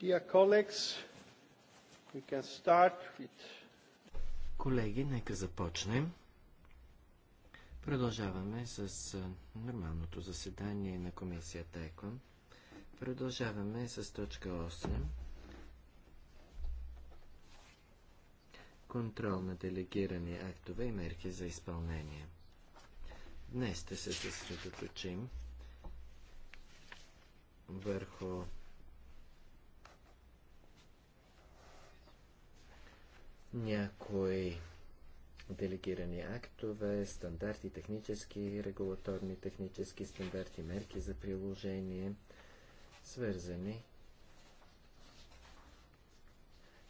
Dear colleagues, we can start with... Колеги, нека започнем. Продължаваме с нормалното заседание на комисията ЕКОН. Продължаваме с точка 8. Контрол на делегирани актове и мерки за изпълнение. Днес ще се съсредоточим върху някои делегирани актове, стандарти, технически, регулаторни технически стандарти, мерки за приложение, свързани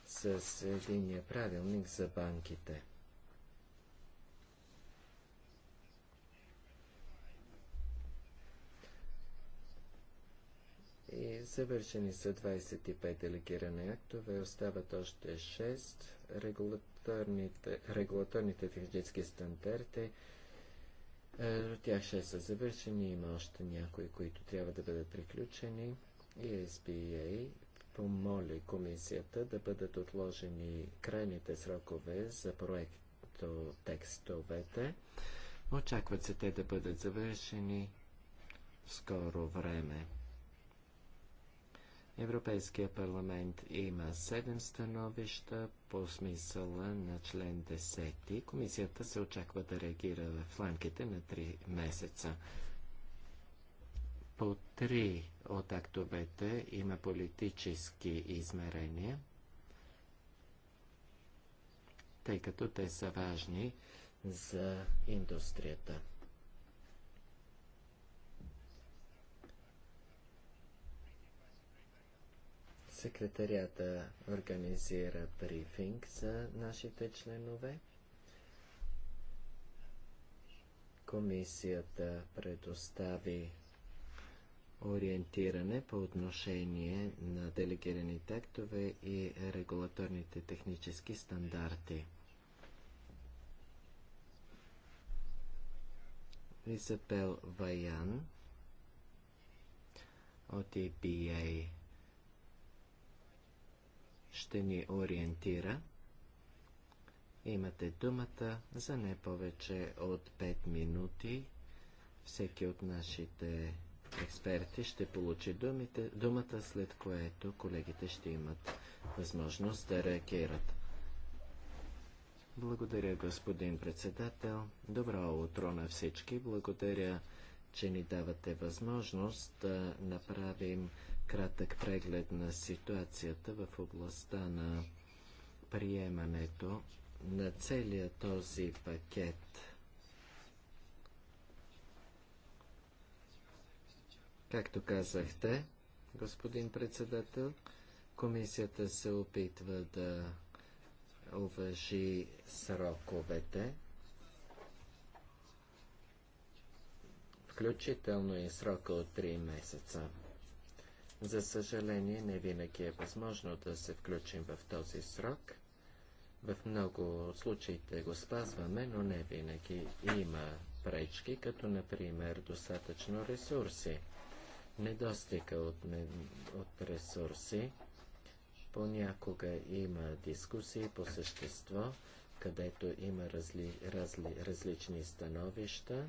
с единия правилник за банките. Завършени са 25 делегирани актове, остават още 6 регулаторните, регулаторните технически стандарти. Е, от тях 6 са завършени, има още някои, които трябва да бъдат приключени. и SBA помоли комисията да бъдат отложени крайните срокове за проекто текстовете. Очакват се те да бъдат завършени в скоро време. Европейския парламент има седем становища по смисъла на член 10. Комисията се очаква да реагира в рамките на 3 месеца. По три от актовете има политически измерения, тъй като те са важни за индустрията. Секретарията организира брифинг за нашите членове. Комисията предостави ориентиране по отношение на делегирани тектове и регулаторните технически стандарти. Изабел Ваян от EBA ще ни ориентира. Имате думата за не повече от 5 минути. Всеки от нашите експерти ще получи думите, думата, след което колегите ще имат възможност да реагират. Благодаря, господин председател. Добро утро на всички. Благодаря, че ни давате възможност да направим кратък преглед на ситуацията в областта на приемането на целия този пакет. Както казахте, господин председател, комисията се опитва да уважи сроковете, включително и срока от 3 месеца. За съжаление, не винаги е възможно да се включим в този срок. В много случаите го спазваме, но не винаги има пречки, като например достатъчно ресурси. Недостига от, от ресурси понякога има дискусии по същество, където има разли, разли, различни становища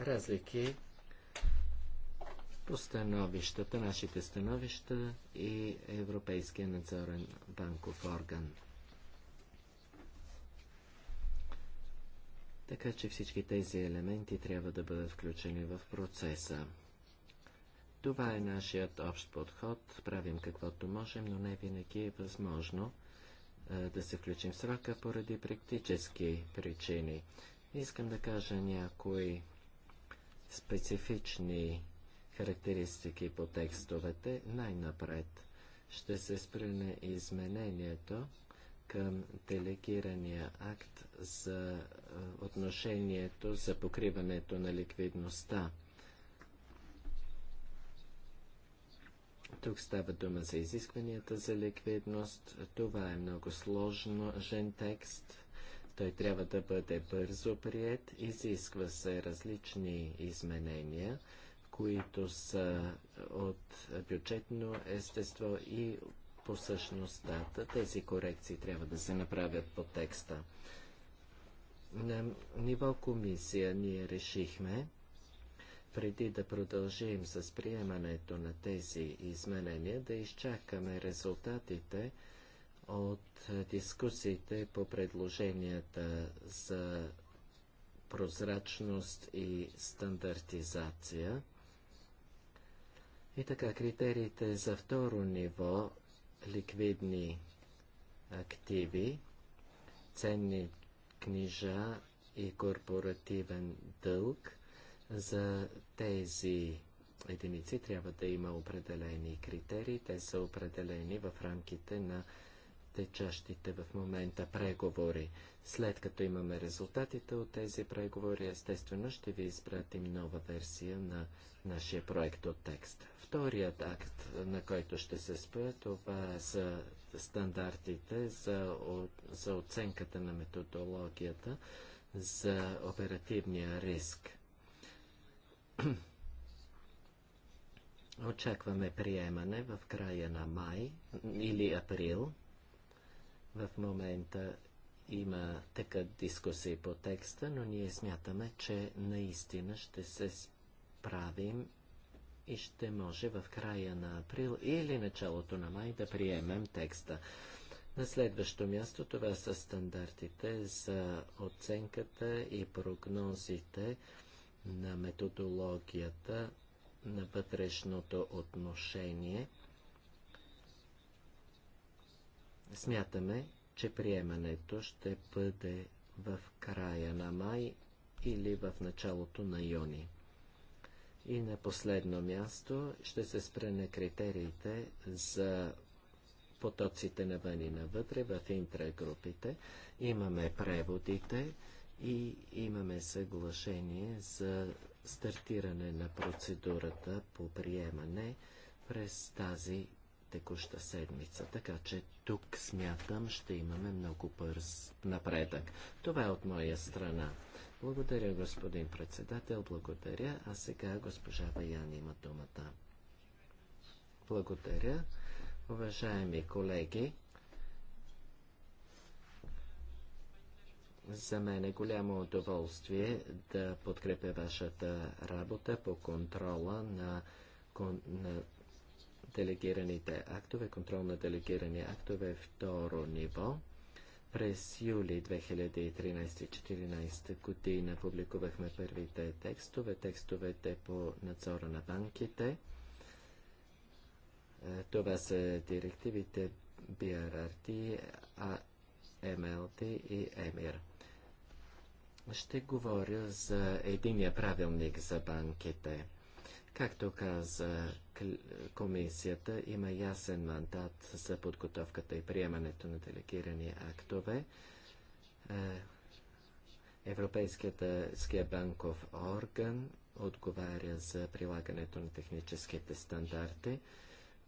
разлики по становищата, нашите становища и Европейския надзорен банков орган. Така че всички тези елементи трябва да бъдат включени в процеса. Това е нашият общ подход. Правим каквото можем, но не винаги е възможно да се включим в срока поради практически причини. Искам да кажа някои специфични характеристики по текстовете, най-напред ще се спрене изменението към делегирания акт за е, отношението за покриването на ликвидността. Тук става дума за изискванията за ликвидност. Това е много сложно жен текст. Той трябва да бъде бързо прият. Изисква се различни изменения, които са от бюджетно естество и по същността. Тези корекции трябва да се направят по текста. На ниво комисия ние решихме, преди да продължим с приемането на тези изменения, да изчакаме резултатите от дискусиите по предложенията за прозрачност и стандартизация. И така, критериите за второ ниво ликвидни активи, ценни книжа и корпоративен дълг за тези единици трябва да има определени критерии. Те са определени в рамките на течащите в момента преговори. След като имаме резултатите от тези преговори, естествено ще ви изпратим нова версия на нашия проект от текст. Вторият акт, на който ще се спра, това са стандартите за, за оценката на методологията за оперативния риск. Очакваме приемане в края на май или април в момента има така дискусии по текста, но ние смятаме, че наистина ще се справим и ще може в края на април или началото на май да приемем текста. На следващо място това са стандартите за оценката и прогнозите на методологията на вътрешното отношение Смятаме, че приемането ще бъде в края на май или в началото на юни. И на последно място ще се спре на критериите за потоците навън и навътре в интрагрупите. Имаме преводите и имаме съглашение за стартиране на процедурата по приемане през тази текуща седмица, така че тук смятам ще имаме много пърз напредък. Това е от моя страна. Благодаря, господин председател, благодаря. А сега госпожа Баян има думата. Благодаря. Уважаеми колеги, За мен е голямо удоволствие да подкрепя вашата работа по контрола на, на делегираните актове, контрол на делегирани актове второ ниво. През юли 2013-2014 година публикувахме първите текстове, текстовете по надзора на банките. Е, това са директивите BRRT, MLT и EMIR. Е Ще говоря за единия правилник за банките – Както каза комисията, има ясен мандат за подготовката и приемането на делегирани актове. Е, ския банков орган отговаря за прилагането на техническите стандарти.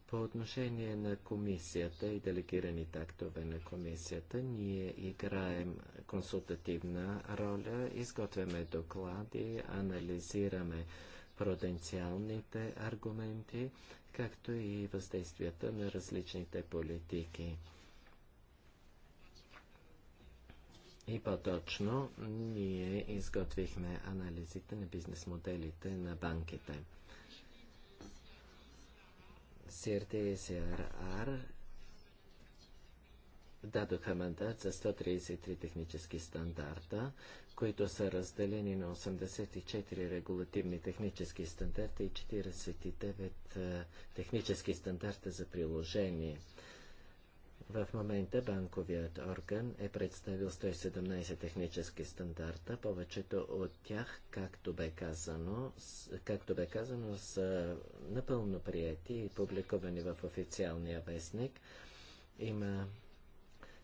По отношение на комисията и делегираните актове на комисията, ние играем консултативна роля, изготвяме доклади, анализираме Проденциалните аргументи, както и въздействията на различните политики. И по-точно ние изготвихме анализите на бизнес моделите на банките. CRT и CRR дадоха мандат за 133 технически стандарта, които са разделени на 84 регулативни технически стандарта и 49 технически стандарта за приложение. В момента банковият орган е представил 117 технически стандарта. Повечето от тях, както бе казано, както бе казано са напълно прияти и публикувани в официалния вестник. Има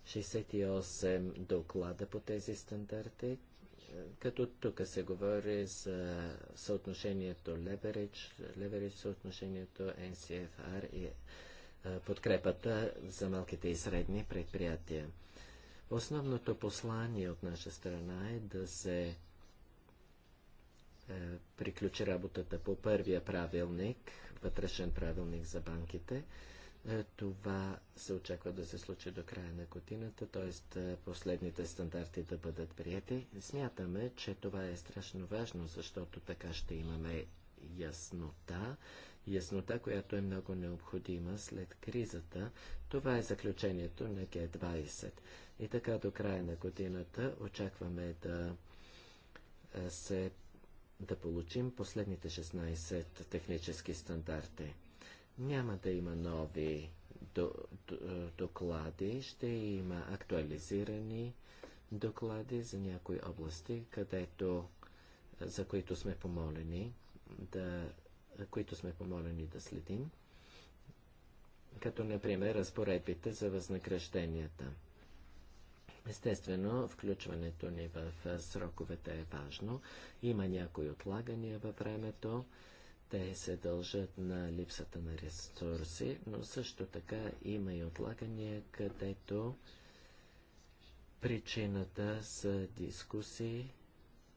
68 доклада по тези стандарти, като тук се говори за съотношението Leverage, Leverage съотношението NCFR и е, подкрепата за малките и средни предприятия. Основното послание от наша страна е да се е, приключи работата по първия правилник, вътрешен правилник за банките, е, това се очаква да се случи до края на годината, т.е. Е, последните стандарти да бъдат прияти. Смятаме, че това е страшно важно, защото така ще имаме яснота, яснота, която е много необходима след кризата. Това е заключението на Г20. И така до края на годината очакваме да е, се да получим последните 16 технически стандарти. Няма да има нови до, до, е, доклади, ще има актуализирани доклади за някои области, където, е, за които сме помолени да, е, които сме помолени да следим, като например разпоредбите за възнагражденията. Естествено, включването ни в сроковете е важно. Има някои отлагания във времето. Те се дължат на липсата на ресурси, но също така има и отлагания, където причината са дискусии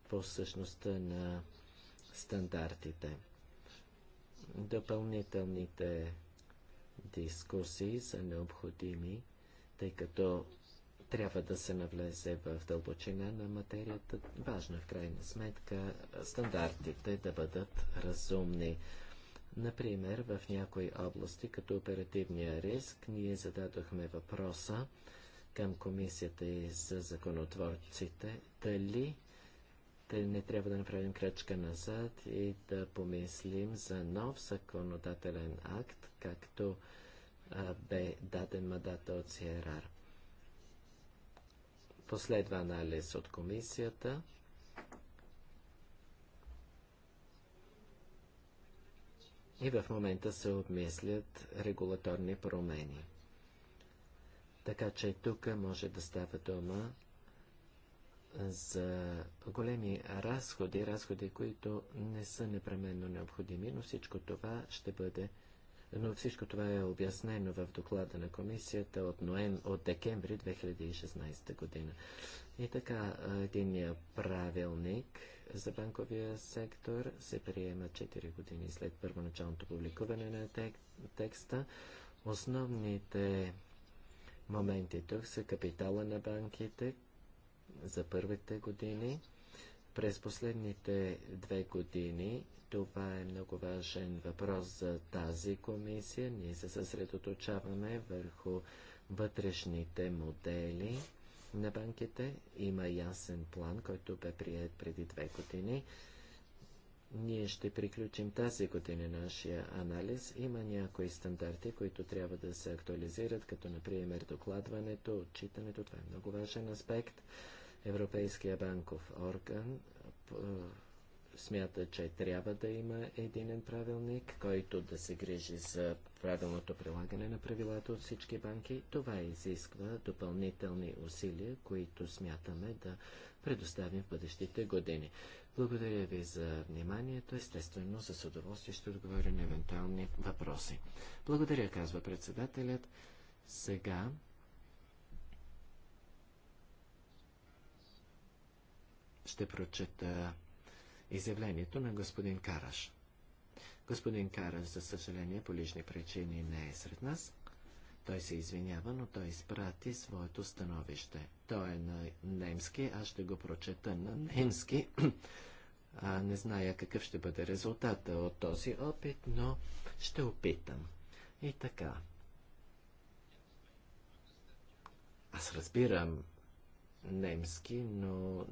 по същността на стандартите. Допълнителните дискусии са необходими, тъй като трябва да се навлезе в дълбочина на материята. Важно е, в крайна сметка стандартите да бъдат разумни. Например, в някои области, като оперативния риск, ние зададохме въпроса към комисията и за законотворците, дали не трябва да направим крачка назад и да помислим за нов законодателен акт, както бе даден мадата от Сиерар. Последва анализ от комисията. И в момента се обмислят регулаторни промени. Така че тук може да става дума за големи разходи, разходи, които не са непременно необходими, но всичко това ще бъде но всичко това е обяснено в доклада на комисията от, ноен, от декември 2016 година. И така, единия правилник за банковия сектор се приема 4 години след първоначалното публикуване на тек, текста. Основните моменти тук са капитала на банките за първите години – през последните две години това е много важен въпрос за тази комисия. Ние се съсредоточаваме върху вътрешните модели на банките. Има ясен план, който бе прият преди две години. Ние ще приключим тази година нашия анализ. Има някои стандарти, които трябва да се актуализират, като например докладването, отчитането. Това е много важен аспект. Европейския банков орган е, смята, че трябва да има единен правилник, който да се грижи за правилното прилагане на правилата от всички банки. Това изисква допълнителни усилия, които смятаме да предоставим в бъдещите години. Благодаря ви за вниманието. Естествено, с удоволствие ще отговоря на евентуални въпроси. Благодаря, казва председателят. Сега ще прочета изявлението на господин Караш. Господин Караш, за съжаление, по лични причини не е сред нас. Той се извинява, но той изпрати своето становище. Той е на немски, аз ще го прочета на немски. А, не зная какъв ще бъде резултата от този опит, но ще опитам. И така. Аз разбирам немски, но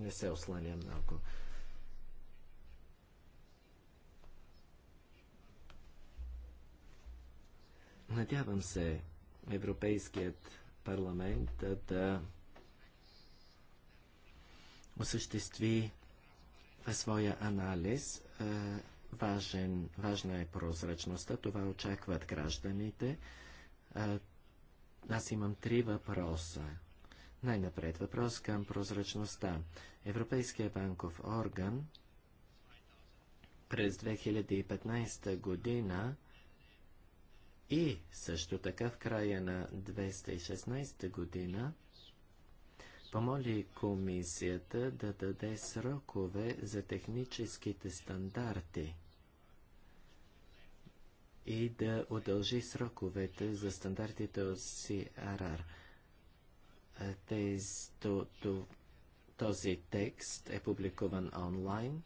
не се осланя много. Надявам се Европейският парламент да осъществи своя анализ. Е, важен, важна е прозрачността, това очакват гражданите. Е, аз имам три въпроса. Най-напред въпрос към прозрачността. Европейския банков орган през 2015 година и също така в края на 2016 година помоли комисията да даде срокове за техническите стандарти и да удължи сроковете за стандартите от CRR. Тез, то, то, този текст е публикуван онлайн,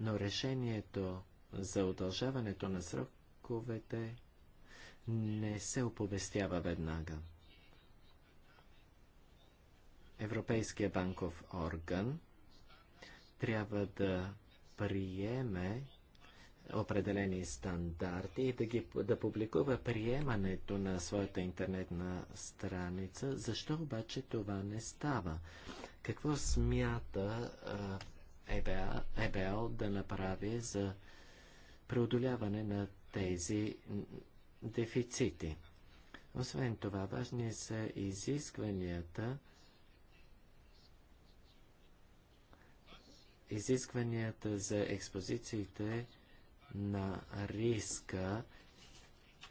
но решението за удължаването на сроковете не се оповестява веднага. Европейския банков орган трябва да приеме определени стандарти и да, ги, да публикува приемането на своята интернетна страница. Защо обаче това не става? Какво смята ЕБЛ да направи за преодоляване на тези дефицити? Освен това, важни са изискванията изискванията за експозициите на риска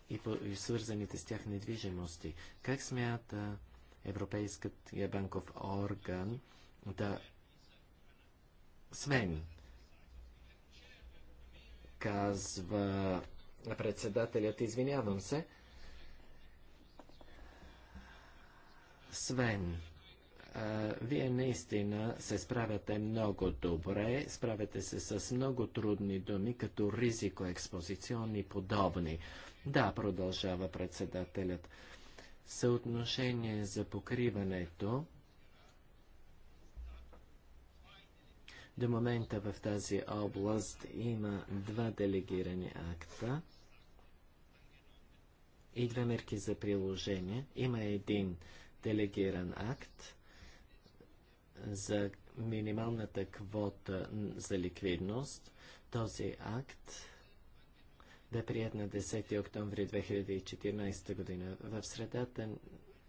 и, по, и свързаните с тях недвижимости. Как смята Европейският банков орган да Свен, казва председателят, извинявам се. Свен, вие наистина се справяте много добре, справяте се с много трудни думи, като ризико, експозиционни подобни. Да, продължава председателят. Съотношение за покриването До момента в тази област има два делегирани акта и две мерки за приложение. Има един делегиран акт, за минималната квота за ликвидност. Този акт бе прият на 10 октомври 2014 година. В средата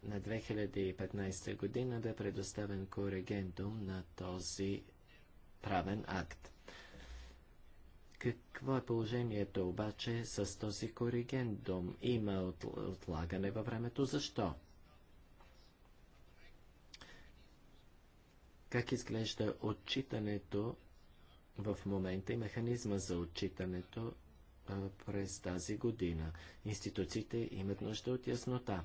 на 2015 година бе предоставен корегендум на този правен акт. Какво е положението обаче с този коригендум? Има отлагане във времето. Защо? как изглежда отчитането в момента и механизма за отчитането през тази година. Институциите имат нужда от яснота.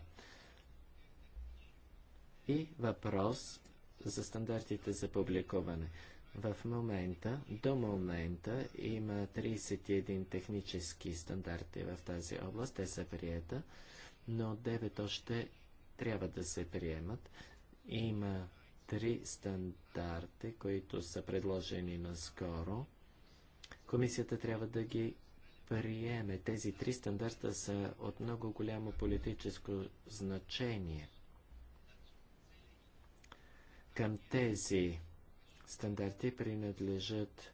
И въпрос за стандартите за публикуване. В момента, до момента има 31 технически стандарти в тази област. Те са приета, но 9 още трябва да се приемат. Има три стандарти, които са предложени наскоро. Комисията трябва да ги приеме. Тези три стандарта са от много голямо политическо значение. Към тези стандарти принадлежат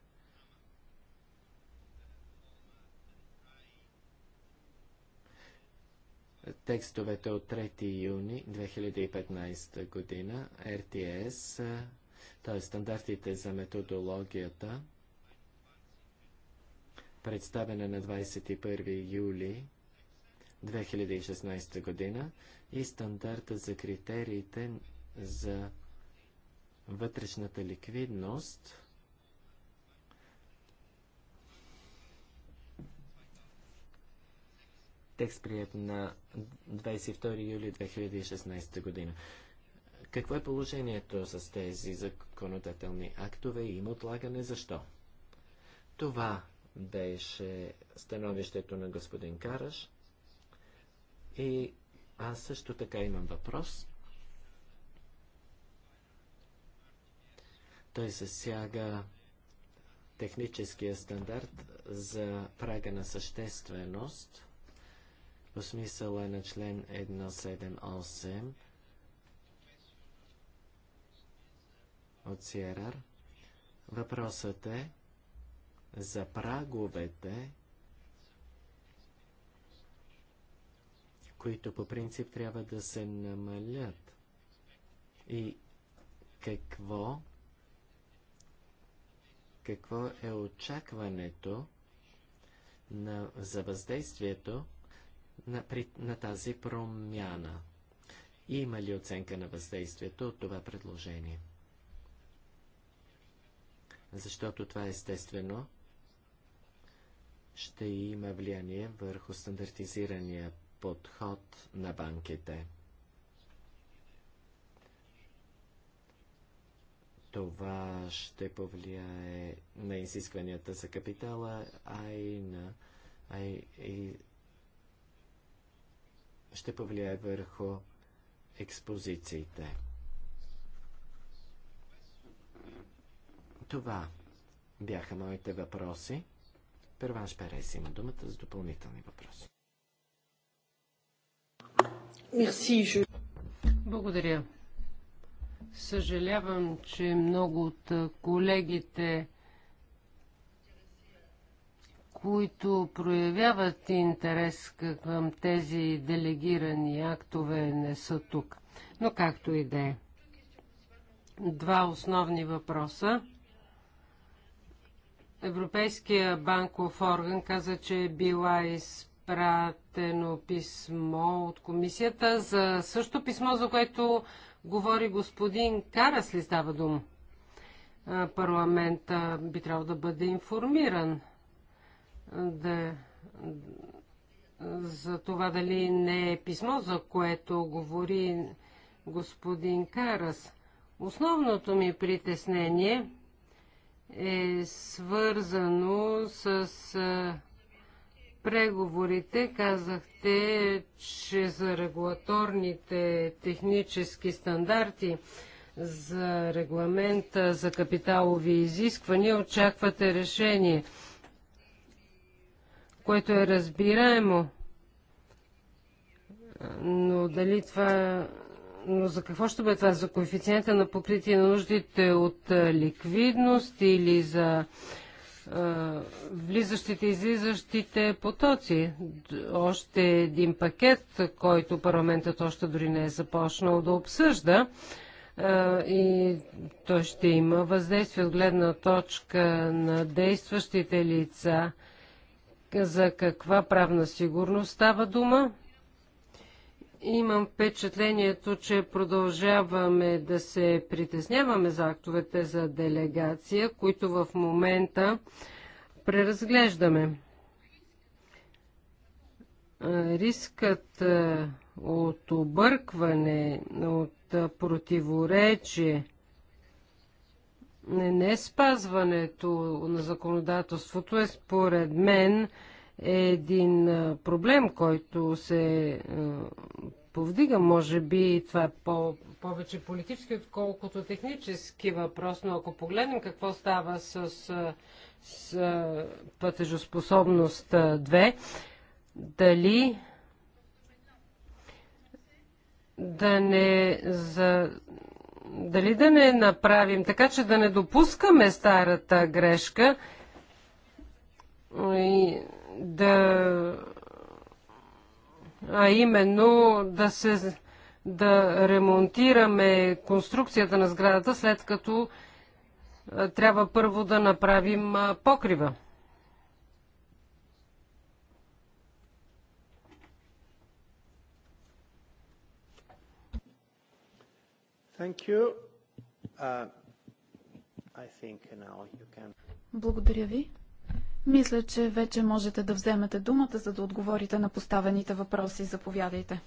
текстовете от 3 юни 2015 година, РТС, т.е. стандартите за методологията, представена на 21 юли 2016 година и стандарта за критериите за вътрешната ликвидност – Текст прият на 22 юли 2016 година. Какво е положението с тези законодателни актове? и им отлагане. Защо? Това беше становището на господин Караш. И аз също така имам въпрос. Той засяга техническия стандарт за прага на същественост – по смисъла на член 178 от СИЕРАР. Въпросът е за праговете, които по принцип трябва да се намалят. И какво какво е очакването на, за въздействието на, при, на тази промяна? Има ли оценка на въздействието от това предложение? Защото това естествено ще има влияние върху стандартизирания подход на банките. Това ще повлияе на изискванията за капитала, а и на а и, и ще повлияе върху експозициите. Това бяха моите въпроси. Перванш Перес има думата за допълнителни въпроси. Мерси, Благодаря. Съжалявам, че много от колегите които проявяват интерес към тези делегирани актове, не са тук. Но както и да е. Два основни въпроса. Европейския банков орган каза, че е била изпратено писмо от комисията за също писмо, за което говори господин Карас ли става дума? Парламента би трябвало да бъде информиран да, за това дали не е писмо, за което говори господин Карас. Основното ми притеснение е свързано с преговорите. Казахте, че за регулаторните технически стандарти за регламента за капиталови изисквания очаквате решение – което е разбираемо. Но дали това... Но за какво ще бъде това? За коефициента на покритие на нуждите от ликвидност или за влизащите и излизащите потоци. Още един пакет, който парламентът още дори не е започнал да обсъжда и той ще има въздействие от гледна точка на действащите лица – за каква правна сигурност става дума. Имам впечатлението, че продължаваме да се притесняваме за актовете за делегация, които в момента преразглеждаме. Рискът от объркване, от противоречие не, не е спазването на законодателството е според мен е един проблем, който се повдига. Може би това е по, повече политически, отколкото технически въпрос, но ако погледнем какво става с, с, с пътежоспособност 2, дали да не за дали да не направим така, че да не допускаме старата грешка и да а именно да се да ремонтираме конструкцията на сградата, след като трябва първо да направим покрива. Thank you. Uh, I think now you can... Благодаря ви. Мисля, че вече можете да вземете думата, за да отговорите на поставените въпроси. Заповядайте.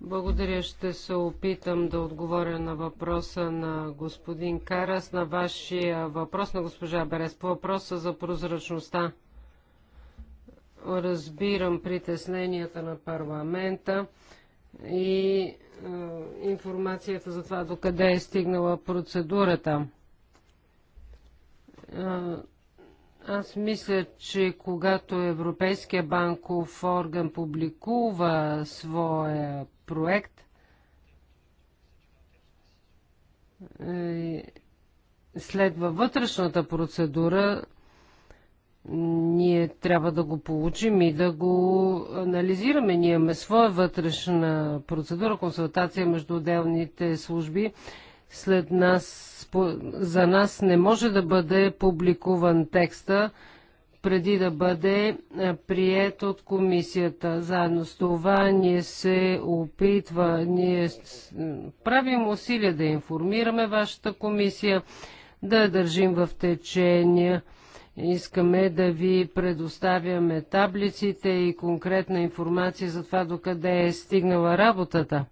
Благодаря. Ще се опитам да отговоря на въпроса на господин Карас, на вашия въпрос на госпожа Берес. По въпроса за прозрачността. Разбирам притесненията на парламента и информацията за това докъде е стигнала процедурата. аз мисля, че когато Европейския банков орган публикува своя проект, е, следва вътрешната процедура, ние трябва да го получим и да го анализираме. Ние имаме своя вътрешна процедура, консултация между отделните служби. След нас, за нас не може да бъде публикуван текста преди да бъде прият от комисията. Заедно с това ние се опитва, ние правим усилия да информираме вашата комисия, да я държим в течение Искаме да ви предоставяме таблиците и конкретна информация за това докъде е стигнала работата.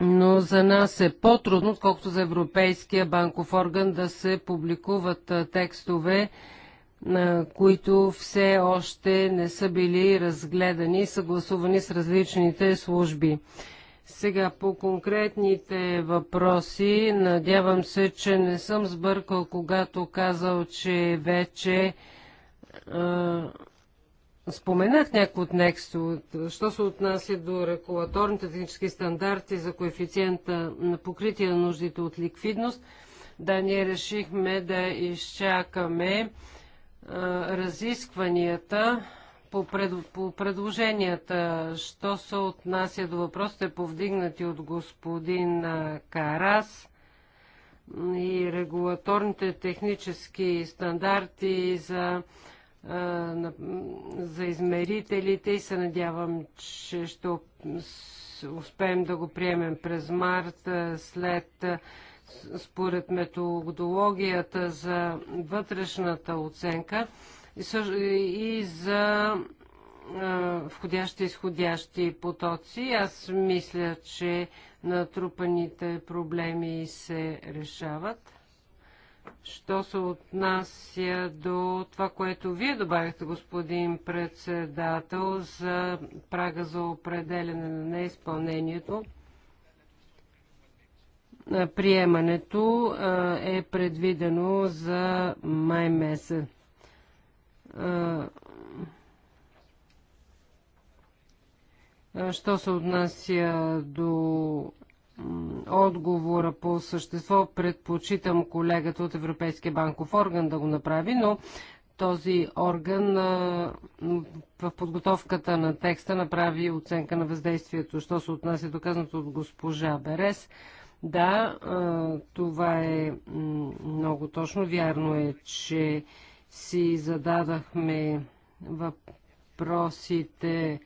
Но за нас е по-трудно, отколкото за Европейския банков орган да се публикуват текстове, които все още не са били разгледани и съгласувани с различните служби. Сега по конкретните въпроси, надявам се, че не съм сбъркал, когато казал, че вече а, споменах някои от нексто. Що се отнася до регулаторните технически стандарти за коефициента на покритие на нуждите от ликвидност, да, ние решихме да изчакаме а, разискванията по, пред, по предложенията, що се отнася до въпросите повдигнати от господин Карас и регулаторните технически стандарти за, за измерителите и се надявам, че ще успеем да го приемем през март след според методологията за вътрешната оценка и за входящи и изходящи потоци. Аз мисля, че натрупаните проблеми се решават. Що се отнася до това, което вие добавихте, господин председател, за прага за определене на неизпълнението, приемането е предвидено за май месец. Що се отнася до отговора по същество, предпочитам колегата от Европейския банков орган да го направи, но този орган в подготовката на текста направи оценка на въздействието, що се отнася до казаното от госпожа Берес. Да, това е много точно. Вярно е, че си задавахме въпросите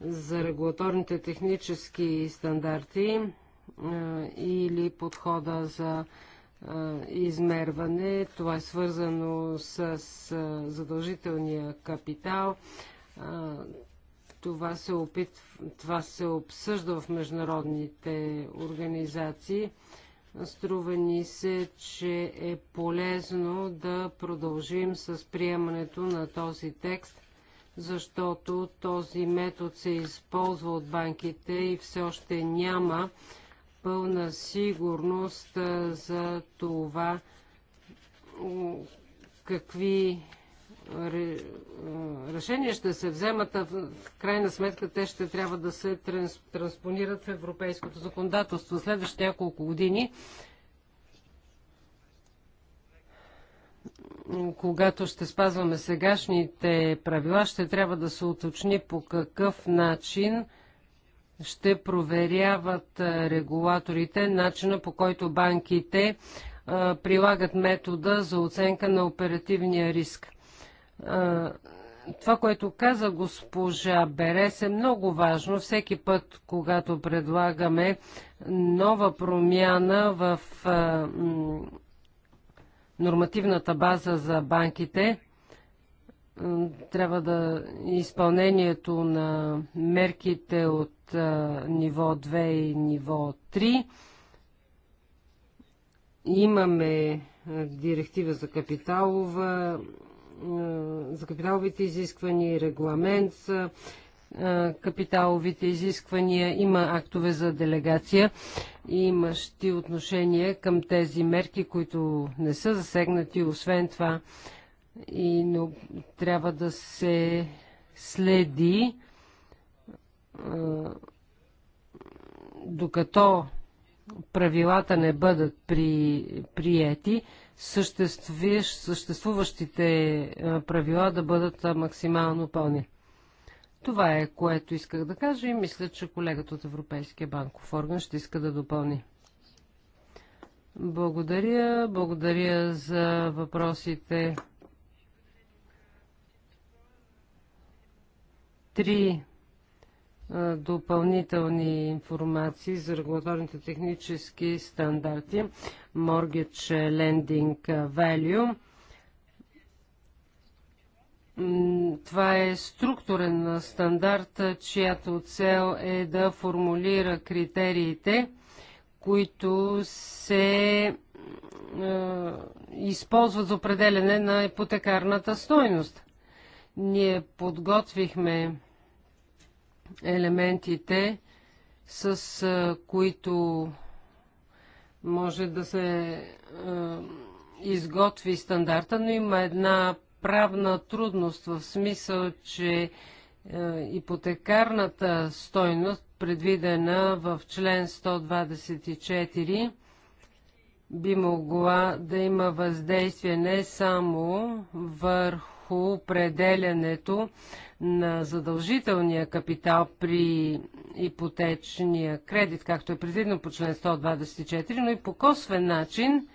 за регулаторните технически стандарти или подхода за измерване. Това е свързано с задължителния капитал. Това се, опит, това се обсъжда в международните организации. Струва ни се, че е полезно да продължим с приемането на този текст, защото този метод се използва от банките и все още няма пълна сигурност за това какви решения ще се вземат, а в крайна сметка те ще трябва да се транспонират в европейското законодателство. Следващите няколко години когато ще спазваме сегашните правила, ще трябва да се уточни по какъв начин ще проверяват регулаторите начина по който банките прилагат метода за оценка на оперативния риск това, което каза госпожа Берес е много важно. Всеки път, когато предлагаме нова промяна в нормативната база за банките, трябва да изпълнението на мерките от ниво 2 и ниво 3. Имаме директива за капиталова за капиталовите изисквания, регламент за капиталовите изисквания, има актове за делегация и имащи отношение към тези мерки, които не са засегнати. Освен това, и но, трябва да се следи докато правилата не бъдат при, приети, съществуващите правила да бъдат максимално пълни. Това е, което исках да кажа и мисля, че колегата от Европейския банков орган ще иска да допълни. Благодаря. Благодаря за въпросите. Три допълнителни информации за регулаторните технически стандарти Mortgage Lending Value. Това е структурен стандарт, чиято цел е да формулира критериите, които се използват за определене на ипотекарната стойност. Ние подготвихме елементите, с които може да се изготви стандарта, но има една правна трудност в смисъл, че ипотекарната стойност, предвидена в член 124, би могла да има въздействие не само върху върху определянето на задължителния капитал при ипотечния кредит, както е предвидено по член 124, но и по косвен начин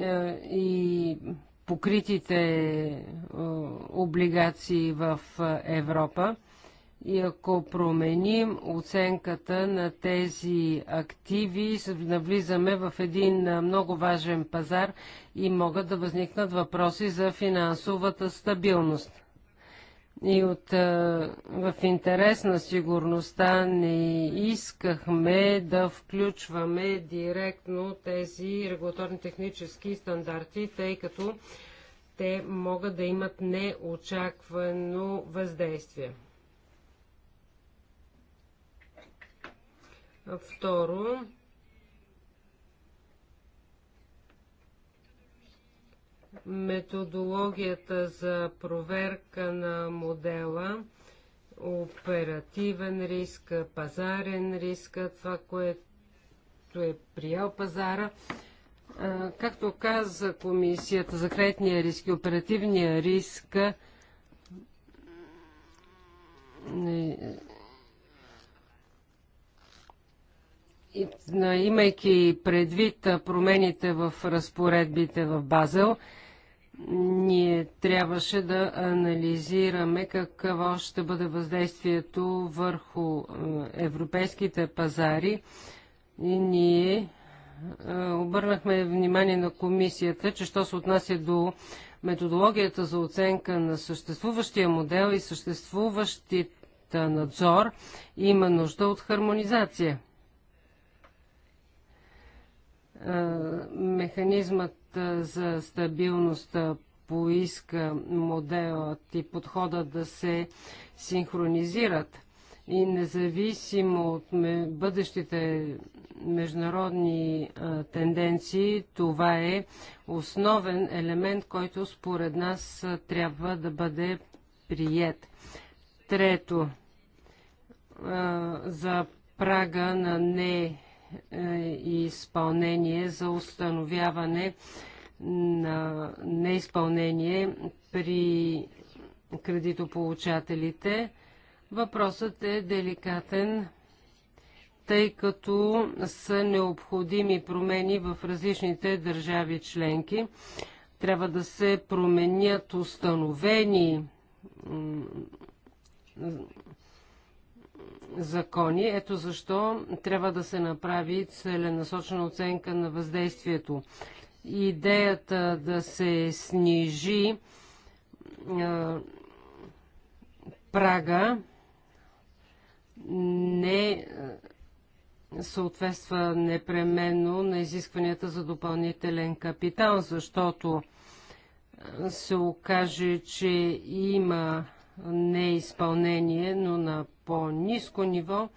е, и покритите е, облигации в е, Европа и ако променим оценката на тези активи, навлизаме в един много важен пазар и могат да възникнат въпроси за финансовата стабилност. И от, в интерес на сигурността не искахме да включваме директно тези регулаторни технически стандарти, тъй като те могат да имат неочаквано въздействие. Второ, методологията за проверка на модела, оперативен риск, пазарен риск, това, което е приел пазара. Както каза комисията за кредитния риск и оперативния риск, имайки предвид промените в разпоредбите в Базел, ние трябваше да анализираме какво ще бъде въздействието върху европейските пазари и ние обърнахме внимание на комисията, че що се отнася до методологията за оценка на съществуващия модел и съществуващите надзор, има нужда от хармонизация. Е, механизмът е, за стабилност е, поиска моделът и подхода да се синхронизират и независимо от бъдещите международни тенденции, това е основен елемент, който според нас трябва да бъде прият. Трето, за прага на не и е, изпълнение за установяване на неизпълнение при кредитополучателите. Въпросът е деликатен, тъй като са необходими промени в различните държави членки. Трябва да се променят установени закони. Ето защо трябва да се направи целенасочена оценка на въздействието. Идеята да се снижи а, прага не съответства непременно на изискванията за допълнителен капитал, защото се окаже, че има неизпълнение, но на по-низко ниво,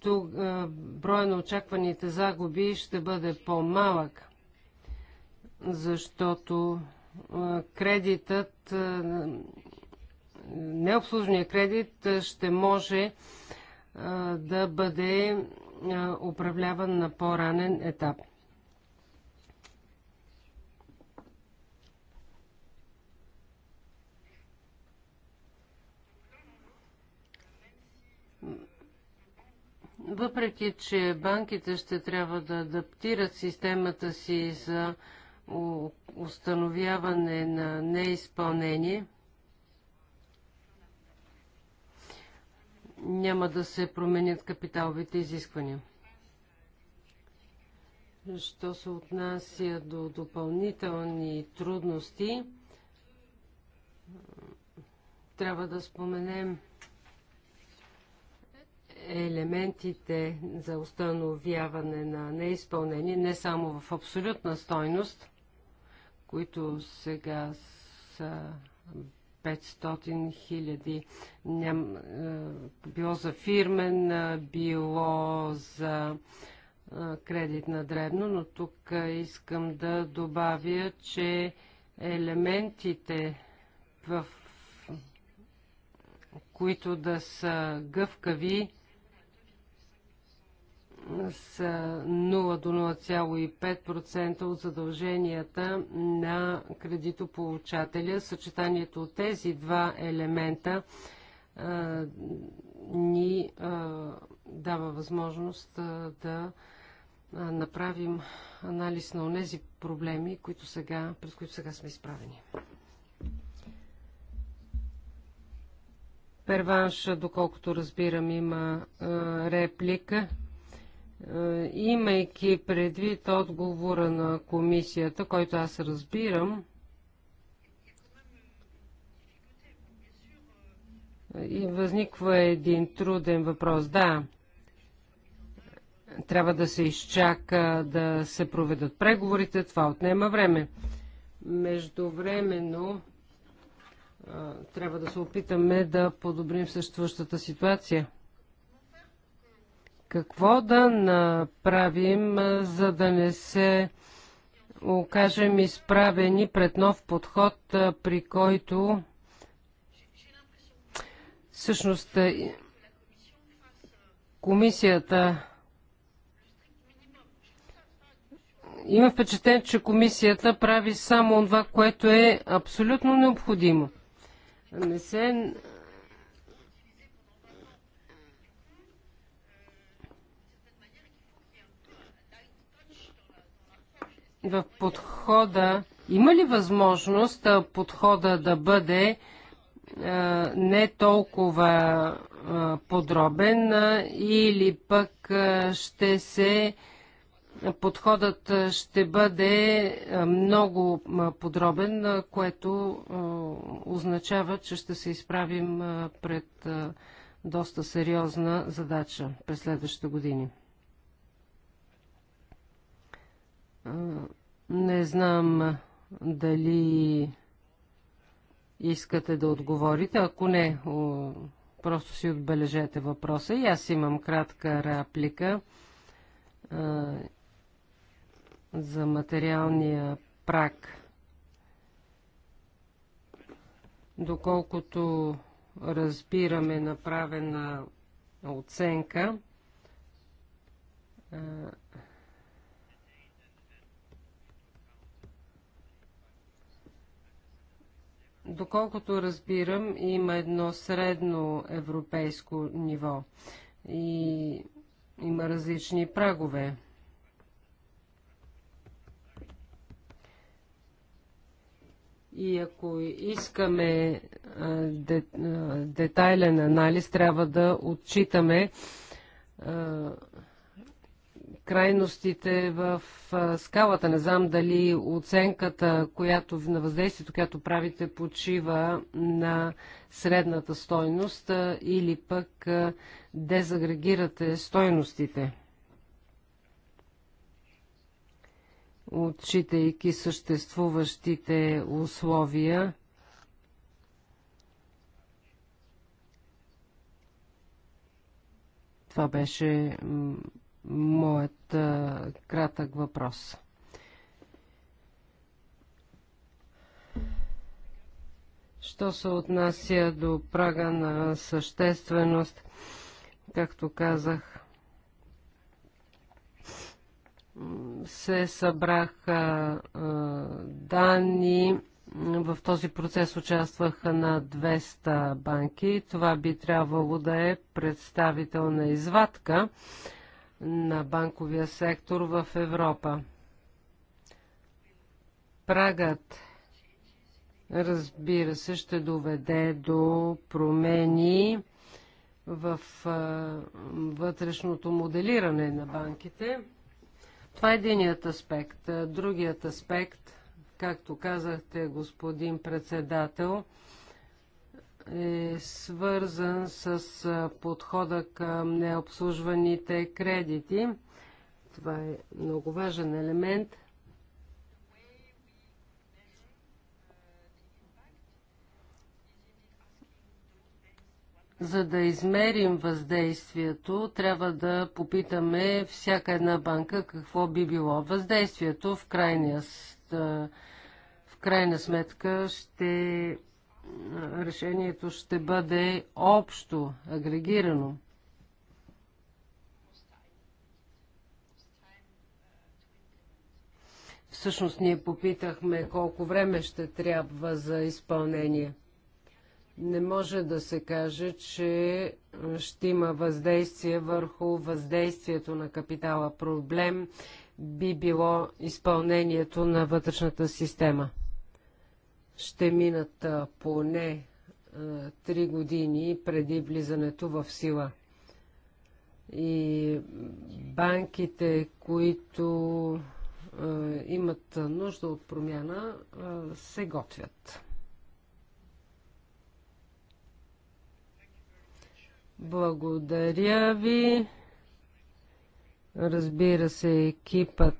тук е, броя на очакваните загуби ще бъде по-малък, защото е, кредитът, е, необслужния кредит ще може да бъде управляван на по-ранен етап. Въпреки, че банките ще трябва да адаптират системата си за установяване на неизпълнение, няма да се променят капиталовите изисквания. Що се отнася до допълнителни трудности, трябва да споменем елементите за установяване на неизпълнение, не само в абсолютна стойност, които сега са 500 хиляди, е, било за фирмен, е, било за е, кредит на дребно, но тук искам да добавя, че елементите в които да са гъвкави с 0 до 0,5% от задълженията на кредитополучателя. Съчетанието от тези два елемента а, ни а, дава възможност а, да направим анализ на тези проблеми, които сега, пред които сега сме изправени. Перванш, доколкото разбирам, има реплика. Е, имайки предвид отговора на комисията, който аз разбирам, и възниква един труден въпрос. Да, трябва да се изчака да се проведат преговорите, това отнема време. Междувременно е, трябва да се опитаме да подобрим съществуващата ситуация. Какво да направим, за да не се окажем изправени пред нов подход, при който всъщност комисията има впечатление, че комисията прави само това, което е абсолютно необходимо. Не се в подхода, има ли възможност подхода да бъде а, не толкова а, подробен а, или пък ще се подходът ще бъде много подробен, което означава, че ще се изправим пред доста сериозна задача през следващите години. Не знам дали искате да отговорите. Ако не, просто си отбележете въпроса. И аз имам кратка реплика за материалния прак. Доколкото разбираме направена оценка, а, Доколкото разбирам, има едно средно европейско ниво и има различни прагове. И ако искаме детайлен анализ, трябва да отчитаме крайностите в скалата. Не знам дали оценката която, на въздействието, която правите, почива на средната стойност или пък дезагрегирате стойностите. Отчитайки съществуващите условия, това беше моят а, кратък въпрос. Що се отнася до прага на същественост, както казах, се събраха данни. В този процес участваха на 200 банки. Това би трябвало да е представителна извадка на банковия сектор в Европа. Прагът, разбира се, ще доведе до промени в вътрешното моделиране на банките. Това е единият аспект. Другият аспект, както казахте, господин председател, е свързан с подхода към необслужваните кредити. Това е много важен елемент. За да измерим въздействието, трябва да попитаме всяка една банка какво би било. Въздействието в крайния в крайна сметка ще решението ще бъде общо, агрегирано. Всъщност ние попитахме колко време ще трябва за изпълнение. Не може да се каже, че ще има въздействие върху въздействието на капитала. Проблем би било изпълнението на вътрешната система ще минат поне три години преди влизането в сила. И банките, които имат нужда от промяна, се готвят. Благодаря ви. Разбира се, екипът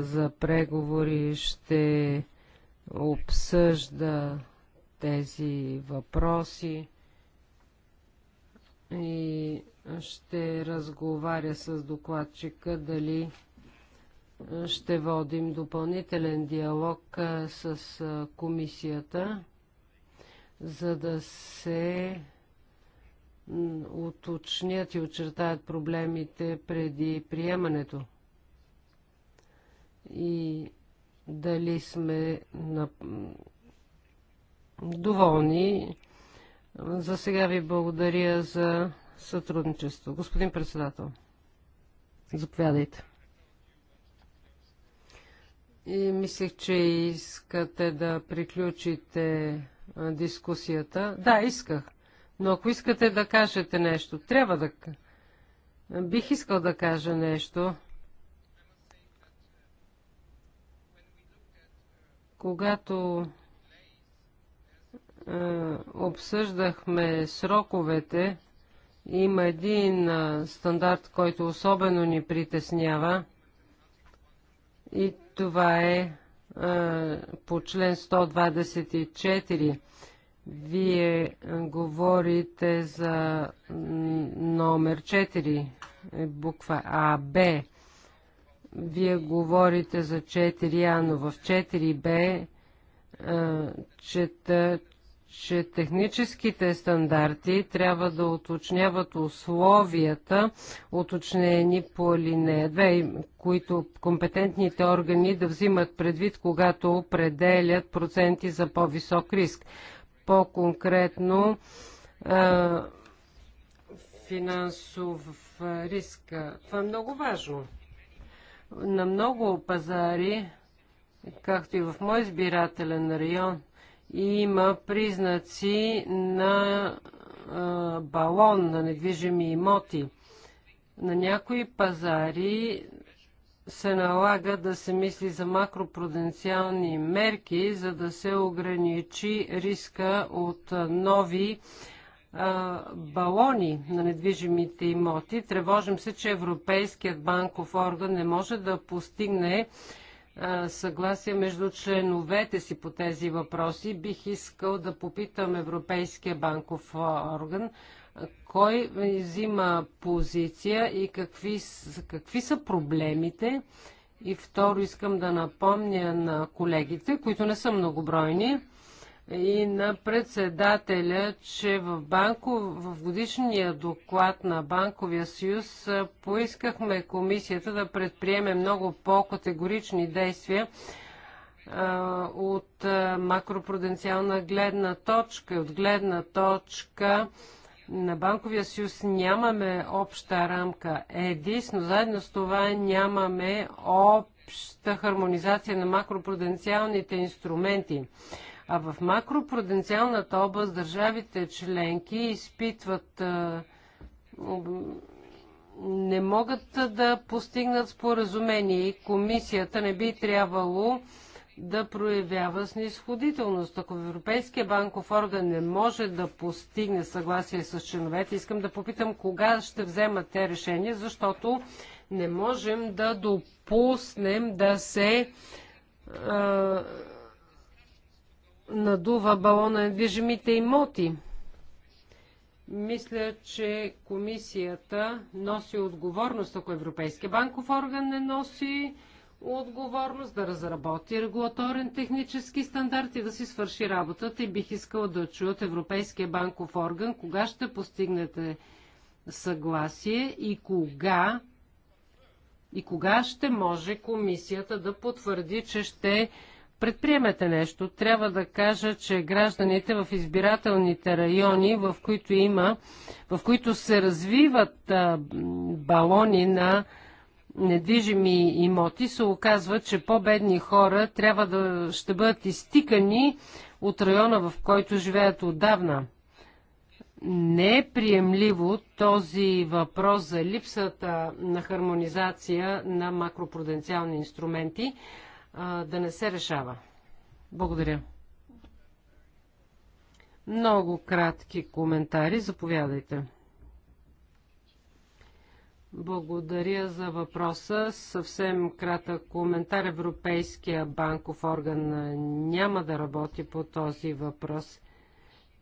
за преговори ще обсъжда тези въпроси и ще разговаря с докладчика дали ще водим допълнителен диалог с комисията, за да се уточнят и очертаят проблемите преди приемането. И дали сме на... доволни. За сега ви благодаря за сътрудничество. Господин председател, заповядайте. И мислех, че искате да приключите дискусията. Да, исках. Но ако искате да кажете нещо, трябва да... Бих искал да кажа нещо. Когато е, обсъждахме сроковете, има един е, стандарт, който особено ни притеснява и това е, е по член 124. Вие говорите за номер 4, буква А, Б. Вие говорите за 4А, но в 4Б чета, че техническите стандарти трябва да уточняват условията, уточнени по линия 2, които компетентните органи да взимат предвид, когато определят проценти за по-висок риск. По-конкретно финансов риск. Това е много важно. На много пазари, както и в мой избирателен район, има признаци на а, балон на недвижими имоти. На някои пазари се налага да се мисли за макропруденциални мерки, за да се ограничи риска от нови балони на недвижимите имоти. Тревожим се, че Европейският банков орган не може да постигне съгласие между членовете си по тези въпроси. Бих искал да попитам Европейския банков орган кой взима позиция и какви, какви са проблемите. И второ искам да напомня на колегите, които не са многобройни, и на председателя, че в, банков, в годишния доклад на Банковия съюз поискахме комисията да предприеме много по-категорични действия от макропруденциална гледна точка. От гледна точка на Банковия съюз нямаме обща рамка ЕДИС, но заедно с това нямаме обща хармонизация на макропруденциалните инструменти. А в макропруденциалната област държавите членки изпитват не могат да постигнат споразумение и комисията не би трябвало да проявява снисходителност. Ако Европейския банков орган не може да постигне съгласие с членовете, искам да попитам кога ще вземат те решение, защото не можем да допуснем да се а, надува балона на движимите имоти. Мисля, че комисията носи отговорност, ако Европейския банков орган не носи отговорност да разработи регулаторен технически стандарт и да си свърши работата и бих искала да чуя от Европейския банков орган кога ще постигнете съгласие и кога и кога ще може комисията да потвърди, че ще предприемете нещо. Трябва да кажа, че гражданите в избирателните райони, в които има, в които се развиват а, балони на недвижими имоти, се оказва, че по-бедни хора трябва да ще бъдат изтикани от района, в който живеят отдавна. Не е приемливо този въпрос за липсата на хармонизация на макропруденциални инструменти, а, да не се решава. Благодаря. Много кратки коментари. Заповядайте. Благодаря за въпроса. Съвсем кратък коментар. Европейския банков орган няма да работи по този въпрос.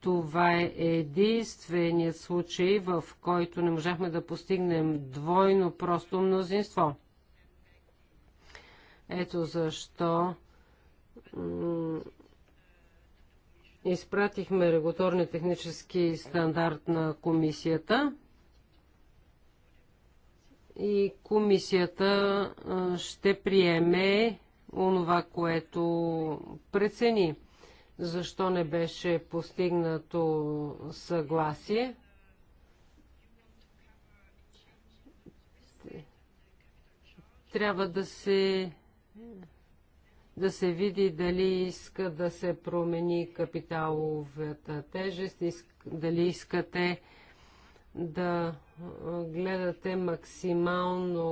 Това е единственият случай, в който не можахме да постигнем двойно просто мнозинство. Ето защо изпратихме регуторни технически стандарт на комисията и комисията ще приеме онова, което прецени. Защо не беше постигнато съгласие? Трябва да се да се види дали иска да се промени капиталовата тежест, дали искате да гледате максимално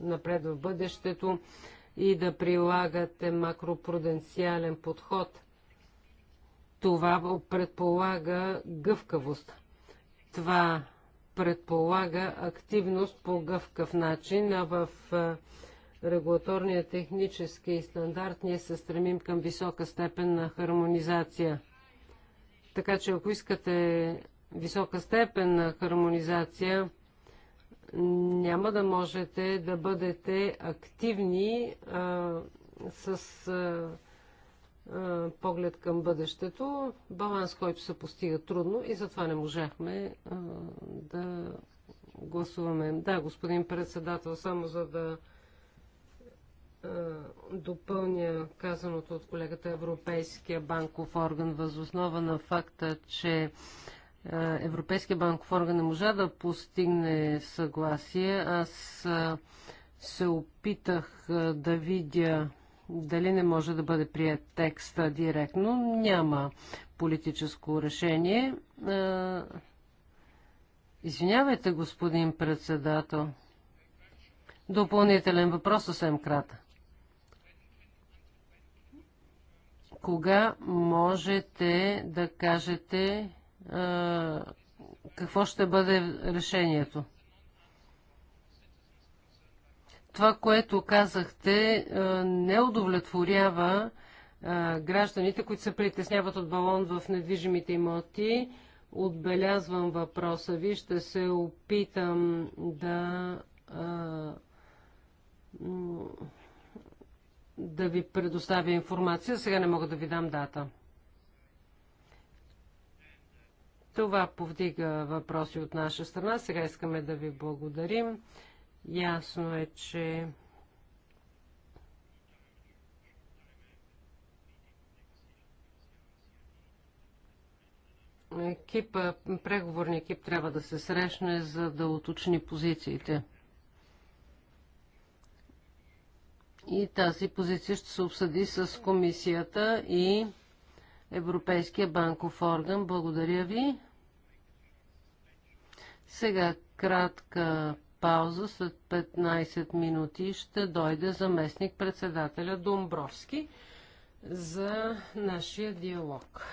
напред в бъдещето и да прилагате макропруденциален подход. Това предполага гъвкавост. Това предполага активност по гъвкав начин, а в регулаторния технически стандарт, ние се стремим към висока степен на хармонизация. Така че ако искате висока степен на хармонизация, няма да можете да бъдете активни а, с а, а, поглед към бъдещето, баланс, който се постига трудно и затова не можахме а, да гласуваме. Да, господин председател, само за да е, допълня казаното от колегата Европейския банков орган възоснова на факта, че е, Европейския банков орган не можа да постигне съгласие. Аз е, се опитах да видя дали не може да бъде прият текста директно. Няма политическо решение. Извинявайте, господин председател. Допълнителен въпрос съвсем кратък. Кога можете да кажете а, какво ще бъде решението? Това, което казахте, а, не удовлетворява а, гражданите, които се притесняват от балон в недвижимите имоти. Отбелязвам въпроса ви. Ще се опитам да да ви предоставя информация. Сега не мога да ви дам дата. Това повдига въпроси от наша страна. Сега искаме да ви благодарим. Ясно е, че екипа, преговорния екип трябва да се срещне, за да уточни позициите. И тази позиция ще се обсъди с комисията и Европейския банков орган. Благодаря ви. Сега кратка пауза. След 15 минути ще дойде заместник председателя Домбровски за нашия диалог.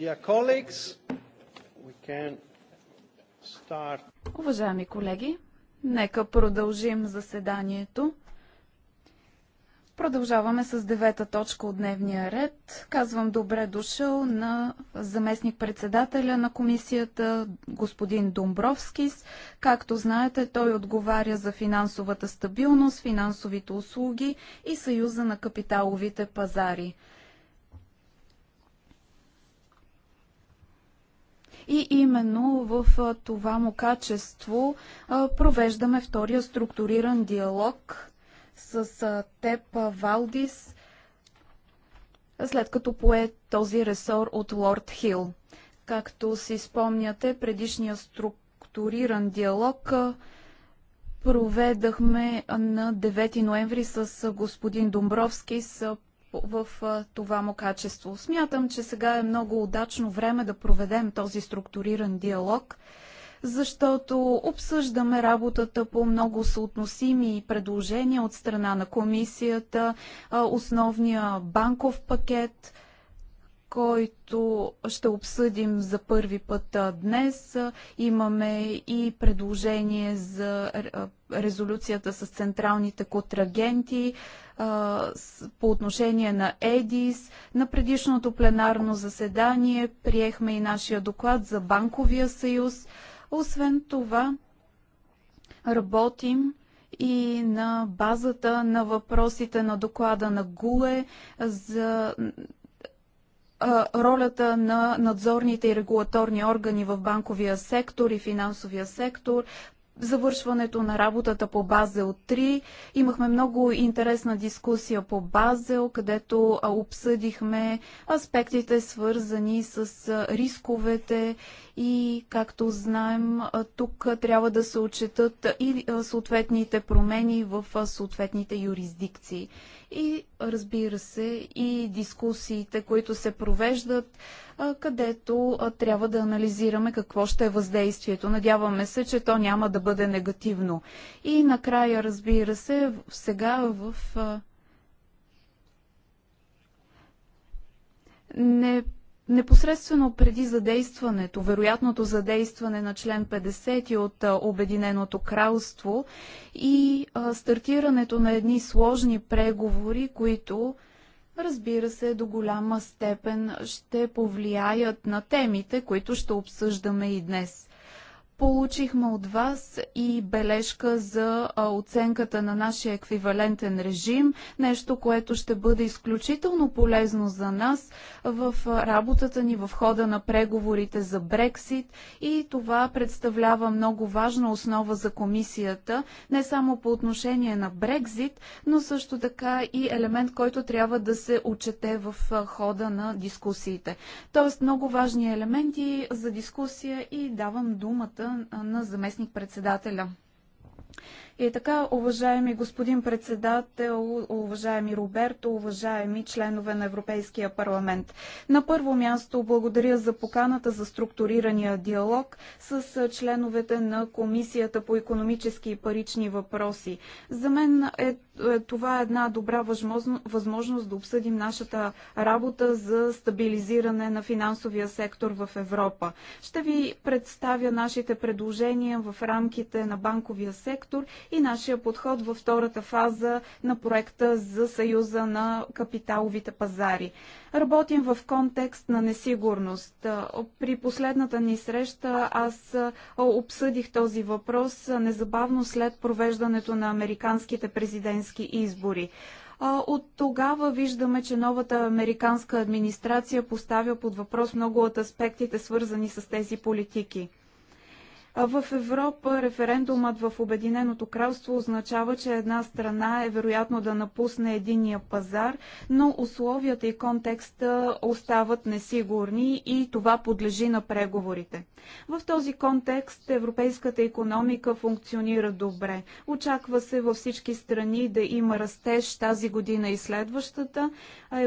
Dear colleagues, we can start. Уважаеми колеги, нека продължим заседанието. Продължаваме с девета точка от дневния ред. Казвам добре дошъл на заместник-председателя на комисията, господин Домбровскис. Както знаете, той отговаря за финансовата стабилност, финансовите услуги и съюза на капиталовите пазари. и именно в това му качество провеждаме втория структуриран диалог с теб, Валдис, след като пое този ресор от Лорд Хил. Както си спомняте, предишния структуриран диалог проведахме на 9 ноември с господин Домбровски с в това му качество. Смятам, че сега е много удачно време да проведем този структуриран диалог, защото обсъждаме работата по много съотносими предложения от страна на комисията, основния банков пакет – който ще обсъдим за първи път днес. Имаме и предложение за резолюцията с централните контрагенти по отношение на ЕДИС. На предишното пленарно заседание приехме и нашия доклад за Банковия съюз. Освен това, работим и на базата на въпросите на доклада на ГУЕ за ролята на надзорните и регулаторни органи в банковия сектор и финансовия сектор, завършването на работата по Базел 3. Имахме много интересна дискусия по Базел, където обсъдихме аспектите свързани с рисковете и, както знаем, тук трябва да се отчетат и съответните промени в съответните юрисдикции. И, разбира се, и дискусиите, които се провеждат, където трябва да анализираме какво ще е въздействието. Надяваме се, че то няма да бъде негативно. И накрая, разбира се, сега в не Непосредствено преди задействането, вероятното задействане на член 50 от Обединеното кралство и стартирането на едни сложни преговори, които разбира се, до голяма степен ще повлияят на темите, които ще обсъждаме и днес. Получихме от вас и бележка за оценката на нашия еквивалентен режим, нещо, което ще бъде изключително полезно за нас в работата ни в хода на преговорите за Брексит и това представлява много важна основа за комисията, не само по отношение на Брекзит, но също така и елемент, който трябва да се отчете в хода на дискусиите. Тоест много важни елементи за дискусия и давам думата на заместник-председателя. И така, уважаеми господин председател, уважаеми Роберто, уважаеми членове на Европейския парламент. На първо място благодаря за поканата за структурирания диалог с членовете на Комисията по економически и парични въпроси. За мен е, е това е една добра възможност да обсъдим нашата работа за стабилизиране на финансовия сектор в Европа. Ще ви представя нашите предложения в рамките на банковия сектор сектор и нашия подход във втората фаза на проекта за Съюза на капиталовите пазари. Работим в контекст на несигурност. При последната ни среща аз обсъдих този въпрос незабавно след провеждането на американските президентски избори. От тогава виждаме, че новата американска администрация поставя под въпрос много от аспектите, свързани с тези политики. В Европа референдумът в Обединеното кралство означава, че една страна е вероятно да напусне единия пазар, но условията и контекста остават несигурни и това подлежи на преговорите. В този контекст европейската економика функционира добре. Очаква се във всички страни да има растеж тази година и следващата. Е,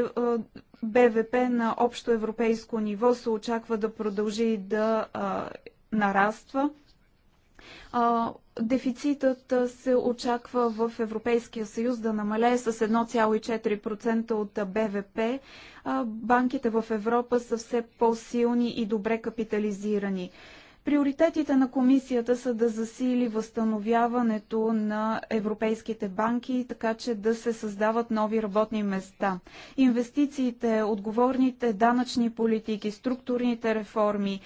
БВП на общо европейско ниво се очаква да продължи да нараства. Дефицитът се очаква в Европейския съюз да намалее с 1,4% от БВП. Банките в Европа са все по-силни и добре капитализирани. Приоритетите на комисията са да засили възстановяването на европейските банки, така че да се създават нови работни места. Инвестициите, отговорните данъчни политики, структурните реформи,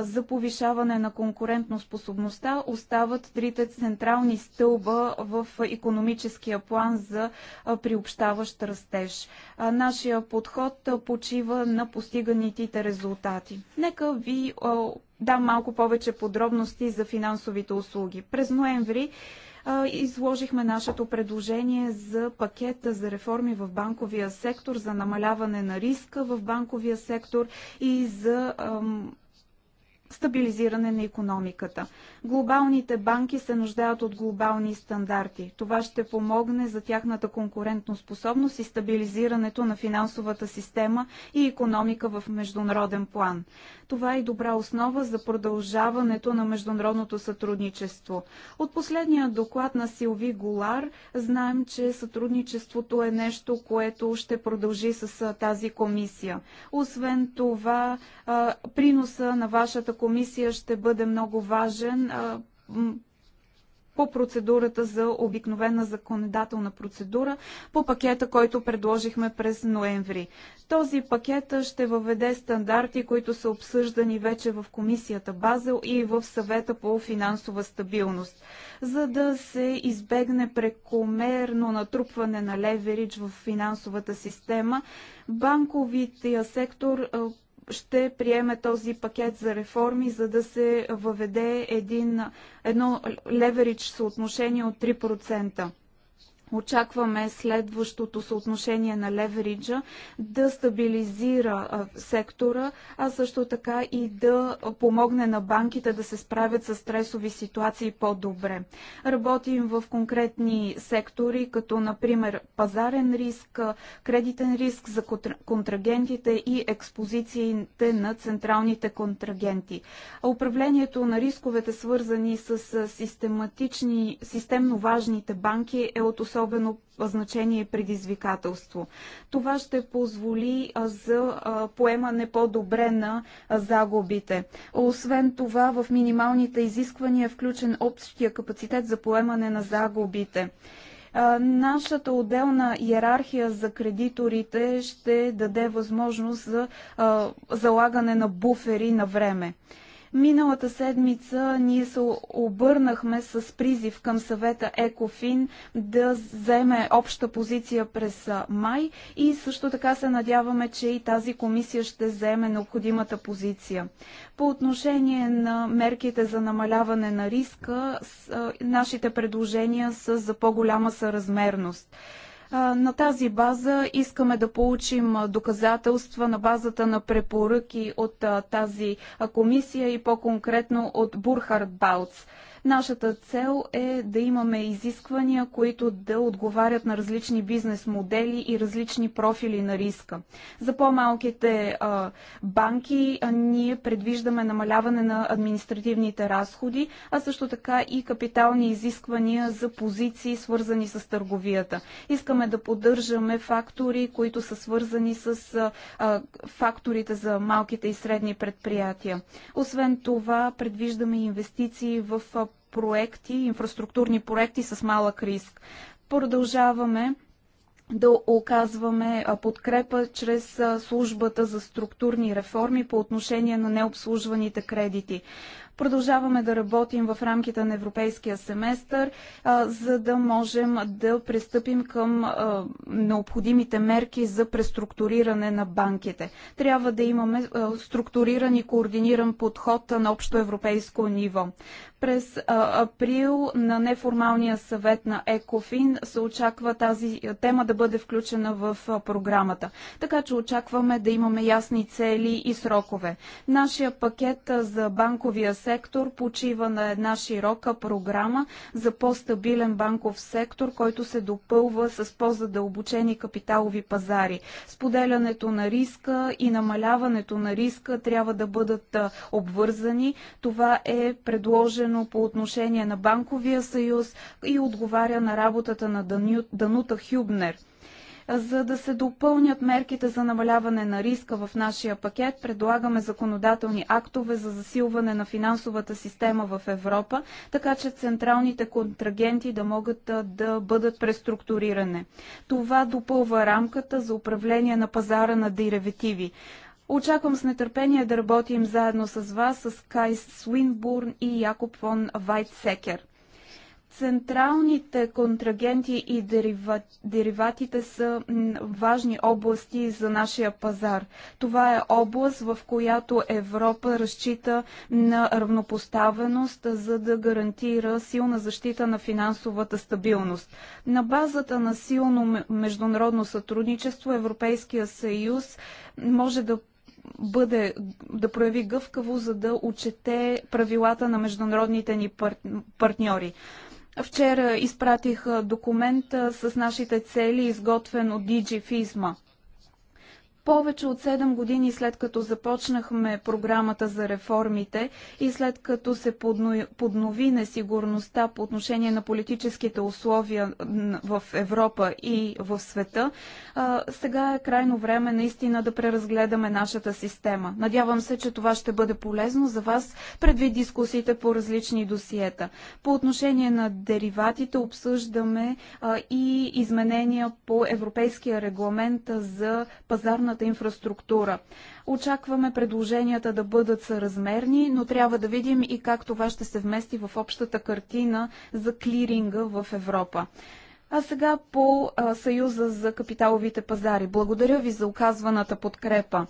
за повишаване на конкурентноспособността остават трите централни стълба в економическия план за приобщаващ растеж. Нашия подход почива на постиганите резултати. Нека ви дам малко повече подробности за финансовите услуги. През ноември изложихме нашето предложение за пакета за реформи в банковия сектор, за намаляване на риска в банковия сектор и за ам, стабилизиране на економиката. Глобалните банки се нуждаят от глобални стандарти. Това ще помогне за тяхната конкурентоспособност и стабилизирането на финансовата система и економика в международен план. Това е добра основа за продължаването на международното сътрудничество. От последния доклад на Силви Голар знаем, че сътрудничеството е нещо, което ще продължи с тази комисия. Освен това, приноса на вашата комисия ще бъде много важен по процедурата за обикновена законодателна процедура по пакета, който предложихме през ноември. Този пакет ще въведе стандарти, които са обсъждани вече в комисията Базел и в съвета по финансова стабилност, за да се избегне прекомерно натрупване на леверидж в финансовата система. Банковия сектор ще приеме този пакет за реформи, за да се въведе един, едно леверидж съотношение от 3%. Очакваме следващото съотношение на левериджа да стабилизира сектора, а също така и да помогне на банките да се справят с стресови ситуации по-добре. Работим в конкретни сектори, като например пазарен риск, кредитен риск за контрагентите и експозициите на централните контрагенти. Управлението на рисковете, свързани с систематични, системно важните банки, е от особено особено значение предизвикателство. Това ще позволи за поемане по-добре на загубите. Освен това, в минималните изисквания е включен общия капацитет за поемане на загубите нашата отделна иерархия за кредиторите ще даде възможност за залагане на буфери на време. Миналата седмица ние се обърнахме с призив към съвета ЕКОФИН да вземе обща позиция през май и също така се надяваме, че и тази комисия ще вземе необходимата позиция. По отношение на мерките за намаляване на риска, нашите предложения са за по-голяма съразмерност. На тази база искаме да получим доказателства на базата на препоръки от тази комисия и по-конкретно от Бурхард Бауц. Нашата цел е да имаме изисквания, които да отговарят на различни бизнес модели и различни профили на риска. За по-малките банки ние предвиждаме намаляване на административните разходи, а също така и капитални изисквания за позиции, свързани с търговията. Искаме да поддържаме фактори, които са свързани с факторите за малките и средни предприятия. Освен това, предвиждаме инвестиции в проекти, инфраструктурни проекти с малък риск. Продължаваме да оказваме подкрепа чрез службата за структурни реформи по отношение на необслужваните кредити. Продължаваме да работим в рамките на европейския семестър, за да можем да пристъпим към необходимите мерки за преструктуриране на банките. Трябва да имаме структуриран и координиран подход на общо европейско ниво. През април на неформалния съвет на ЕКОФИН се очаква тази тема да бъде бъде включена в програмата. Така че очакваме да имаме ясни цели и срокове. Нашия пакет за банковия сектор почива на една широка програма за по-стабилен банков сектор, който се допълва с по-задълбочени капиталови пазари. Споделянето на риска и намаляването на риска трябва да бъдат обвързани. Това е предложено по отношение на Банковия съюз и отговаря на работата на Данута Хюбнер – за да се допълнят мерките за намаляване на риска в нашия пакет, предлагаме законодателни актове за засилване на финансовата система в Европа, така че централните контрагенти да могат да бъдат преструктурирани. Това допълва рамката за управление на пазара на деривативи. Очаквам с нетърпение да работим заедно с вас, с Кай Свинбурн и Якоб фон Вайтсекер. Централните контрагенти и дериватите са важни области за нашия пазар. Това е област, в която Европа разчита на равнопоставеност, за да гарантира силна защита на финансовата стабилност. На базата на силно международно сътрудничество Европейския съюз може да бъде, да прояви гъвкаво, за да учете правилата на международните ни партньори. Вчера изпратих документ с нашите цели, изготвен от DG FISMA повече от 7 години след като започнахме програмата за реформите и след като се поднови несигурността по отношение на политическите условия в Европа и в света, сега е крайно време наистина да преразгледаме нашата система. Надявам се, че това ще бъде полезно за вас предвид дискусиите по различни досиета. По отношение на дериватите обсъждаме и изменения по Европейския регламент за пазарна социалната инфраструктура. Очакваме предложенията да бъдат съразмерни, но трябва да видим и как това ще се вмести в общата картина за клиринга в Европа. А сега по Съюза за капиталовите пазари. Благодаря ви за оказваната подкрепа.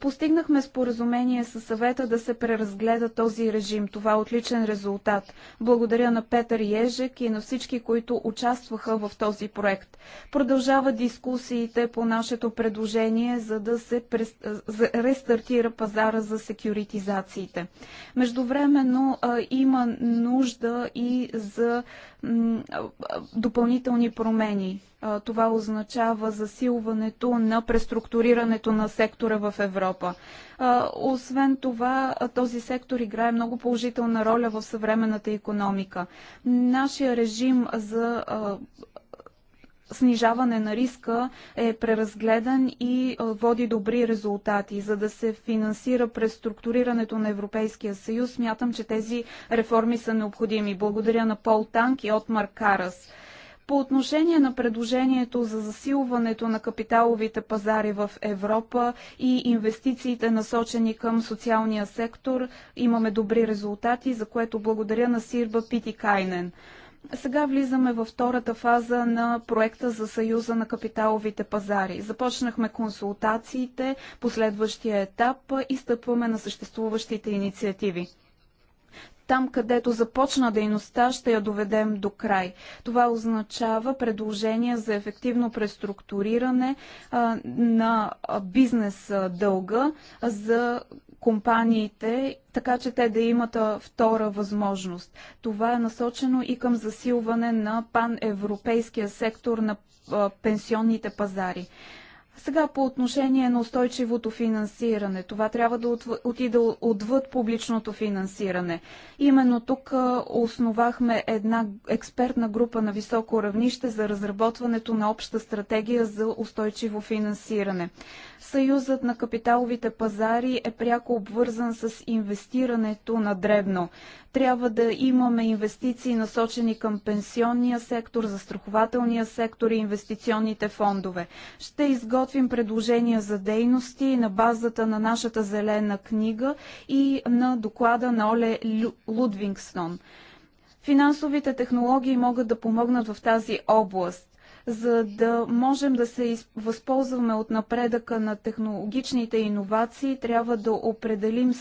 Постигнахме споразумение с съвета да се преразгледа този режим. Това е отличен резултат. Благодаря на Петър Ежек и на всички, които участваха в този проект. Продължава дискусиите по нашето предложение, за да се рестартира пазара за секюритизациите. Междувременно има нужда и за допълнителни промени това означава засилването на преструктурирането на сектора в Европа. Освен това, този сектор играе много положителна роля в съвременната економика. Нашия режим за снижаване на риска е преразгледан и води добри резултати. За да се финансира преструктурирането на Европейския съюз, смятам, че тези реформи са необходими. Благодаря на Пол Танк и от Маркарас. Карас. По отношение на предложението за засилването на капиталовите пазари в Европа и инвестициите насочени към социалния сектор, имаме добри резултати, за което благодаря на Сирба Пити Кайнен. Сега влизаме във втората фаза на проекта за Съюза на капиталовите пазари. Започнахме консултациите, последващия етап и стъпваме на съществуващите инициативи там, където започна дейността, ще я доведем до край. Това означава предложение за ефективно преструктуриране а, на бизнес дълга за компаниите, така че те да имат втора възможност. Това е насочено и към засилване на паневропейския сектор на а, пенсионните пазари. Сега по отношение на устойчивото финансиране, това трябва да отида отвъд публичното финансиране. Именно тук основахме една експертна група на високо равнище за разработването на обща стратегия за устойчиво финансиране. Съюзът на капиталовите пазари е пряко обвързан с инвестирането на дребно. Трябва да имаме инвестиции насочени към пенсионния сектор, застрахователния сектор и инвестиционните фондове. Ще изготвим предложения за дейности на базата на нашата зелена книга и на доклада на Оле Лудвингстон. Финансовите технологии могат да помогнат в тази област за да можем да се възползваме от напредъка на технологичните иновации, трябва да определим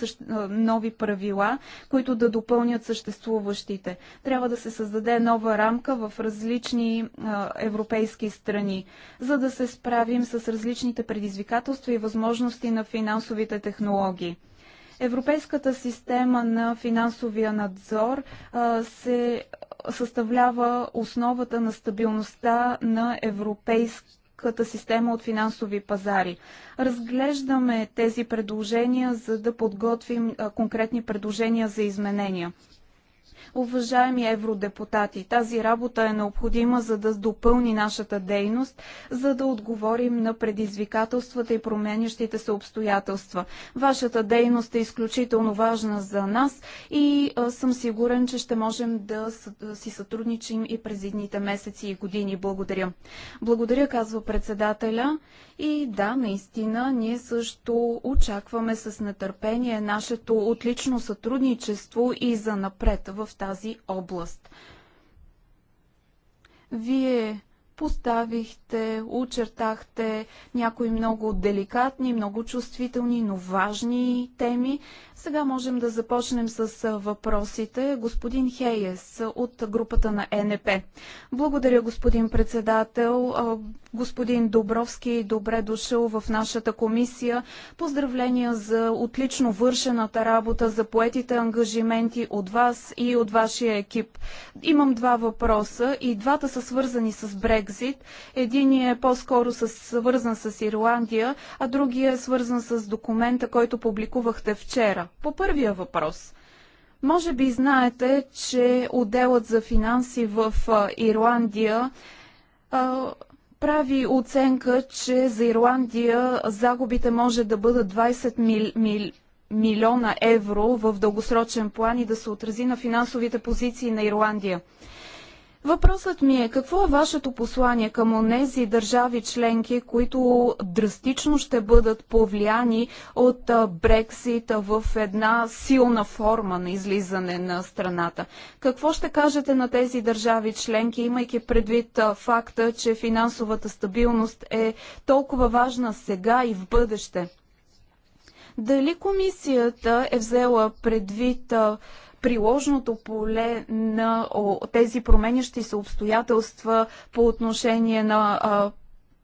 нови правила, които да допълнят съществуващите. Трябва да се създаде нова рамка в различни а, европейски страни, за да се справим с различните предизвикателства и възможности на финансовите технологии. Европейската система на финансовия надзор се съставлява основата на стабилността на европейския система от финансови пазари. Разглеждаме тези предложения, за да подготвим конкретни предложения за изменения. Уважаеми евродепутати, тази работа е необходима за да допълни нашата дейност, за да отговорим на предизвикателствата и променящите се обстоятелства. Вашата дейност е изключително важна за нас и съм сигурен, че ще можем да си сътрудничим и през едните месеци и години. Благодаря. Благодаря, казва председателя. И да, наистина, ние също очакваме с нетърпение нашето отлично сътрудничество и за напред в тази област. Вие поставихте, очертахте някои много деликатни, много чувствителни, но важни теми. Сега можем да започнем с въпросите. Господин Хейес от групата на НП. Благодаря, господин председател. Господин Добровски, добре дошъл в нашата комисия. Поздравления за отлично вършената работа, за поетите ангажименти от вас и от вашия екип. Имам два въпроса и двата са свързани с Брекзит. Брекзит. Единият е по-скоро свързан с Ирландия, а другия е свързан с документа, който публикувахте вчера. По първия въпрос. Може би знаете, че отделът за финанси в Ирландия прави оценка, че за Ирландия загубите може да бъдат 20 мил, мил, милиона евро в дългосрочен план и да се отрази на финансовите позиции на Ирландия. Въпросът ми е какво е вашето послание към онези държави членки, които драстично ще бъдат повлияни от Брексита в една силна форма на излизане на страната? Какво ще кажете на тези държави членки, имайки предвид факта, че финансовата стабилност е толкова важна сега и в бъдеще? Дали комисията е взела предвид приложното поле на тези променящи се обстоятелства по отношение на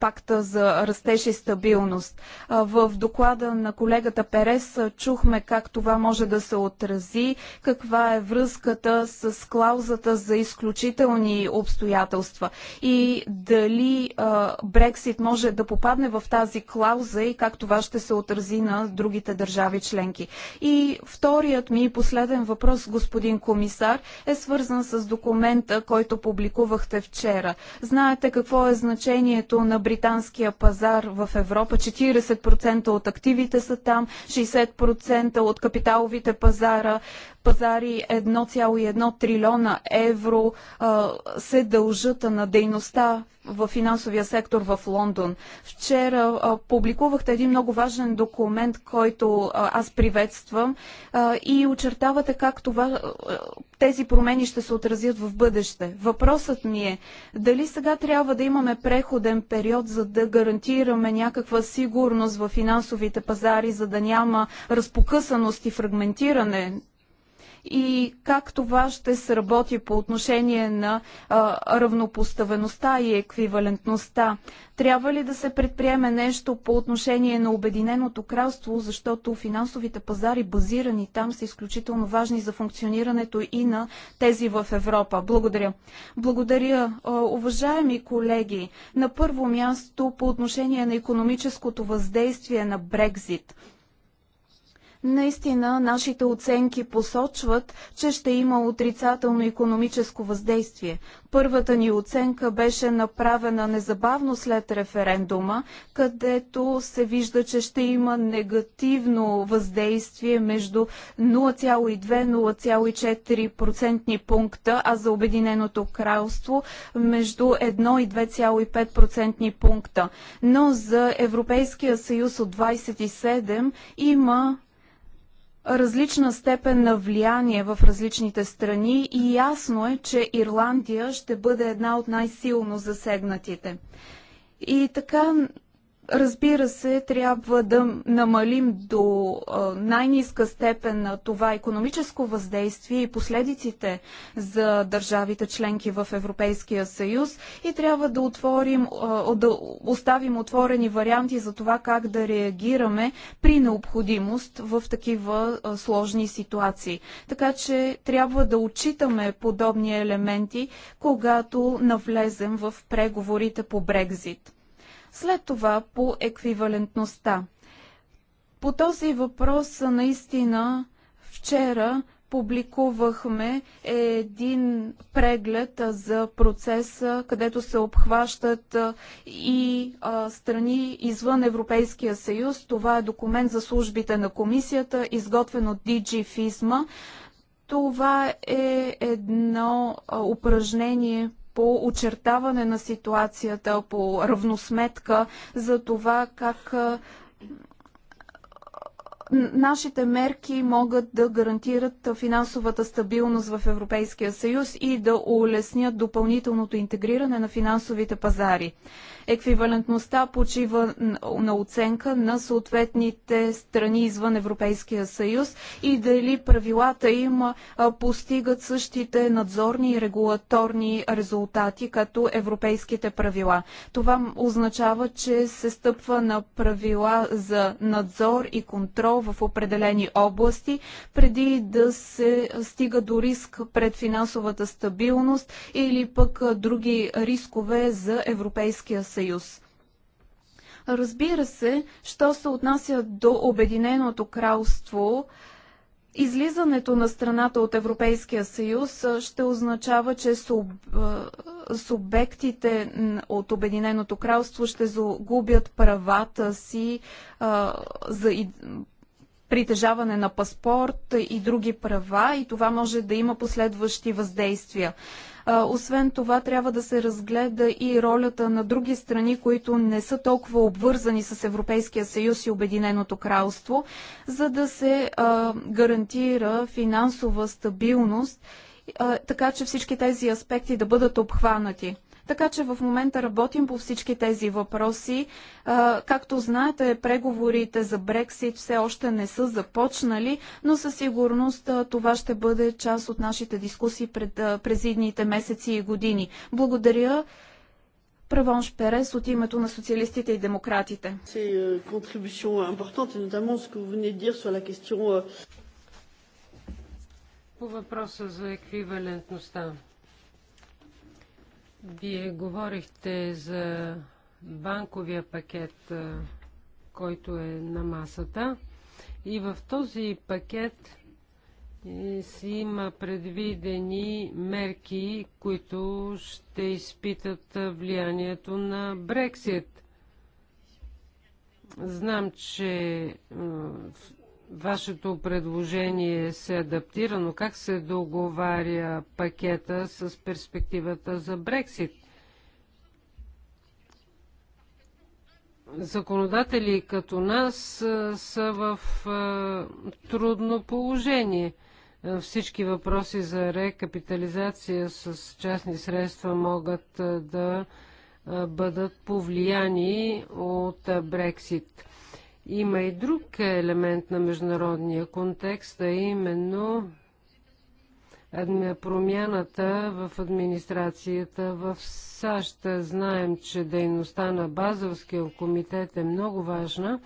пакта за растеж и стабилност. В доклада на колегата Перес чухме как това може да се отрази, каква е връзката с клаузата за изключителни обстоятелства и дали Брексит може да попадне в тази клауза и как това ще се отрази на другите държави членки. И вторият ми и последен въпрос, господин комисар, е свързан с документа, който публикувахте вчера. Знаете какво е значението на Британия британския пазар в Европа. 40% от активите са там, 60% от капиталовите пазара, пазари 1,1 трилиона евро се дължат на дейността в финансовия сектор в Лондон. Вчера а, публикувахте един много важен документ, който а, аз приветствам а, и очертавате как това, тези промени ще се отразят в бъдеще. Въпросът ми е дали сега трябва да имаме преходен период, за да гарантираме някаква сигурност в финансовите пазари, за да няма разпокъсаност и фрагментиране и как това ще сработи по отношение на а, равнопоставеността и еквивалентността. Трябва ли да се предприеме нещо по отношение на Обединеното кралство, защото финансовите пазари, базирани там, са изключително важни за функционирането и на тези в Европа? Благодаря. Благодаря, уважаеми колеги. На първо място по отношение на економическото въздействие на Брекзит – Наистина, нашите оценки посочват, че ще има отрицателно економическо въздействие. Първата ни оценка беше направена незабавно след референдума, където се вижда, че ще има негативно въздействие между 0,2-0,4 пункта, а за Обединеното кралство между 1 и 2,5 пункта. Но за Европейския съюз от 27 има различна степен на влияние в различните страни и ясно е, че Ирландия ще бъде една от най-силно засегнатите. И така Разбира се, трябва да намалим до най-низка степен на това економическо въздействие и последиците за държавите членки в Европейския съюз и трябва да, отворим, да оставим отворени варианти за това как да реагираме при необходимост в такива сложни ситуации. Така че трябва да отчитаме подобни елементи, когато навлезем в преговорите по Брекзит. След това по еквивалентността. По този въпрос наистина вчера публикувахме един преглед за процеса, където се обхващат и страни извън Европейския съюз. Това е документ за службите на комисията, изготвен от DG FISMA. Това е едно упражнение по очертаване на ситуацията, по равносметка за това как нашите мерки могат да гарантират финансовата стабилност в Европейския съюз и да улеснят допълнителното интегриране на финансовите пазари еквивалентността почива на оценка на съответните страни извън Европейския съюз и дали правилата им постигат същите надзорни и регулаторни резултати като европейските правила. Това означава, че се стъпва на правила за надзор и контрол в определени области, преди да се стига до риск пред финансовата стабилност или пък други рискове за Европейския съюз съюз. Разбира се, що се отнася до Обединеното кралство, Излизането на страната от Европейския съюз ще означава, че суб, субектите от Обединеното кралство ще загубят правата си а, за притежаване на паспорт и други права и това може да има последващи въздействия. Освен това, трябва да се разгледа и ролята на други страни, които не са толкова обвързани с Европейския съюз и Обединеното кралство, за да се гарантира финансова стабилност, така че всички тези аспекти да бъдат обхванати. Така че в момента работим по всички тези въпроси. Както знаете, преговорите за Брексит все още не са започнали, но със сигурност това ще бъде част от нашите дискусии пред, през месеци и години. Благодаря. Превонш Перес от името на социалистите и демократите. По въпроса за еквивалентността. Вие говорихте за банковия пакет, който е на масата. И в този пакет е, си има предвидени мерки, които ще изпитат влиянието на Брексит. Знам, че Вашето предложение се адаптира, но как се договаря пакета с перспективата за Брексит? Законодатели като нас са в трудно положение. Всички въпроси за рекапитализация с частни средства могат да бъдат повлияни от Брексит. Има и друг елемент на международния контекст, а именно промяната в администрацията в САЩ. Знаем, че дейността на Базовския комитет е много важна,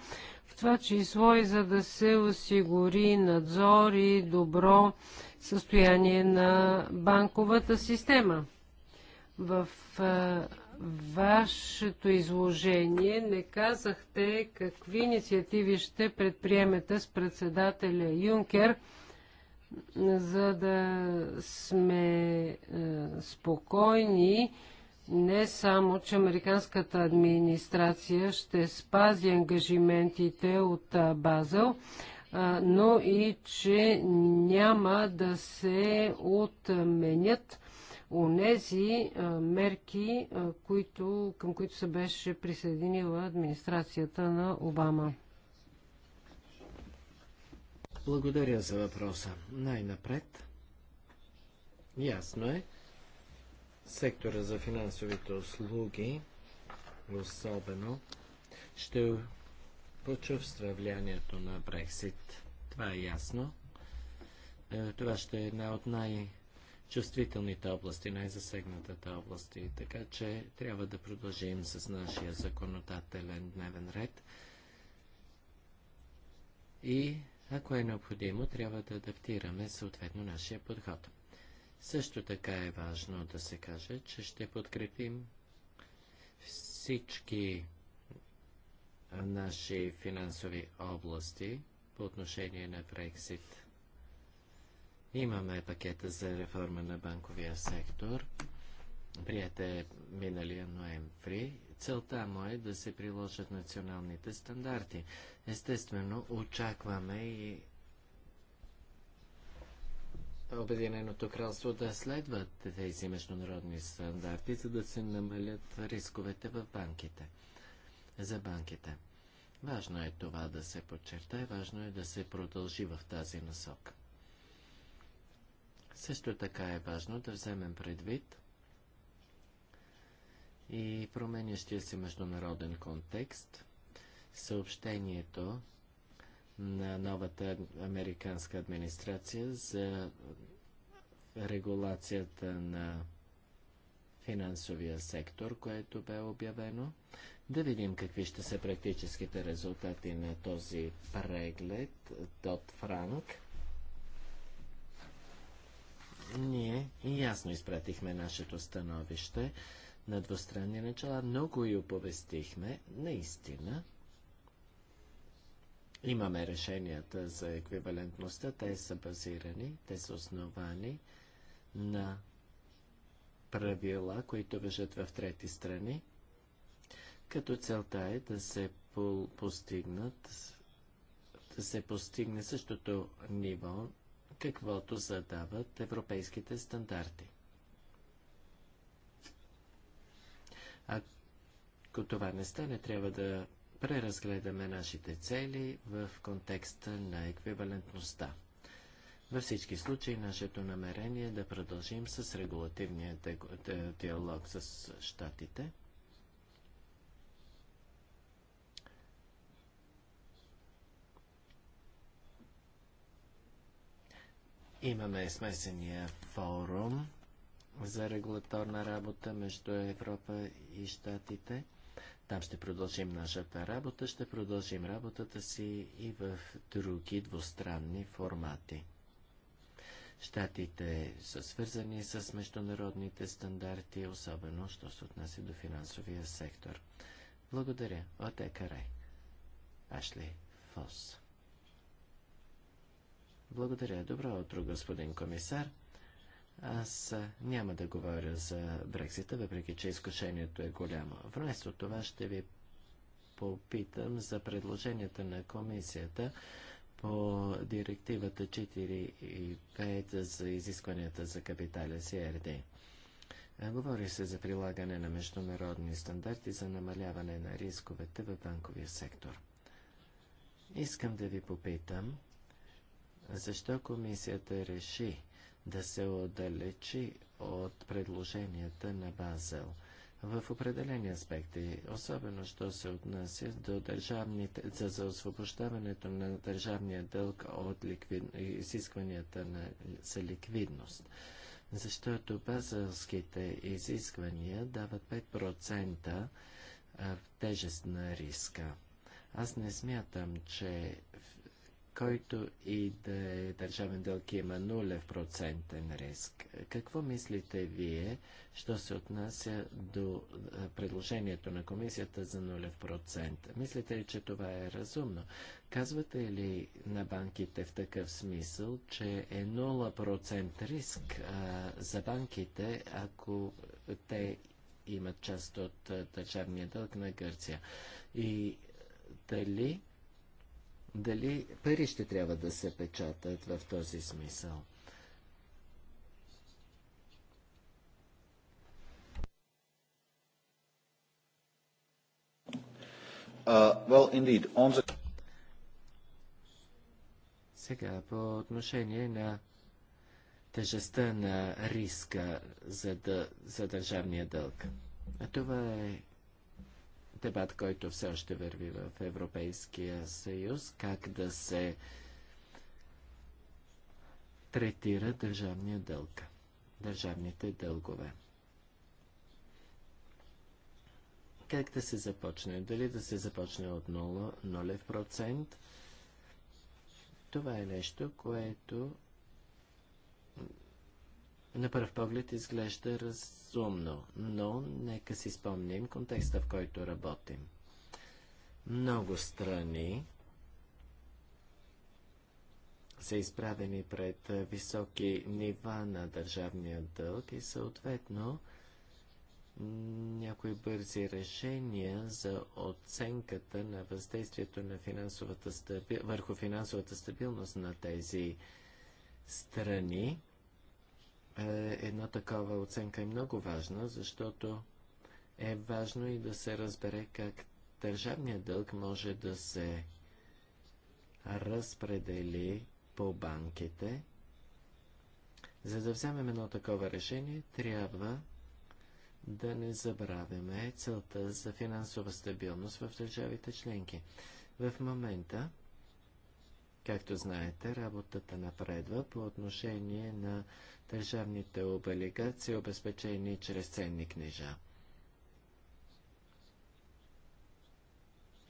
в това число и за да се осигури надзор и добро състояние на банковата система. В вашето изложение не казахте какви инициативи ще предприемете с председателя Юнкер, за да сме е, спокойни не само, че американската администрация ще спази ангажиментите от е, Базел, е, но и че няма да се отменят онези мерки, които, към които се беше присъединила администрацията на Обама. Благодаря за въпроса. Най-напред. Ясно е. Сектора за финансовите услуги особено ще почувства влиянието на Брексит. Това е ясно. Е, това ще е една от най- чувствителните области, най-засегнатата области. Така че трябва да продължим с нашия законодателен дневен ред. И ако е необходимо, трябва да адаптираме съответно нашия подход. Също така е важно да се каже, че ще подкрепим всички наши финансови области по отношение на Брексит Имаме пакета за реформа на банковия сектор. Прияте е миналия ноември. Целта му е да се приложат националните стандарти. Естествено, очакваме и Обединеното кралство да следват тези международни стандарти, за да се намалят рисковете в банките. За банките. Важно е това да се подчертае, важно е да се продължи в тази насока. Също така е важно да вземем предвид и променящия се международен контекст, съобщението на новата американска администрация за регулацията на финансовия сектор, което бе обявено. Да видим какви ще са практическите резултати на този преглед Дот Франк ние ясно изпратихме нашето становище на двустранни начала. Много и оповестихме, наистина. Имаме решенията за еквивалентността. Те са базирани, те са основани на правила, които въжат в трети страни, като целта е да се постигнат да се постигне същото ниво каквото задават европейските стандарти. Ако това не стане, трябва да преразгледаме нашите цели в контекста на еквивалентността. Във всички случаи нашето намерение е да продължим с регулативния диалог с щатите. Имаме смесения форум за регулаторна работа между Европа и Штатите. Там ще продължим нашата работа, ще продължим работата си и в други двустранни формати. Штатите са свързани с международните стандарти, особено, що се отнася до финансовия сектор. Благодаря. От карай. Ашли Фос. Благодаря. Добро утро, господин комисар. Аз няма да говоря за Брексита, въпреки че изкушението е голямо. Вместо това ще ви попитам за предложенията на комисията по директивата 4 и 5 за изискванията за капитали CRD. Говори се за прилагане на международни стандарти за намаляване на рисковете в банковия сектор. Искам да ви попитам защо комисията реши да се отдалечи от предложенията на Базел в определени аспекти, особено що се отнася до държавните, за, за освобождаването на държавния дълг от ликвид, изискванията на, за ликвидност? Защото базалските изисквания дават 5% в тежест на риска. Аз не смятам, че който и да е държавен дълг има 0% риск. Какво мислите вие, що се отнася до предложението на комисията за 0 процент? Мислите ли, че това е разумно? Казвате ли на банките в такъв смисъл, че е 0% риск а, за банките, ако те имат част от държавния дълг на Гърция? И дали дали пари ще трябва да се печатат в този смисъл. Uh, well, indeed, on the... Сега по отношение на тежестта на риска за, да, за държавния дълг. А това е дебат, който все още върви в Европейския съюз, как да се третира държавния дълг, държавните дългове. Как да се започне? Дали да се започне от 0, 0%? Това е нещо, което на пръв поглед изглежда разумно, но нека си спомним контекста, в който работим. Много страни са изправени пред високи нива на държавния дълг и съответно някои бързи решения за оценката на въздействието на финансовата стаби... върху финансовата стабилност на тези страни е една такава оценка е много важна, защото е важно и да се разбере как държавният дълг може да се разпредели по банките. За да вземем едно такова решение, трябва да не забравяме целта за финансова стабилност в държавите членки. В момента Както знаете, работата напредва по отношение на държавните облигации, обезпечени чрез ценни книжа.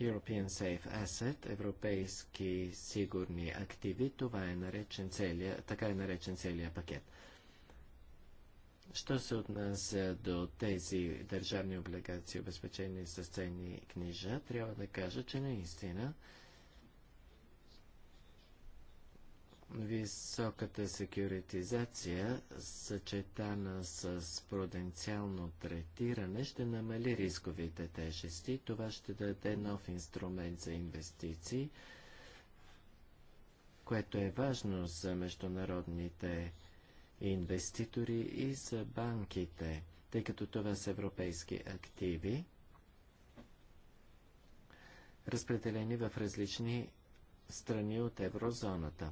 European Safe Asset, европейски сигурни активи, това е наречен целия, така е наречен целият пакет. Що се отнася до тези държавни облигации, обезпечени с ценни книжа, трябва да кажа, че наистина Високата секюритизация, съчетана с пруденциално третиране, ще намали рисковите тежести. Това ще даде нов инструмент за инвестиции, което е важно за международните инвеститори и за банките, тъй като това са европейски активи, разпределени в различни страни от еврозоната.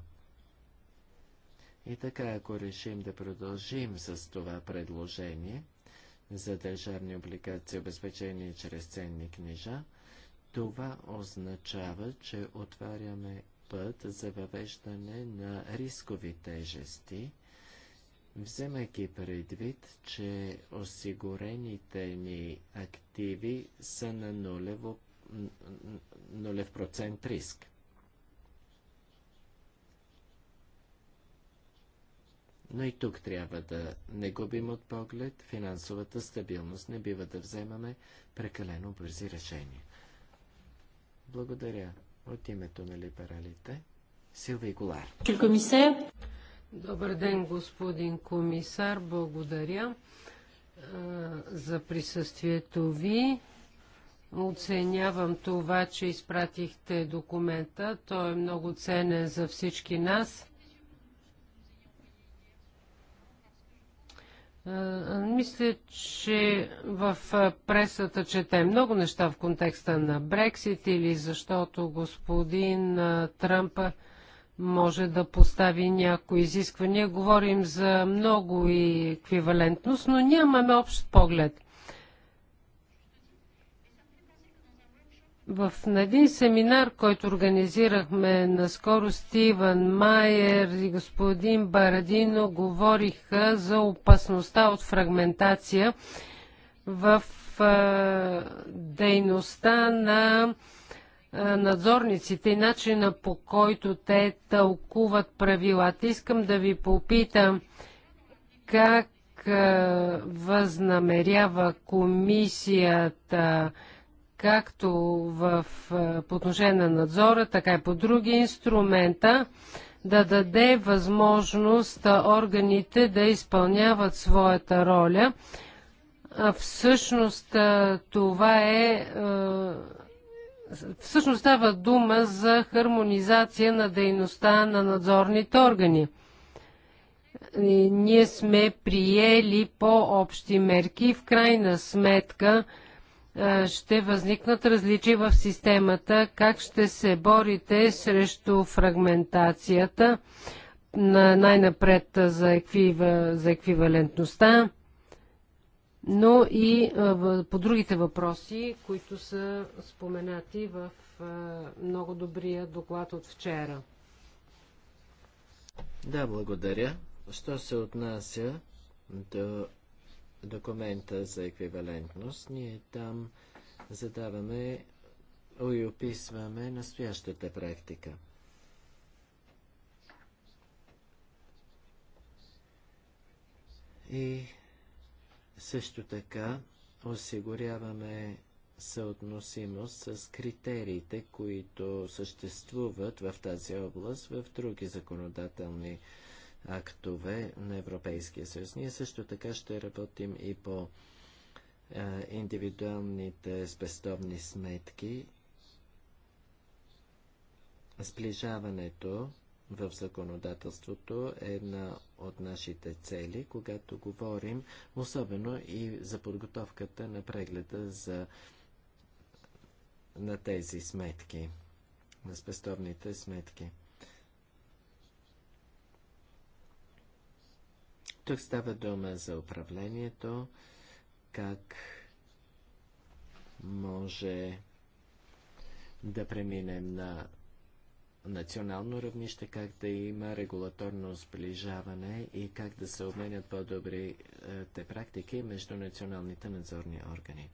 И така, ако решим да продължим с това предложение за държавни облигации, обезпечени чрез ценни книжа, това означава, че отваряме път за въвеждане на рискови тежести, вземайки предвид, че осигурените ни активи са на нулево, нулев процент риск. Но и тук трябва да не губим от поглед финансовата стабилност. Не бива да вземаме прекалено бързи решения. Благодаря от името на либералите. Силви Голар. Добър ден, господин комисар. Благодаря за присъствието ви. Оценявам това, че изпратихте документа. Той е много ценен за всички нас. Е, мисля, че в е, пресата чете много неща в контекста на Брексит или защото господин е, Тръмп може да постави някои изисквания. Говорим за много еквивалентност, но нямаме общ поглед. В на един семинар, който организирахме наскоро, Стивън Майер и господин Барадино говориха за опасността от фрагментация в а, дейността на а, надзорниците и начина по който те тълкуват правилата. Искам да ви попитам как а, възнамерява комисията както в, по отношение на надзора, така и по други инструмента, да даде възможност органите да изпълняват своята роля. Всъщност това е. Всъщност става дума за хармонизация на дейността на надзорните органи ние сме приели по-общи мерки. В крайна сметка е, ще възникнат различи в системата, как ще се борите срещу фрагментацията, на най-напред за, еквива, за еквивалентността, но и е, по другите въпроси, които са споменати в е, много добрия доклад от вчера. Да, благодаря. Що се отнася до документа за еквивалентност, ние там задаваме и описваме настоящата практика. И също така осигуряваме съотносимост с критериите, които съществуват в тази област в други законодателни актове на Европейския съюз. Ние също така ще работим и по индивидуалните спестовни сметки. Сближаването в законодателството е една от нашите цели, когато говорим особено и за подготовката на прегледа за, на тези сметки, на спестовните сметки. Тук става дума за управлението, как може да преминем на национално равнище, как да има регулаторно сближаване и как да се обменят по-добрите практики между националните надзорни органи.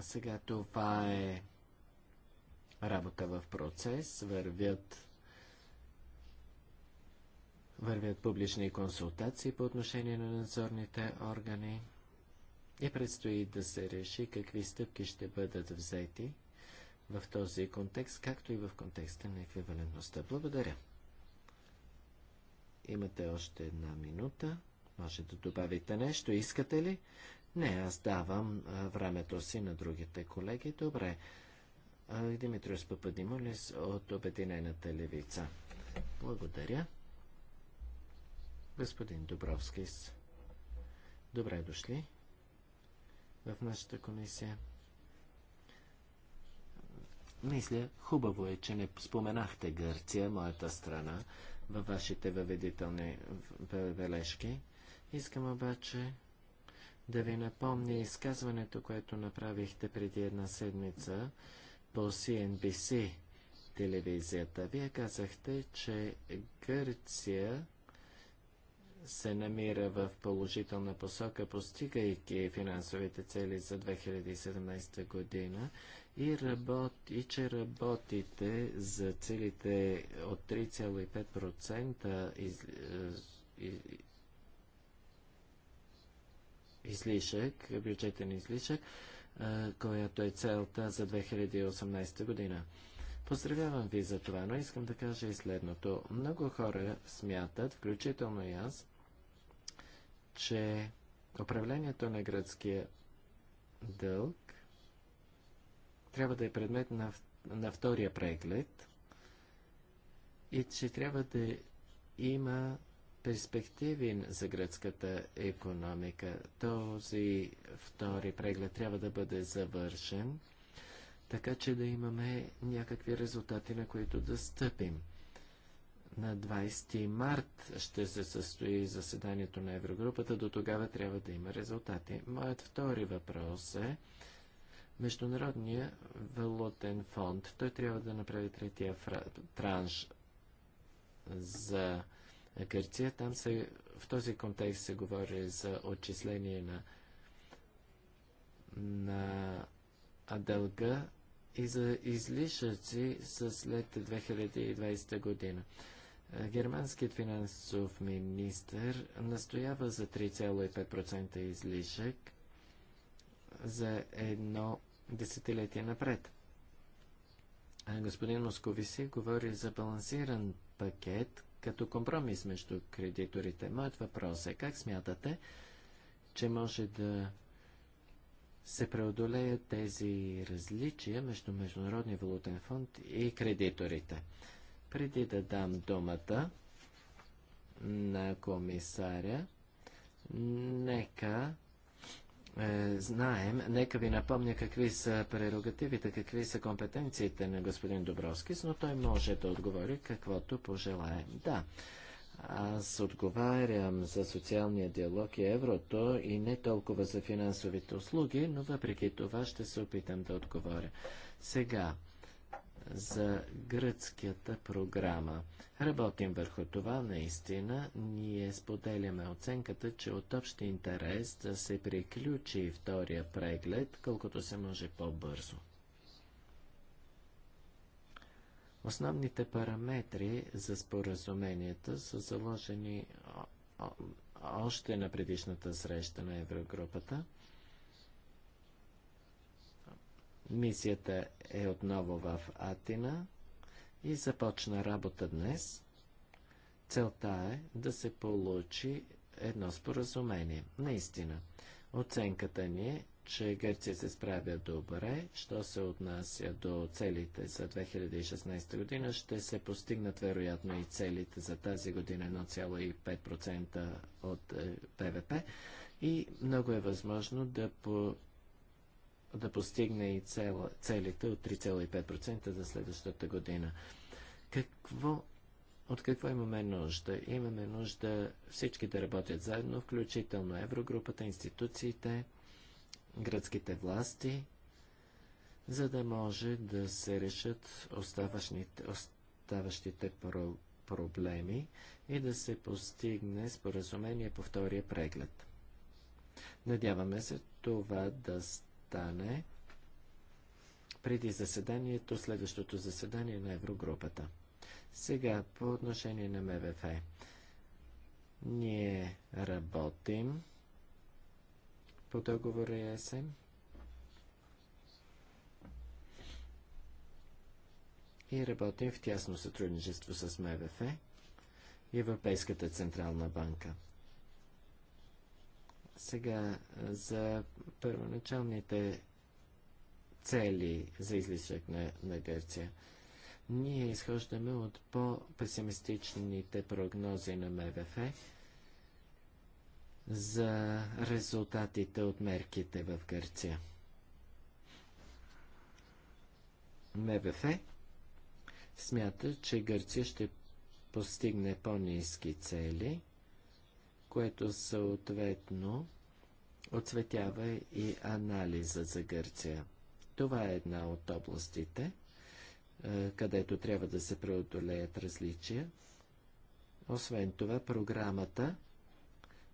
Сега това е работа в процес, вървят вървят публични консултации по отношение на надзорните органи и предстои да се реши какви стъпки ще бъдат взети в този контекст, както и в контекста на еквивалентността. Благодаря. Имате още една минута. Може да добавите нещо. Искате ли? Не, аз давам а, времето си на другите колеги. Добре. Димитриос Пападимолес от Обединената левица. Благодаря. Господин Добровскис, добре дошли в нашата комисия. Мисля, хубаво е, че не споменахте Гърция, моята страна, във вашите въведителни бележки. Искам обаче да ви напомня изказването, което направихте преди една седмица по CNBC телевизията. Вие казахте, че Гърция се намира в положителна посока, постигайки финансовите цели за 2017 година и, работ, и че работите за целите от 3,5% из, е, из, излишък, бюджетен излишък която е целта за 2018 година. Поздравявам ви за това, но искам да кажа и следното. Много хора смятат, включително и аз, че управлението на градския дълг трябва да е предмет на, на втория преглед и че трябва да има перспективи за гръцката економика. Този втори преглед трябва да бъде завършен, така че да имаме някакви резултати, на които да стъпим. На 20 март ще се състои заседанието на Еврогрупата. До тогава трябва да има резултати. Моят втори въпрос е Международния валутен фонд. Той трябва да направи третия фра... транш за Гърция. Там се, в този контекст се говори за отчисление на, на дълга и за излишъци за след 2020 година. Германският финансов министр настоява за 3,5% излишък за едно десетилетие напред. Господин Московиси говори за балансиран пакет, като компромис между кредиторите. Моят въпрос е как смятате, че може да се преодолеят тези различия между Международния валутен фонд и кредиторите. Преди да дам думата на комисаря, нека е, знаем, нека ви напомня какви са прерогативите, какви са компетенциите на господин Добровски, но той може да отговори каквото пожелаем. Да, аз отговарям за социалния диалог и еврото и не толкова за финансовите услуги, но въпреки това ще се опитам да отговоря. Сега, за гръцката програма. Работим върху това наистина. Ние споделяме оценката, че от общ интерес да се приключи втория преглед, колкото се може по-бързо. Основните параметри за споразуменията са заложени още на предишната среща на Еврогрупата – Мисията е отново в Атина и започна работа днес. Целта е да се получи едно споразумение. Наистина, оценката ни е, че Гърция се справя добре, що се отнася до целите за 2016 година, ще се постигнат вероятно и целите за тази година 1,5% от е, ПВП и много е възможно да по да постигне и целите от 3,5% за следващата година. Какво, от какво имаме нужда? Имаме нужда всички да работят заедно, включително Еврогрупата, институциите, градските власти, за да може да се решат оставащите, оставащите про проблеми и да се постигне споразумение по втория преглед. Надяваме се това да стане стане преди заседанието, следващото заседание на Еврогрупата. Сега, по отношение на МВФ. Ние работим по договора ЕСМ. И работим в тясно сътрудничество с МВФ и Европейската Централна банка. Сега за първоначалните цели за излишък на, на Гърция. Ние изхождаме от по-песимистичните прогнози на МВФ за резултатите от мерките в Гърция. МВФ смята, че Гърция ще постигне по-низки цели което съответно оцветява и анализа за Гърция. Това е една от областите, е, където трябва да се преодолеят различия. Освен това, програмата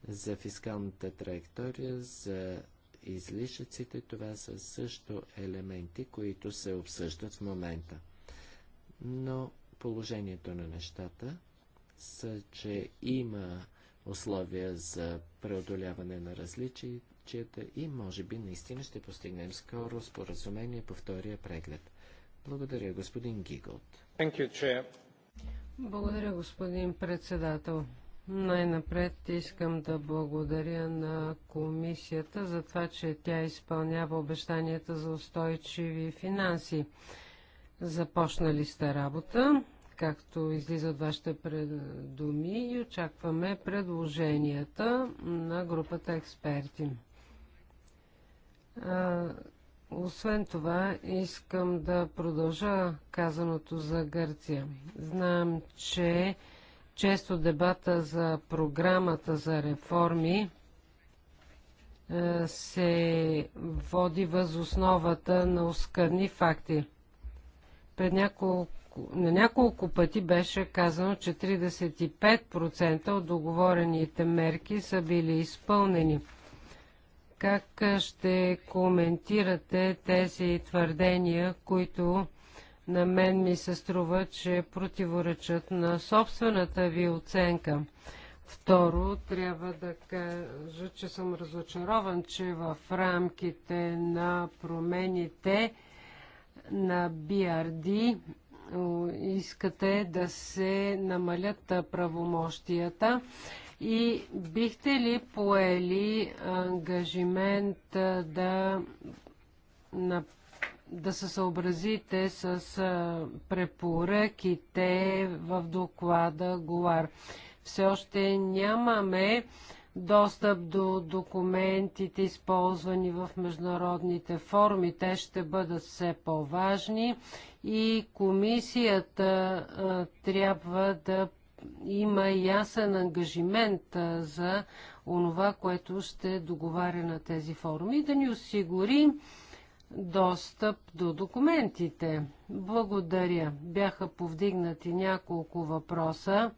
за фискалната траектория, за излишъците, това са също елементи, които се обсъждат в момента. Но положението на нещата са, че има условия за преодоляване на различията и може би наистина ще постигнем скоро споразумение по втория преглед. Благодаря, господин Гиголт. Благодаря, господин председател. Най-напред искам да благодаря на комисията за това, че тя изпълнява обещанията за устойчиви финанси. Започнали сте работа както излиза от вашите думи и очакваме предложенията на групата експерти. А, освен това, искам да продължа казаното за Гърция. Знам, че често дебата за програмата за реформи се води въз основата на оскърни факти. Пред няколко на няколко пъти беше казано, че 35% от договорените мерки са били изпълнени. Как ще коментирате тези твърдения, които на мен ми се струва, че противоречат на собствената ви оценка? Второ, трябва да кажа, че съм разочарован, че в рамките на промените на BRD искате да се намалят правомощията и бихте ли поели ангажимент да, на, да се съобразите с препоръките в доклада ГОАР? Все още нямаме достъп до документите, използвани в международните форми. Те ще бъдат все по-важни и комисията а, трябва да има ясен ангажимент а, за онова, което ще договаря на тези форуми, да ни осигури достъп до документите. Благодаря. Бяха повдигнати няколко въпроса.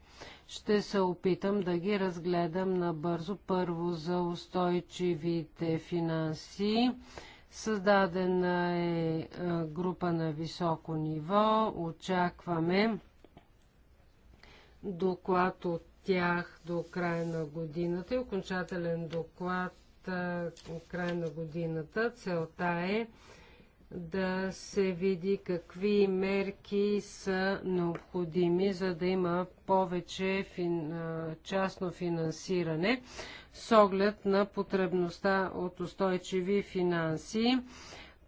Ще се опитам да ги разгледам набързо. Първо за устойчивите финанси. Създадена е група на високо ниво. Очакваме доклад от тях до края на годината и окончателен доклад края на годината. Целта е да се види какви мерки са необходими, за да има повече частно финансиране с оглед на потребността от устойчиви финанси.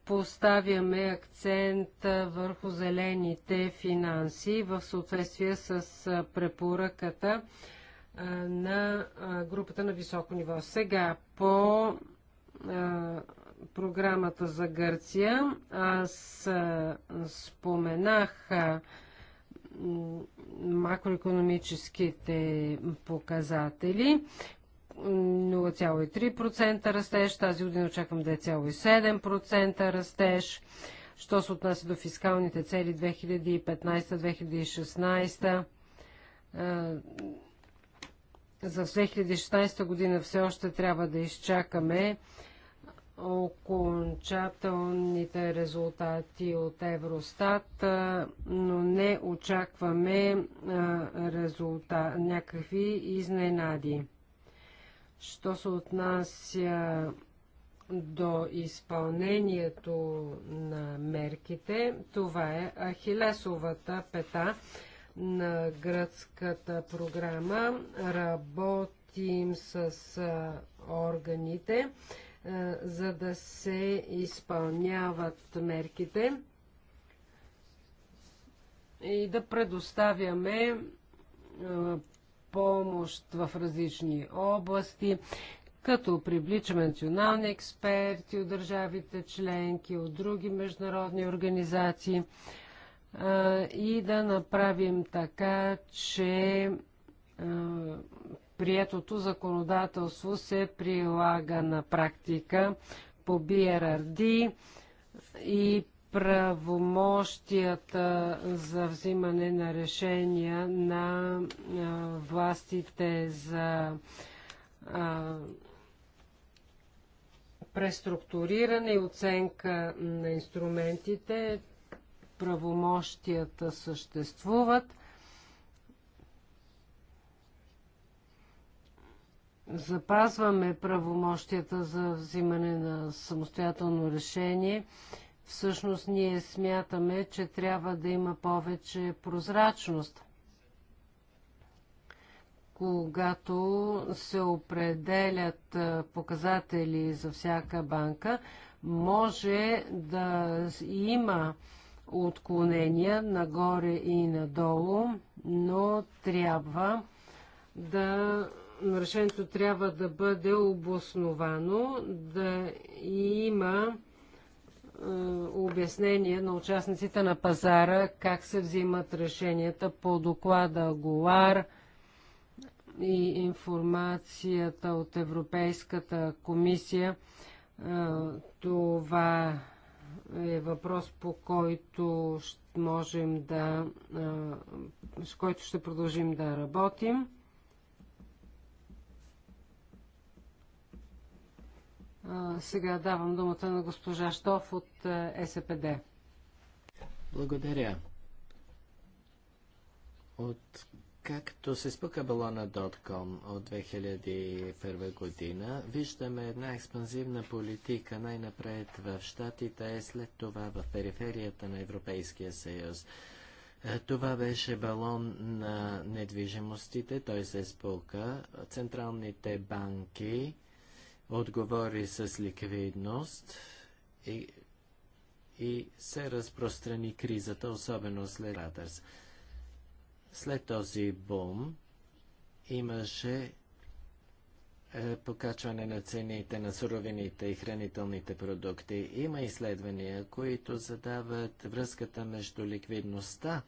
Поставяме акцент върху зелените финанси в съответствие с препоръката на групата на високо ниво. Сега по програмата за Гърция. Аз споменах макроекономическите показатели. 0,3% растеж, тази година очаквам 2,7% е растеж. Що се отнася до фискалните цели 2015-2016, за 2016 година все още трябва да изчакаме окончателните резултати от Евростат, но не очакваме резултат, някакви изненади. Що се отнася до изпълнението на мерките, това е Ахилесовата пета на гръцката програма. Работим с органите, за да се изпълняват мерките и да предоставяме помощ в различни области, като привличаме национални експерти от държавите членки, от други международни организации и да направим така, че приетото законодателство се прилага на практика по BRRD и правомощията за взимане на решения на властите за преструктуриране и оценка на инструментите. Правомощията съществуват. Запазваме правомощията за взимане на самостоятелно решение Всъщност ние смятаме, че трябва да има повече прозрачност. Когато се определят показатели за всяка банка, може да има отклонения нагоре и надолу, но трябва да решението трябва да бъде обосновано, да има е, обяснение на участниците на пазара как се взимат решенията по доклада ГОЛАР и информацията от Европейската комисия. Е, това е въпрос, по който можем да, е, с който ще продължим да работим. Сега давам думата на госпожа Штоф от е, СПД. Благодаря. От както се спъка балона Дотком от 2001 година, виждаме една експанзивна политика най-напред в Штатите, е след това в периферията на Европейския съюз. Е, това беше балон на недвижимостите, той се спука. Централните банки отговори с ликвидност и, и се разпространи кризата, особено след Радърс. След този бум имаше е, покачване на цените на суровините и хранителните продукти. Има изследвания, които задават връзката между ликвидността,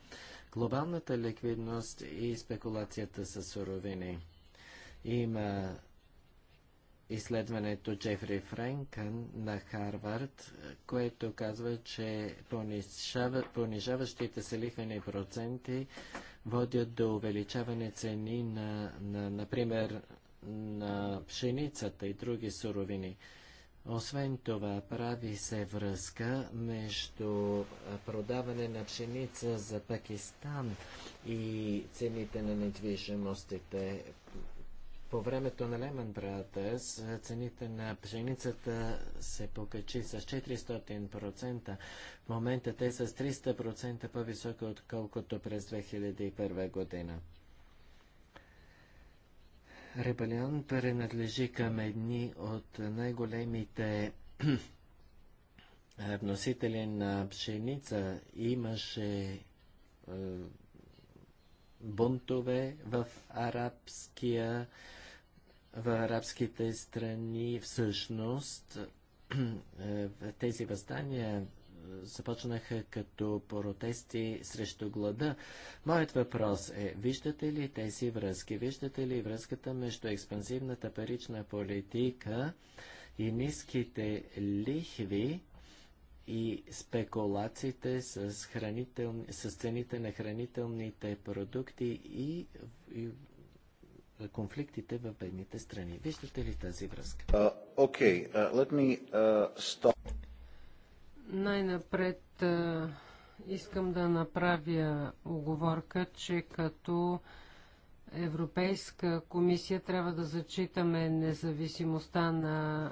глобалната ликвидност и спекулацията с суровини. Има изследването Джефри Френкън на Харвард, което казва, че понижава, понижаващите се лихвени проценти водят до увеличаване цени на, на например, на пшеницата и други суровини. Освен това, прави се връзка между продаване на пшеница за Пакистан и цените на недвижимостите по времето на Лемен Brothers е, цените на пшеницата се покачи с 400%. В момента те са с 300% по-високи, отколкото през 2001 година. Ребелион принадлежи към едни от най-големите е, вносители на пшеница. Имаше е, бунтове в арабския в арабските страни всъщност тези възстания е, започнаха като протести срещу глада. Моят въпрос е, виждате ли тези връзки? Виждате ли връзката между експанзивната парична политика и ниските лихви и спекулациите с, хранител... с цените на хранителните продукти и, и конфликтите в бедните страни. Виждате ли тази връзка? Uh, okay. uh, let me, uh, stop. Най-напред uh, искам да направя оговорка, че като Европейска комисия трябва да зачитаме независимостта на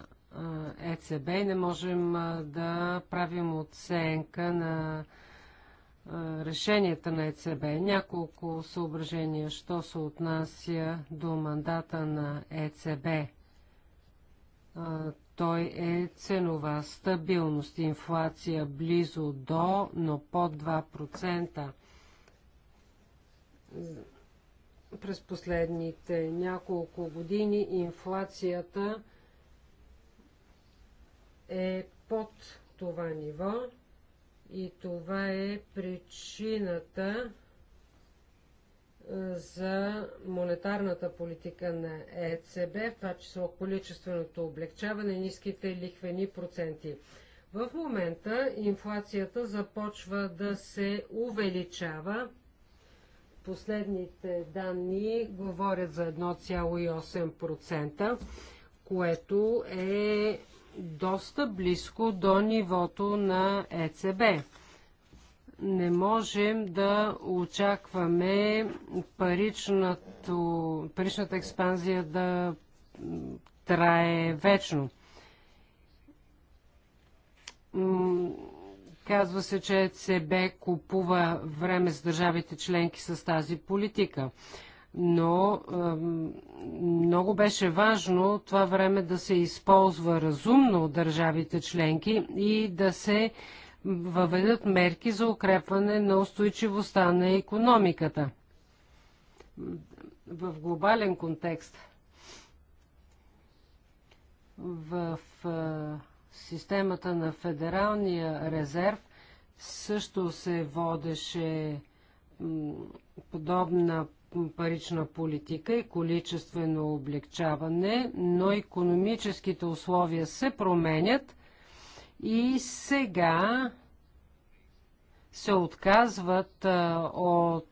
ЕЦБ и не можем да правим оценка на решенията на ЕЦБ. Няколко съображения, що се отнася до мандата на ЕЦБ. Той е ценова стабилност, инфлация близо до, но под 2%. През последните няколко години инфлацията е под това ниво. И това е причината за монетарната политика на ЕЦБ, в това число количественото облегчаване, ниските лихвени проценти. В момента инфлацията започва да се увеличава. Последните данни говорят за 1,8%, което е доста близко до нивото на ЕЦБ. Не можем да очакваме паричната експанзия да трае вечно. Казва се, че ЕЦБ купува време с държавите членки с тази политика но много беше важно това време да се използва разумно от държавите членки и да се въведат мерки за укрепване на устойчивостта на економиката в глобален контекст. В системата на Федералния резерв също се водеше подобна парична политика и количествено облегчаване, но економическите условия се променят и сега се отказват от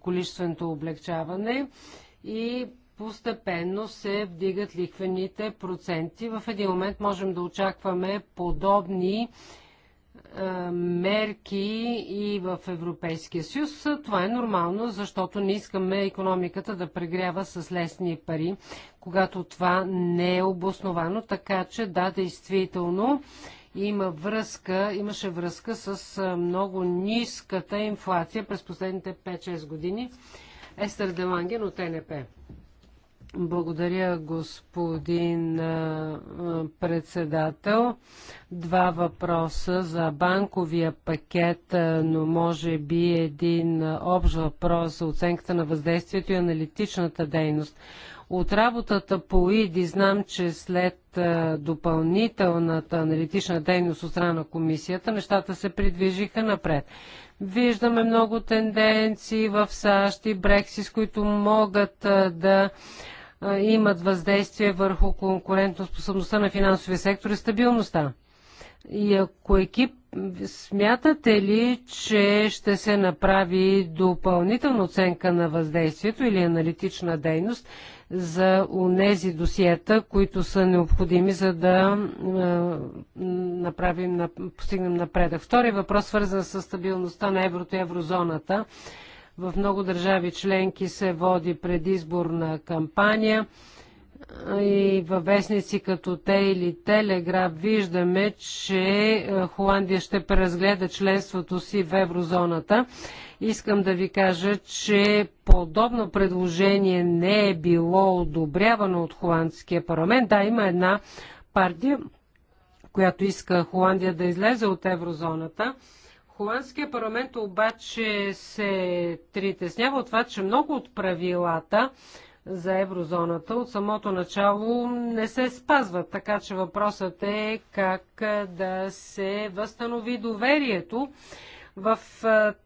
количественото облегчаване и постепенно се вдигат лихвените проценти. В един момент можем да очакваме подобни мерки и в Европейския съюз. Това е нормално, защото не искаме економиката да прегрява с лесни пари, когато това не е обосновано. Така че да, действително има връзка, имаше връзка с много ниската инфлация през последните 5-6 години. Естер Деланген от НП. Благодаря, господин председател. Два въпроса за банковия пакет, но може би един общ въпрос за оценката на въздействието и аналитичната дейност. От работата по ИДИ знам, че след допълнителната аналитична дейност от страна на комисията, нещата се придвижиха напред. Виждаме много тенденции в САЩ и Брексис, които могат да имат въздействие върху конкурентоспособността на финансовия сектор и стабилността. И ако екип, смятате ли, че ще се направи допълнителна оценка на въздействието или аналитична дейност за унези досиета, които са необходими, за да направим, постигнем напредък? Втори въпрос, свързан с стабилността на еврото и еврозоната. В много държави членки се води предизборна кампания и във вестници като те или Телеграф виждаме, че Холандия ще преразгледа членството си в еврозоната. Искам да ви кажа, че подобно предложение не е било одобрявано от холандския парламент. Да, има една партия, която иска Холандия да излезе от еврозоната. Холандския парламент обаче се притеснява от това, че много от правилата за еврозоната от самото начало не се спазват. Така че въпросът е как да се възстанови доверието в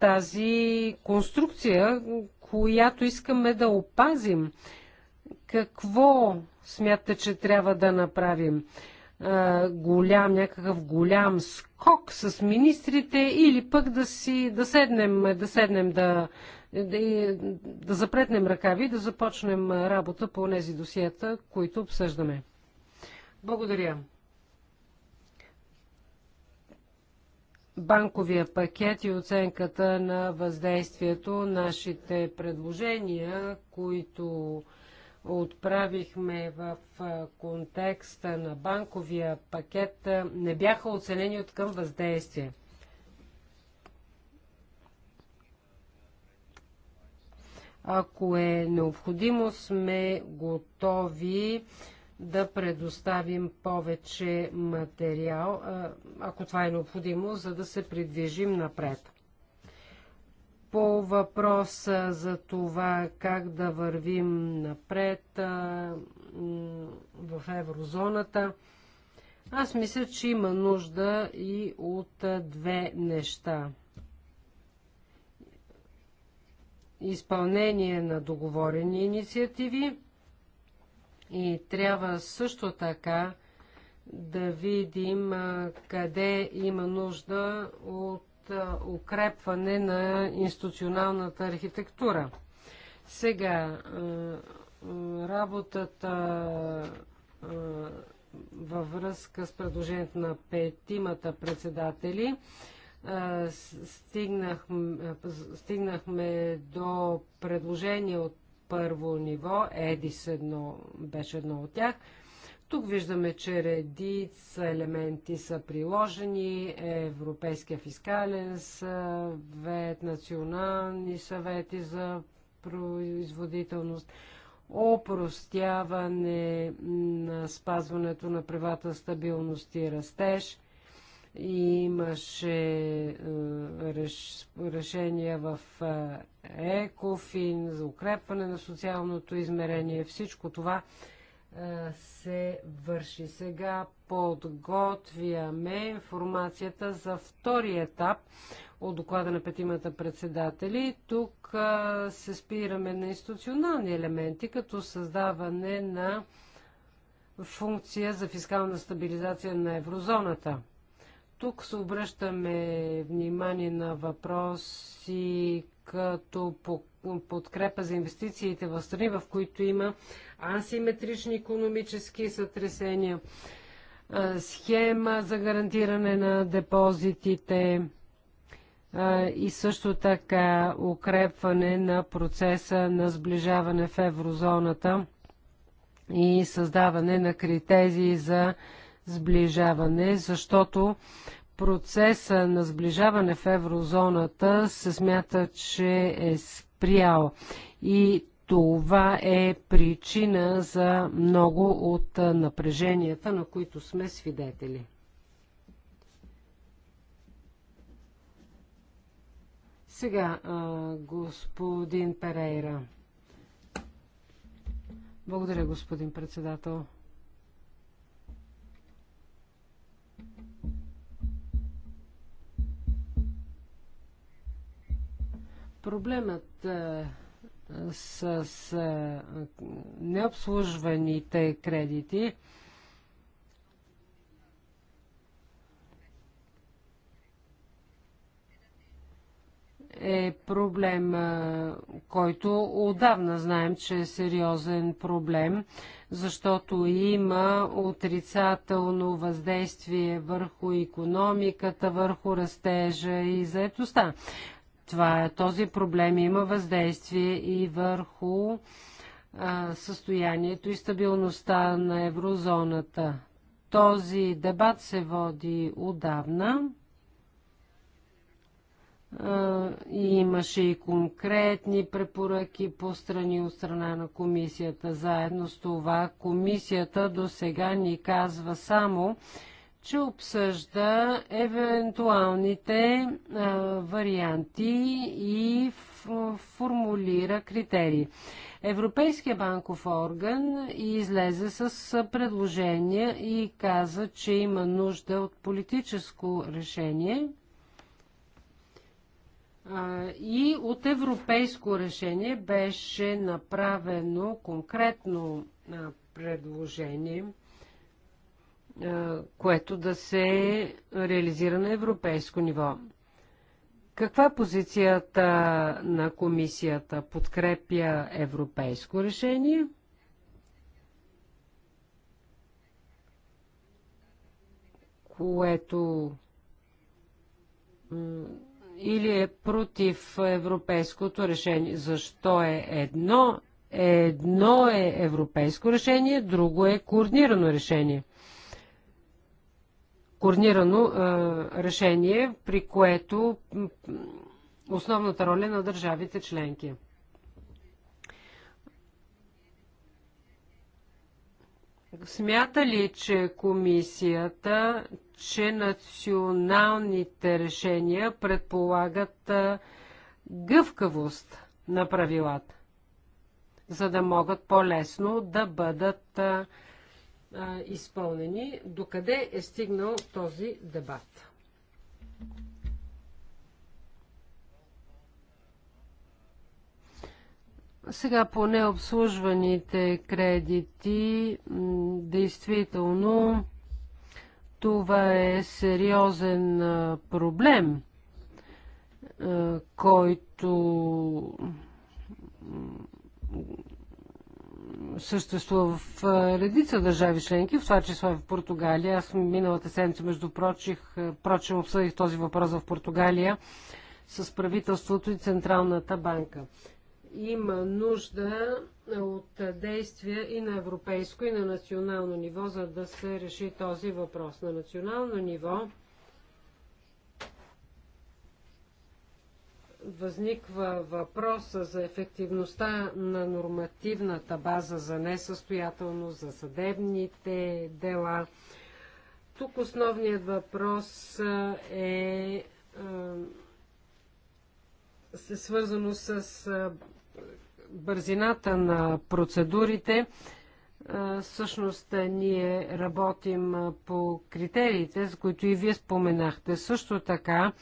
тази конструкция, която искаме да опазим. Какво смятате, че трябва да направим? голям, някакъв голям скок с министрите или пък да си да седнем, да седнем да, да, да запретнем ръкави и да започнем работа по тези досиета, които обсъждаме. Благодаря. Банковия пакет и оценката на въздействието, нашите предложения, които отправихме в контекста на банковия пакет, не бяха оценени от към въздействие. Ако е необходимо, сме готови да предоставим повече материал, ако това е необходимо, за да се придвижим напред. По въпроса за това как да вървим напред а, в еврозоната, аз мисля, че има нужда и от две неща. Изпълнение на договорени инициативи и трябва също така да видим а, къде има нужда от укрепване на институционалната архитектура. Сега, работата във връзка с предложението на петимата председатели, стигнахме, стигнахме до предложение от първо ниво, Едис едно, беше едно от тях – тук виждаме, че редица елементи са приложени, Европейския фискален съвет, национални съвети за производителност, опростяване на спазването на правата стабилност и растеж. Имаше е, решения в е, ЕКОФИН за укрепване на социалното измерение. Всичко това е, се върши. Сега подготвяме информацията за втори етап от доклада на петимата председатели. Тук се спираме на институционални елементи, като създаване на функция за фискална стабилизация на еврозоната. Тук се обръщаме внимание на въпроси като по подкрепа за инвестициите в страни, в които има асиметрични економически сътресения, схема за гарантиране на депозитите и също така укрепване на процеса на сближаване в еврозоната и създаване на критерии за сближаване, защото процеса на сближаване в еврозоната се смята, че е възприял. И това е причина за много от напреженията, на които сме свидетели. Сега, господин Перейра. Благодаря, господин председател. Проблемът е, с е, необслужваните кредити е проблем, е, който отдавна знаем, че е сериозен проблем, защото има отрицателно въздействие върху економиката, върху растежа и заетостта. Това, е, този проблем има въздействие и върху а, състоянието и стабилността на еврозоната. Този дебат се води отдавна. А, и имаше и конкретни препоръки по страни от страна на комисията. Заедно с това комисията до сега ни казва само, че обсъжда евентуалните а, варианти и формулира критерии. Европейския банков орган излезе с предложение и каза, че има нужда от политическо решение а, и от европейско решение беше направено конкретно а, предложение – което да се реализира на европейско ниво. Каква е позицията на комисията? Подкрепя европейско решение? Което или е против европейското решение? Защо е едно? Едно е европейско решение, друго е координирано решение – координирано е, решение, при което основната роля е на държавите членки. Смята ли, че комисията, че националните решения предполагат е, гъвкавост на правилата, за да могат по-лесно да бъдат изпълнени. Докъде е стигнал този дебат? Сега по необслужваните кредити, действително това е сериозен проблем, който съществува в редица държави членки, в това число и в Португалия. Аз миналата седмица, между прочих, прочим, обсъдих този въпрос в Португалия с правителството и Централната банка. Има нужда от действия и на европейско, и на национално ниво, за да се реши този въпрос. На национално ниво възниква въпроса за ефективността на нормативната база за несъстоятелност, за съдебните дела. Тук основният въпрос е, свързано с бързината на процедурите. Всъщност ние работим по критериите, за които и вие споменахте. Също така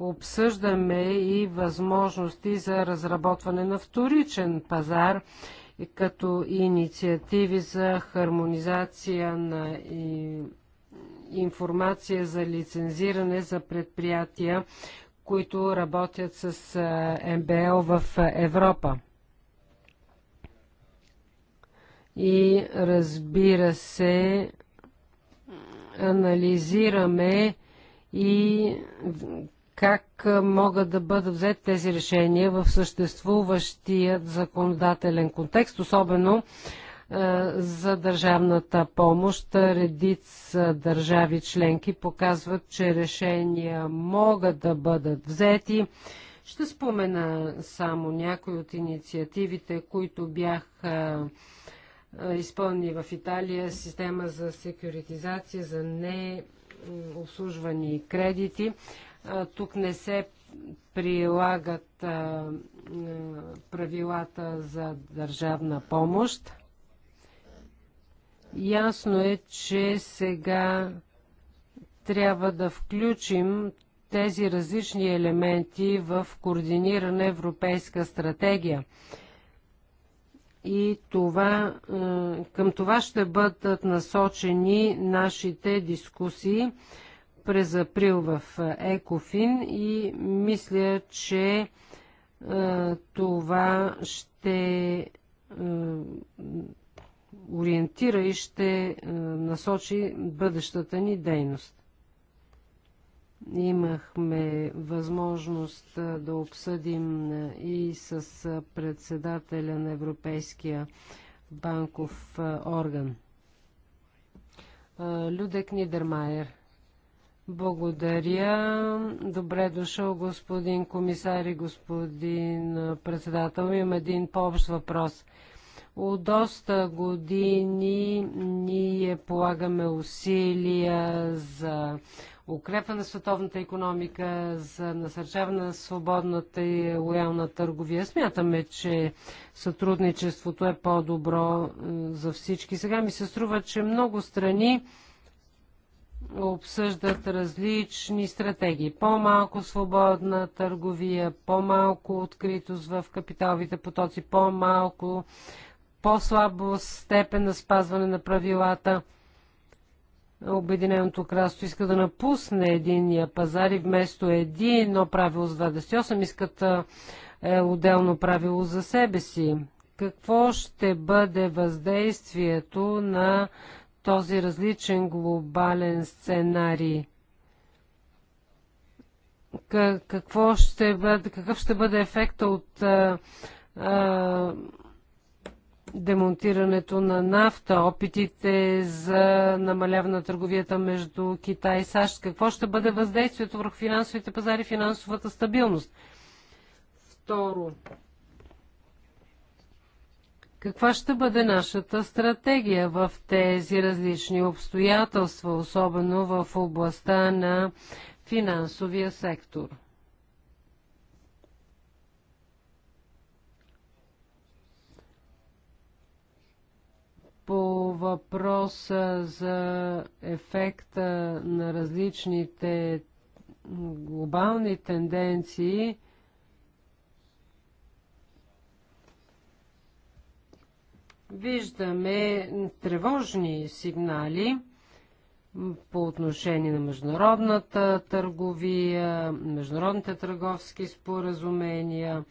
Обсъждаме и възможности за разработване на вторичен пазар като инициативи за хармонизация на информация за лицензиране за предприятия, които работят с МБЛ в Европа. И разбира се, анализираме и как могат да бъдат взети тези решения в съществуващият законодателен контекст, особено за държавната помощ. Редица държави членки показват, че решения могат да бъдат взети. Ще спомена само някои от инициативите, които бяха изпълни в Италия система за секюритизация за необслужвани кредити. Тук не се прилагат правилата за държавна помощ. Ясно е, че сега трябва да включим тези различни елементи в координирана европейска стратегия. И това, към това ще бъдат насочени нашите дискусии през април в е, Екофин и мисля, че е, това ще е, ориентира и ще насочи бъдещата ни дейност. Имахме възможност да обсъдим и с председателя на Европейския банков орган. Людек Нидермайер. Благодаря. Добре дошъл, господин комисар и господин председател. Имам един по-общ въпрос. От доста години ние полагаме усилия за укрепване на световната економика, за насърчаване на свободната и лоялна търговия. Смятаме, че сътрудничеството е по-добро за всички. Сега ми се струва, че много страни обсъждат различни стратегии. По-малко свободна търговия, по-малко откритост в капиталовите потоци, по-малко, по-слабо степен на спазване на правилата. Обединеното кралство иска да напусне единния пазар и вместо едно правило с 28 искат е, отделно правило за себе си. Какво ще бъде въздействието на този различен глобален сценарий? Какво ще бъде, какъв ще бъде ефекта от а, а, демонтирането на нафта, опитите за намаляване на търговията между Китай и САЩ? Какво ще бъде въздействието върху финансовите пазари и финансовата стабилност? Второ, каква ще бъде нашата стратегия в тези различни обстоятелства, особено в областта на финансовия сектор? по въпроса за ефекта на различните глобални тенденции, Виждаме тревожни сигнали по отношение на международната търговия, международните търговски споразумения,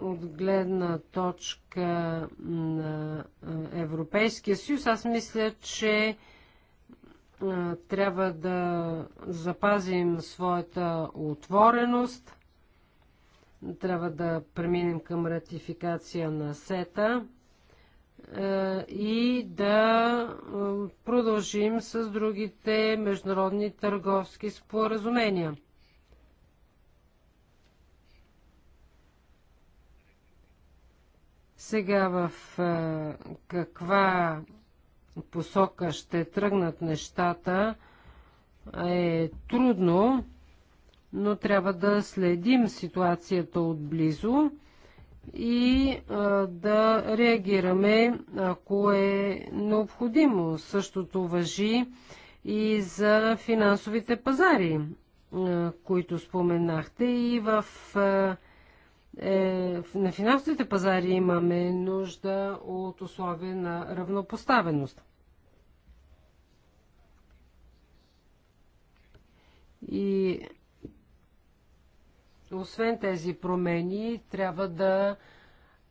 от гледна точка на Европейския съюз, аз мисля, че трябва да запазим своята отвореност трябва да преминем към ратификация на СЕТА е, и да е, продължим с другите международни търговски споразумения. Сега в е, каква посока ще тръгнат нещата е трудно но трябва да следим ситуацията отблизо и да реагираме, ако е необходимо. Същото въжи и за финансовите пазари, които споменахте. И в, е, на финансовите пазари имаме нужда от условия на равнопоставеност. И освен тези промени, трябва да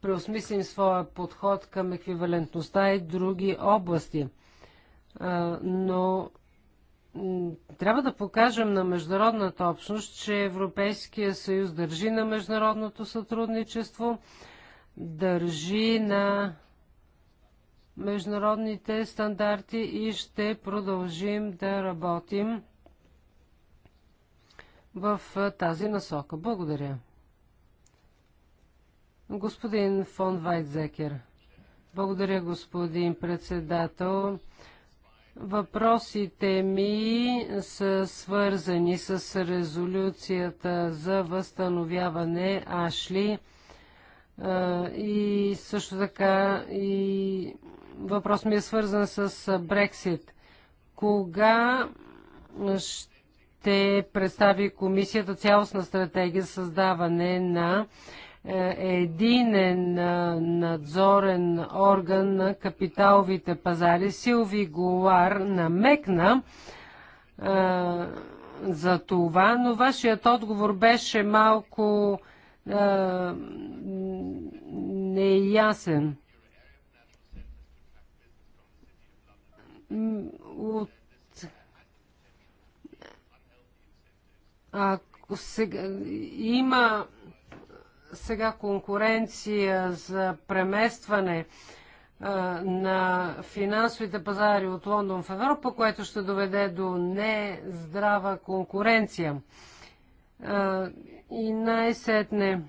преосмислим своя подход към еквивалентността и други области. Но трябва да покажем на международната общност, че Европейския съюз държи на международното сътрудничество, държи на международните стандарти и ще продължим да работим в тази насока. Благодаря. Господин фон Вайтзекер. Благодаря, господин председател. Въпросите ми са свързани с резолюцията за възстановяване Ашли и също така и въпрос ми е свързан с Брексит. Кога ще ще представи комисията цялостна стратегия за създаване на е, единен е, надзорен орган на капиталовите пазари. Силви Голар намекна е, за това, но вашият отговор беше малко а, неясен. От Ако сега, има сега конкуренция за преместване а, на финансовите пазари от Лондон в Европа, което ще доведе до нездрава конкуренция. А, и най-сетне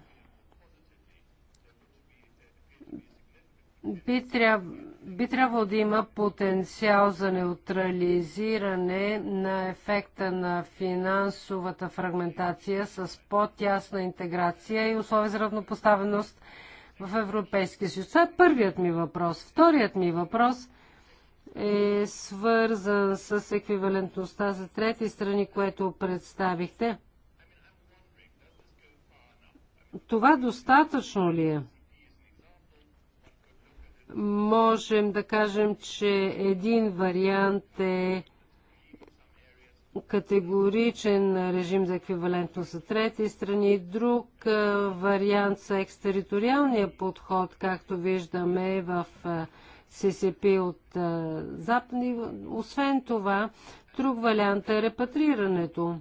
би трябвало би трябвало да има потенциал за неутрализиране на ефекта на финансовата фрагментация с по-тясна интеграция и условия за равнопоставеност в Европейския съюз. Това е първият ми въпрос. Вторият ми въпрос е свързан с еквивалентността за трети страни, което представихте. Това достатъчно ли е? можем да кажем, че един вариант е категоричен режим за еквивалентност за трети страни. Друг вариант са екстериториалния подход, както виждаме в ССП от Западни. Освен това, друг вариант е репатрирането.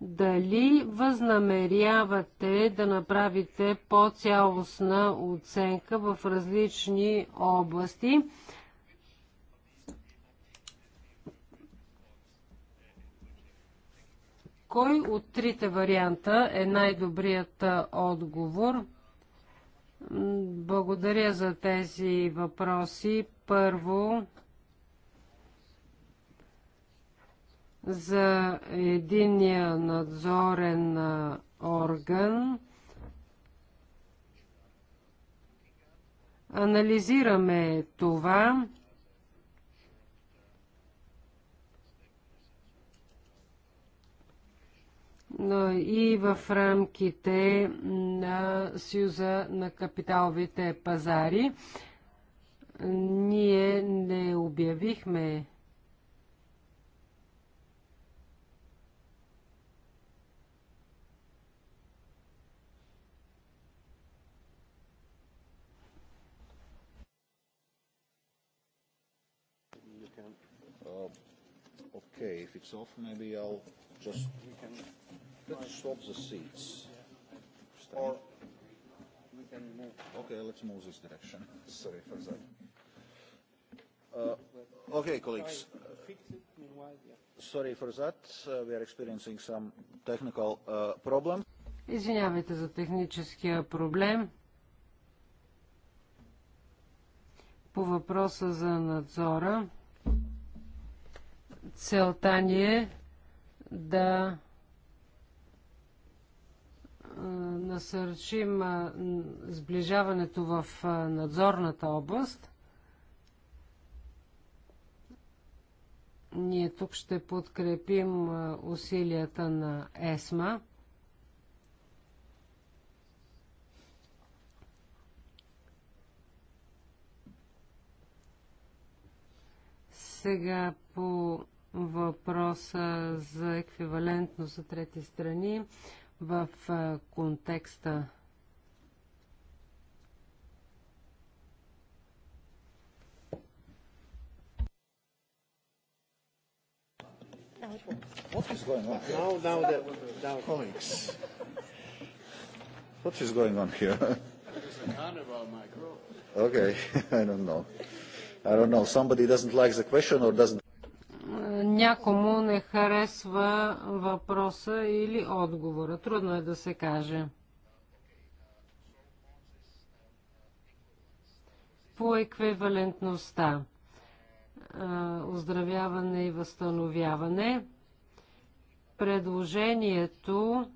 Дали възнамерявате да направите по-цялостна оценка в различни области? Кой от трите варианта е най-добрият отговор? Благодаря за тези въпроси. Първо, за единия надзорен орган. Анализираме това. но и в рамките на Съюза на капиталовите пазари. Ние не обявихме Okay, if it's off, maybe I'll just we can let's swap the seats. Yeah. Or we can move. Okay, let's move this direction. Sorry for that. Uh, okay, colleagues. Sorry for that. Uh, we are experiencing some technical uh, problem. Извинявайте за техническия проблем. По въпроса за надзора. Целта ни е да насърчим сближаването в надзорната област. Ние тук ще подкрепим усилията на ЕСМА. Сега по въпроса за еквивалентност за трети страни в контекста What is going on? Now, now, the, now. colleagues, what is going on here? Okay, I don't know. I don't know. Somebody doesn't like the question or doesn't някому не харесва въпроса или отговора. Трудно е да се каже. По еквивалентността. Оздравяване и възстановяване. Предложението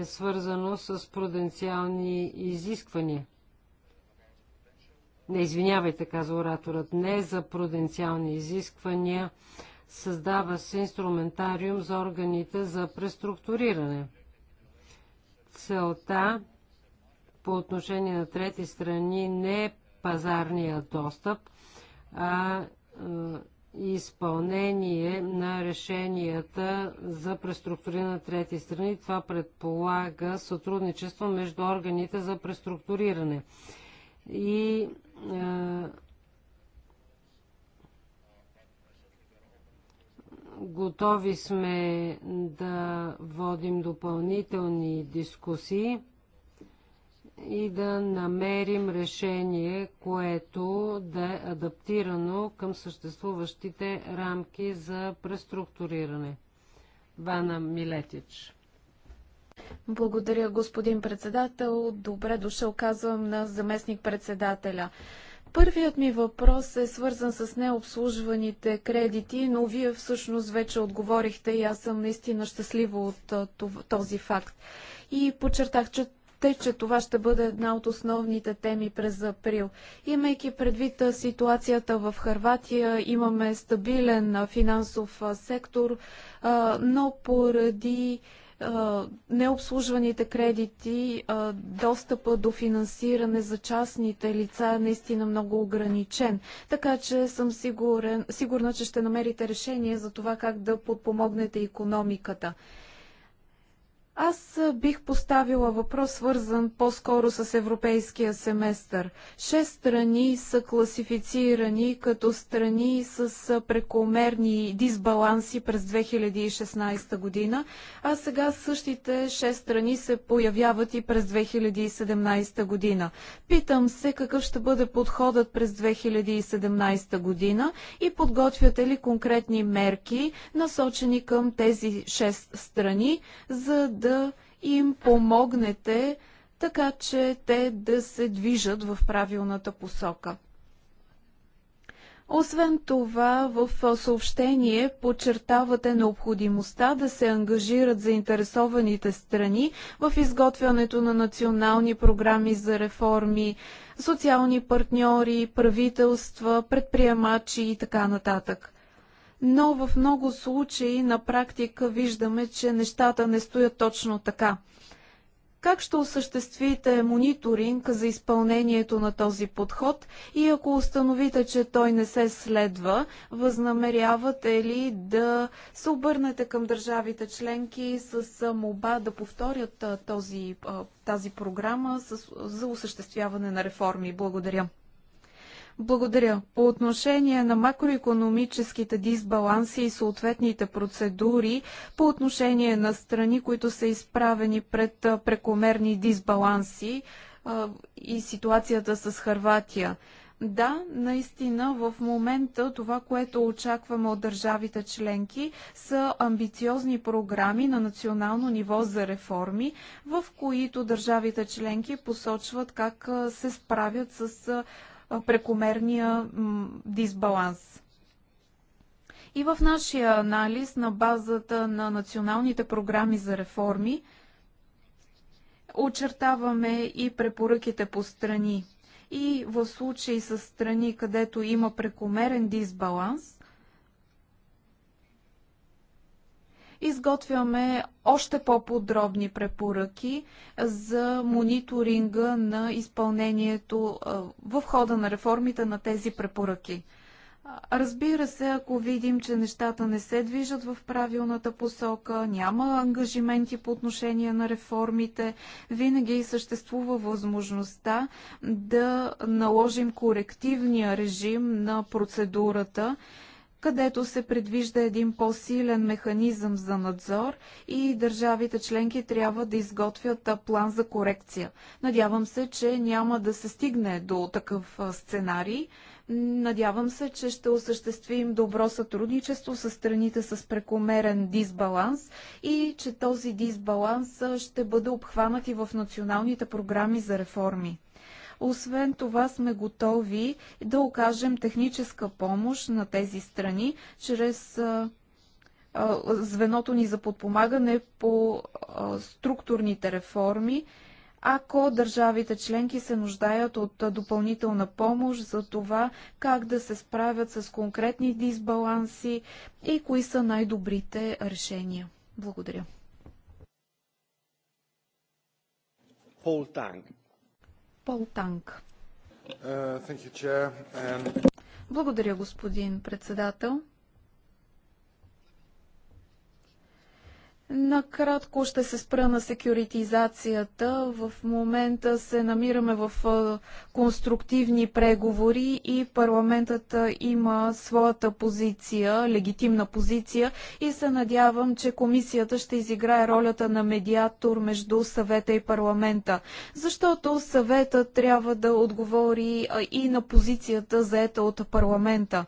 е свързано с пруденциални изисквания – не извинявайте, каза ораторът, не за пруденциални изисквания, създава се инструментариум за органите за преструктуриране. Целта по отношение на трети страни не е пазарния достъп, а изпълнение на решенията за преструктуриране на трети страни. Това предполага сътрудничество между органите за преструктуриране. И е, готови сме да водим допълнителни дискусии и да намерим решение, което да е адаптирано към съществуващите рамки за преструктуриране. Вана Милетич. Благодаря, господин председател. Добре дошъл, казвам на заместник-председателя. Първият ми въпрос е свързан с необслужваните кредити, но вие всъщност вече отговорихте и аз съм наистина щастлива от този факт. И подчертах, че те, че това ще бъде една от основните теми през април. Имайки предвид ситуацията в Харватия, имаме стабилен финансов сектор, но поради необслужваните кредити, достъпа до финансиране за частните лица е наистина много ограничен. Така че съм сигурен, сигурна, че ще намерите решение за това как да подпомогнете економиката. Аз бих поставила въпрос, свързан по-скоро с европейския семестър. Шест страни са класифицирани като страни с прекомерни дисбаланси през 2016 година, а сега същите шест страни се появяват и през 2017 година. Питам се какъв ще бъде подходът през 2017 година и подготвяте ли конкретни мерки, насочени към тези шест страни, за да да им помогнете, така че те да се движат в правилната посока. Освен това, в съобщение подчертавате необходимостта да се ангажират заинтересованите страни в изготвянето на национални програми за реформи, социални партньори, правителства, предприемачи и така нататък но в много случаи на практика виждаме, че нещата не стоят точно така. Как ще осъществите мониторинг за изпълнението на този подход и ако установите, че той не се следва, възнамерявате ли да се обърнете към държавите членки с молба да повторят този, тази програма за осъществяване на реформи? Благодаря. Благодаря. По отношение на макроекономическите дисбаланси и съответните процедури, по отношение на страни, които са изправени пред прекомерни дисбаланси и ситуацията с Харватия. Да, наистина в момента това, което очакваме от държавите членки, са амбициозни програми на национално ниво за реформи, в които държавите членки посочват как се справят с прекомерния дисбаланс. И в нашия анализ на базата на националните програми за реформи очертаваме и препоръките по страни. И в случай с страни, където има прекомерен дисбаланс, изготвяме още по-подробни препоръки за мониторинга на изпълнението в хода на реформите на тези препоръки. Разбира се, ако видим, че нещата не се движат в правилната посока, няма ангажименти по отношение на реформите, винаги съществува възможността да наложим корективния режим на процедурата където се предвижда един по-силен механизъм за надзор и държавите членки трябва да изготвят план за корекция. Надявам се, че няма да се стигне до такъв сценарий. Надявам се, че ще осъществим добро сътрудничество с страните с прекомерен дисбаланс и че този дисбаланс ще бъде обхванат и в националните програми за реформи. Освен това сме готови да окажем техническа помощ на тези страни чрез звеното ни за подпомагане по структурните реформи, ако държавите членки се нуждаят от допълнителна помощ за това как да се справят с конкретни дисбаланси и кои са най-добрите решения. Благодаря. Пол Танг. Пол Танк. Uh, Благодаря, господин председател. Накратко ще се спра на секюритизацията. В момента се намираме в конструктивни преговори и парламентът има своята позиция, легитимна позиция и се надявам, че комисията ще изиграе ролята на медиатор между съвета и парламента. Защото съвета трябва да отговори и на позицията заета от парламента.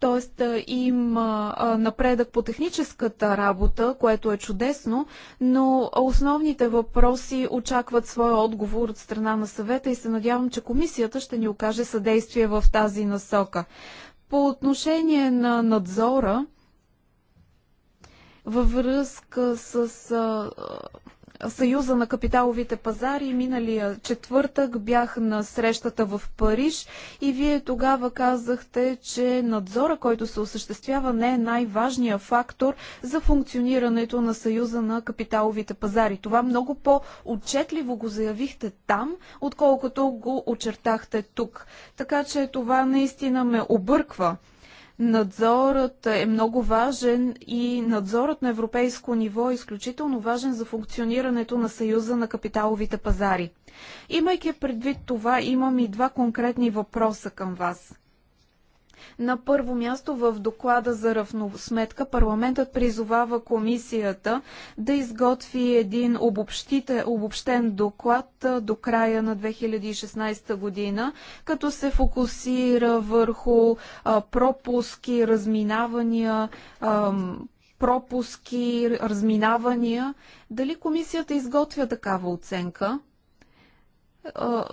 Т.е. има напредък по техническата работа, което е чудесно, но основните въпроси очакват своя отговор от страна на съвета и се надявам, че комисията ще ни окаже съдействие в тази насока. По отношение на надзора, във връзка с Съюза на капиталовите пазари. Миналия четвъртък бях на срещата в Париж и вие тогава казахте, че надзора, който се осъществява, не е най-важният фактор за функционирането на Съюза на капиталовите пазари. Това много по-отчетливо го заявихте там, отколкото го очертахте тук. Така че това наистина ме обърква. Надзорът е много важен и надзорът на европейско ниво е изключително важен за функционирането на Съюза на капиталовите пазари. Имайки предвид това, имам и два конкретни въпроса към вас. На първо място в доклада за равносметка парламентът призовава комисията да изготви един обобщите, обобщен доклад до края на 2016 година, като се фокусира върху а, пропуски, разминавания, а, пропуски, разминавания. Дали комисията изготвя такава оценка?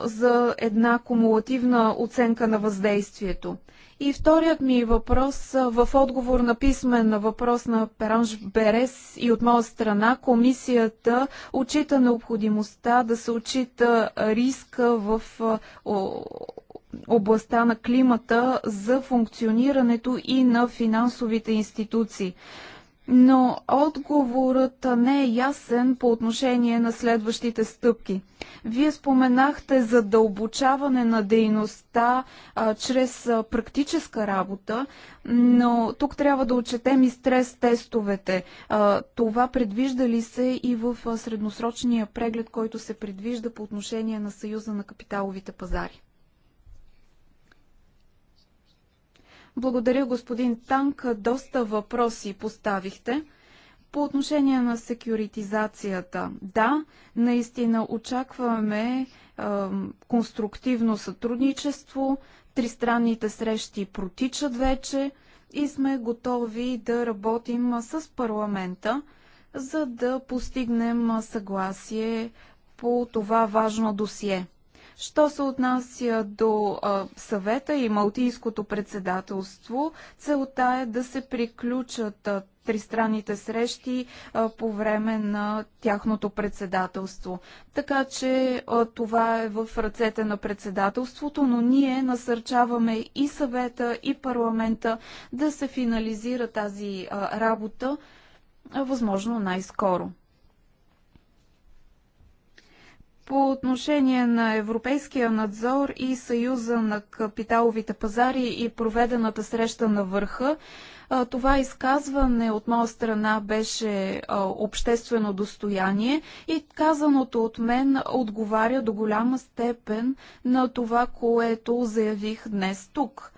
за една кумулативна оценка на въздействието. И вторият ми въпрос в отговор на писмен на въпрос на Перанж Берес и от моя страна, комисията отчита необходимостта да се отчита риска в областта на климата за функционирането и на финансовите институции но отговорът не е ясен по отношение на следващите стъпки. Вие споменахте за дълбочаване на дейността а, чрез а, практическа работа, но тук трябва да отчетем и стрес-тестовете. това предвижда ли се и в а, средносрочния преглед, който се предвижда по отношение на Съюза на капиталовите пазари? Благодаря, господин Танк. Доста въпроси поставихте. По отношение на секюритизацията, да, наистина очакваме е, конструктивно сътрудничество. Тристранните срещи протичат вече и сме готови да работим с парламента, за да постигнем съгласие по това важно досие. Що се отнася до съвета и Малтийското председателство, целта е да се приключат тристранните срещи а, по време на тяхното председателство. Така че а, това е в ръцете на председателството, но ние насърчаваме и съвета, и парламента да се финализира тази а, работа възможно най-скоро. По отношение на Европейския надзор и Съюза на капиталовите пазари и проведената среща на върха, това изказване от моя страна беше обществено достояние и казаното от мен отговаря до голяма степен на това, което заявих днес тук.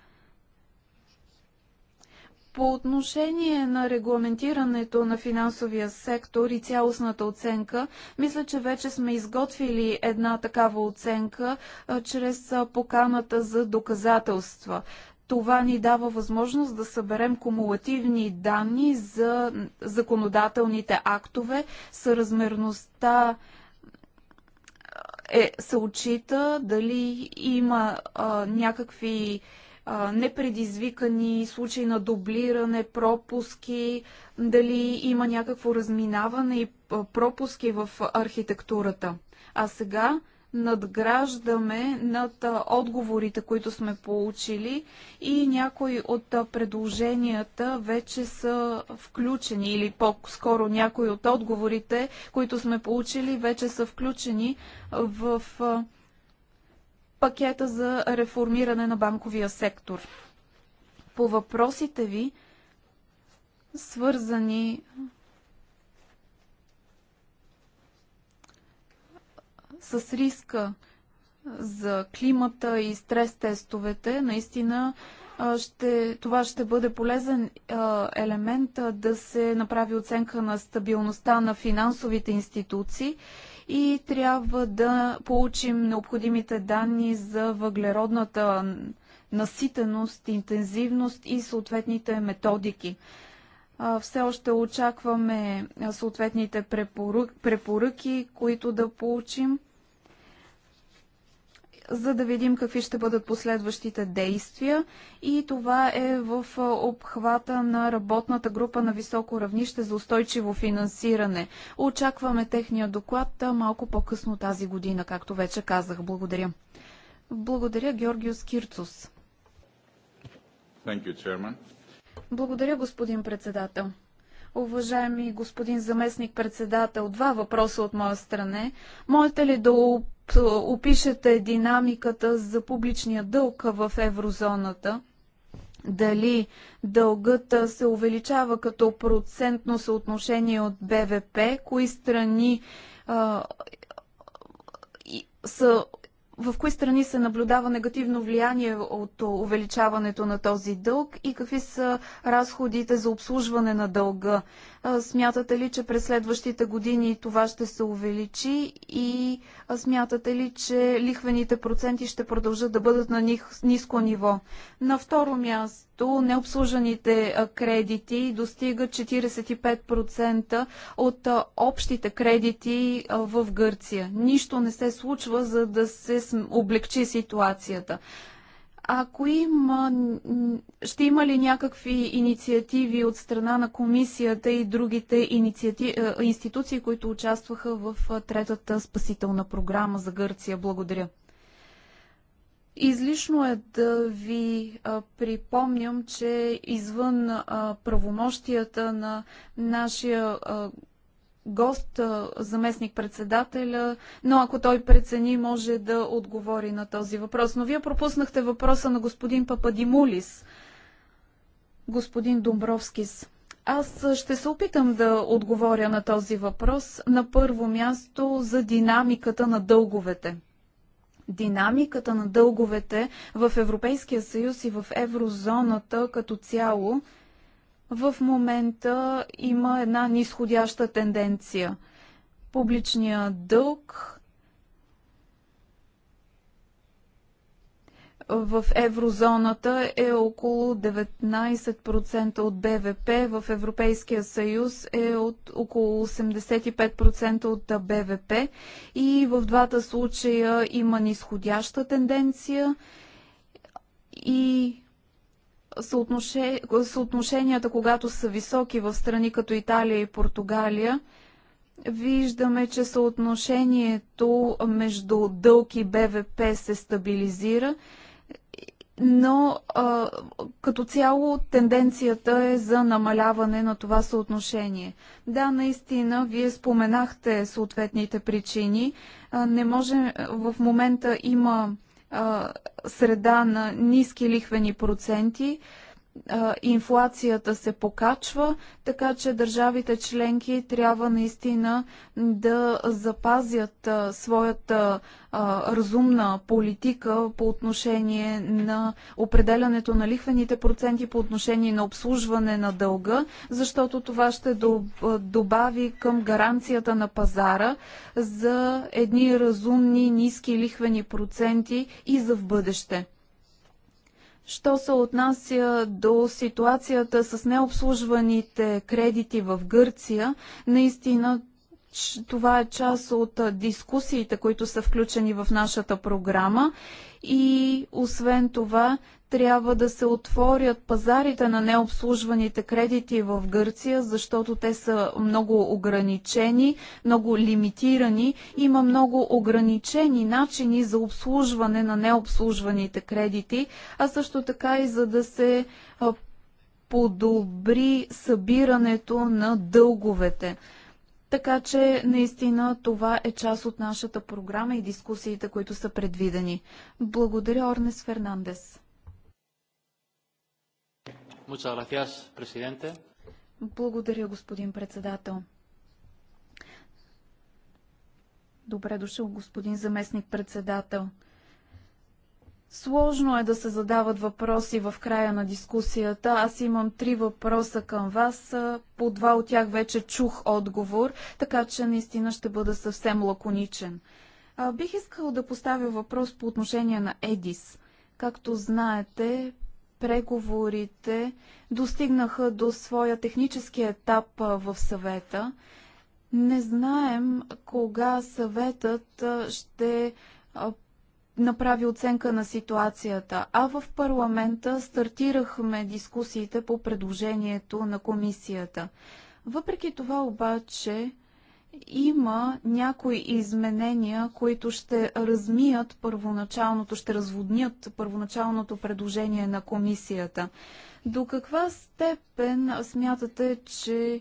По отношение на регламентирането на финансовия сектор и цялостната оценка, мисля, че вече сме изготвили една такава оценка а, чрез а, поканата за доказателства. Това ни дава възможност да съберем кумулативни данни за законодателните актове, съразмерността е, се очита, дали има а, някакви а, непредизвикани случаи на дублиране, пропуски, дали има някакво разминаване и пропуски в архитектурата. А сега надграждаме над отговорите, които сме получили и някои от предложенията вече са включени или по-скоро някои от отговорите, които сме получили, вече са включени в пакета за реформиране на банковия сектор. По въпросите ви, свързани с риска за климата и стрес-тестовете, наистина ще, това ще бъде полезен елемент да се направи оценка на стабилността на финансовите институции и трябва да получим необходимите данни за въглеродната наситеност, интензивност и съответните методики. Все още очакваме съответните препоръки, които да получим за да видим какви ще бъдат последващите действия. И това е в обхвата на работната група на високо равнище за устойчиво финансиране. Очакваме техния доклад малко по-късно тази година, както вече казах. Благодаря. Благодаря, Георгио Кирцус. You, Благодаря, господин председател. Уважаеми господин заместник председател, два въпроса от моя страна. Можете ли да е, опишете динамиката за публичния дълг в еврозоната, дали дългът е, се увеличава като процентно съотношение от БВП, кои страни а, е, са в кои страни се наблюдава негативно влияние от увеличаването на този дълг и какви са разходите за обслужване на дълга? Смятате ли, че през следващите години това ще се увеличи и смятате ли, че лихвените проценти ще продължат да бъдат на ниско ниво? На второ място, като необслужените кредити достигат 45% от общите кредити в Гърция. Нищо не се случва, за да се облегчи ситуацията. Ако има, ще има ли някакви инициативи от страна на комисията и другите институции, които участваха в третата спасителна програма за Гърция? Благодаря. Излишно е да ви припомням, че извън правомощията на нашия гост, заместник-председателя, но ако той прецени, може да отговори на този въпрос. Но вие пропуснахте въпроса на господин Пападимулис, господин Домбровскис. Аз ще се опитам да отговоря на този въпрос. На първо място за динамиката на дълговете – динамиката на дълговете в Европейския съюз и в еврозоната като цяло, в момента има една нисходяща тенденция. Публичният дълг в еврозоната е около 19% от БВП, в Европейския съюз е от около 85% от БВП и в двата случая има нисходяща тенденция и съотношенията, когато са високи в страни като Италия и Португалия, виждаме, че съотношението между дълг и БВП се стабилизира но а, като цяло тенденцията е за намаляване на това съотношение. Да, наистина, вие споменахте съответните причини. А, не може, в момента има а, среда на ниски лихвени проценти. А, инфлацията се покачва, така че държавите членки трябва наистина да запазят своята разумна политика по отношение на определянето на лихвените проценти по отношение на обслужване на дълга, защото това ще добави към гаранцията на пазара за едни разумни ниски лихвени проценти и за в бъдеще. Що се отнася до ситуацията с необслужваните кредити в Гърция, наистина това е част от дискусиите, които са включени в нашата програма. И освен това, трябва да се отворят пазарите на необслужваните кредити в Гърция, защото те са много ограничени, много лимитирани. Има много ограничени начини за обслужване на необслужваните кредити, а също така и за да се подобри събирането на дълговете. Така че наистина това е част от нашата програма и дискусиите, които са предвидени. Благодаря, Орнес Фернандес. Gracias, Благодаря, господин председател. Добре дошъл, господин заместник-председател. Сложно е да се задават въпроси в края на дискусията. Аз имам три въпроса към вас. По два от тях вече чух отговор, така че наистина ще бъда съвсем лаконичен. бих искал да поставя въпрос по отношение на ЕДИС. Както знаете, преговорите достигнаха до своя технически етап в съвета. Не знаем кога съветът ще направи оценка на ситуацията, а в парламента стартирахме дискусиите по предложението на комисията. Въпреки това обаче има някои изменения, които ще размият първоначалното, ще разводнят първоначалното предложение на комисията. До каква степен смятате, че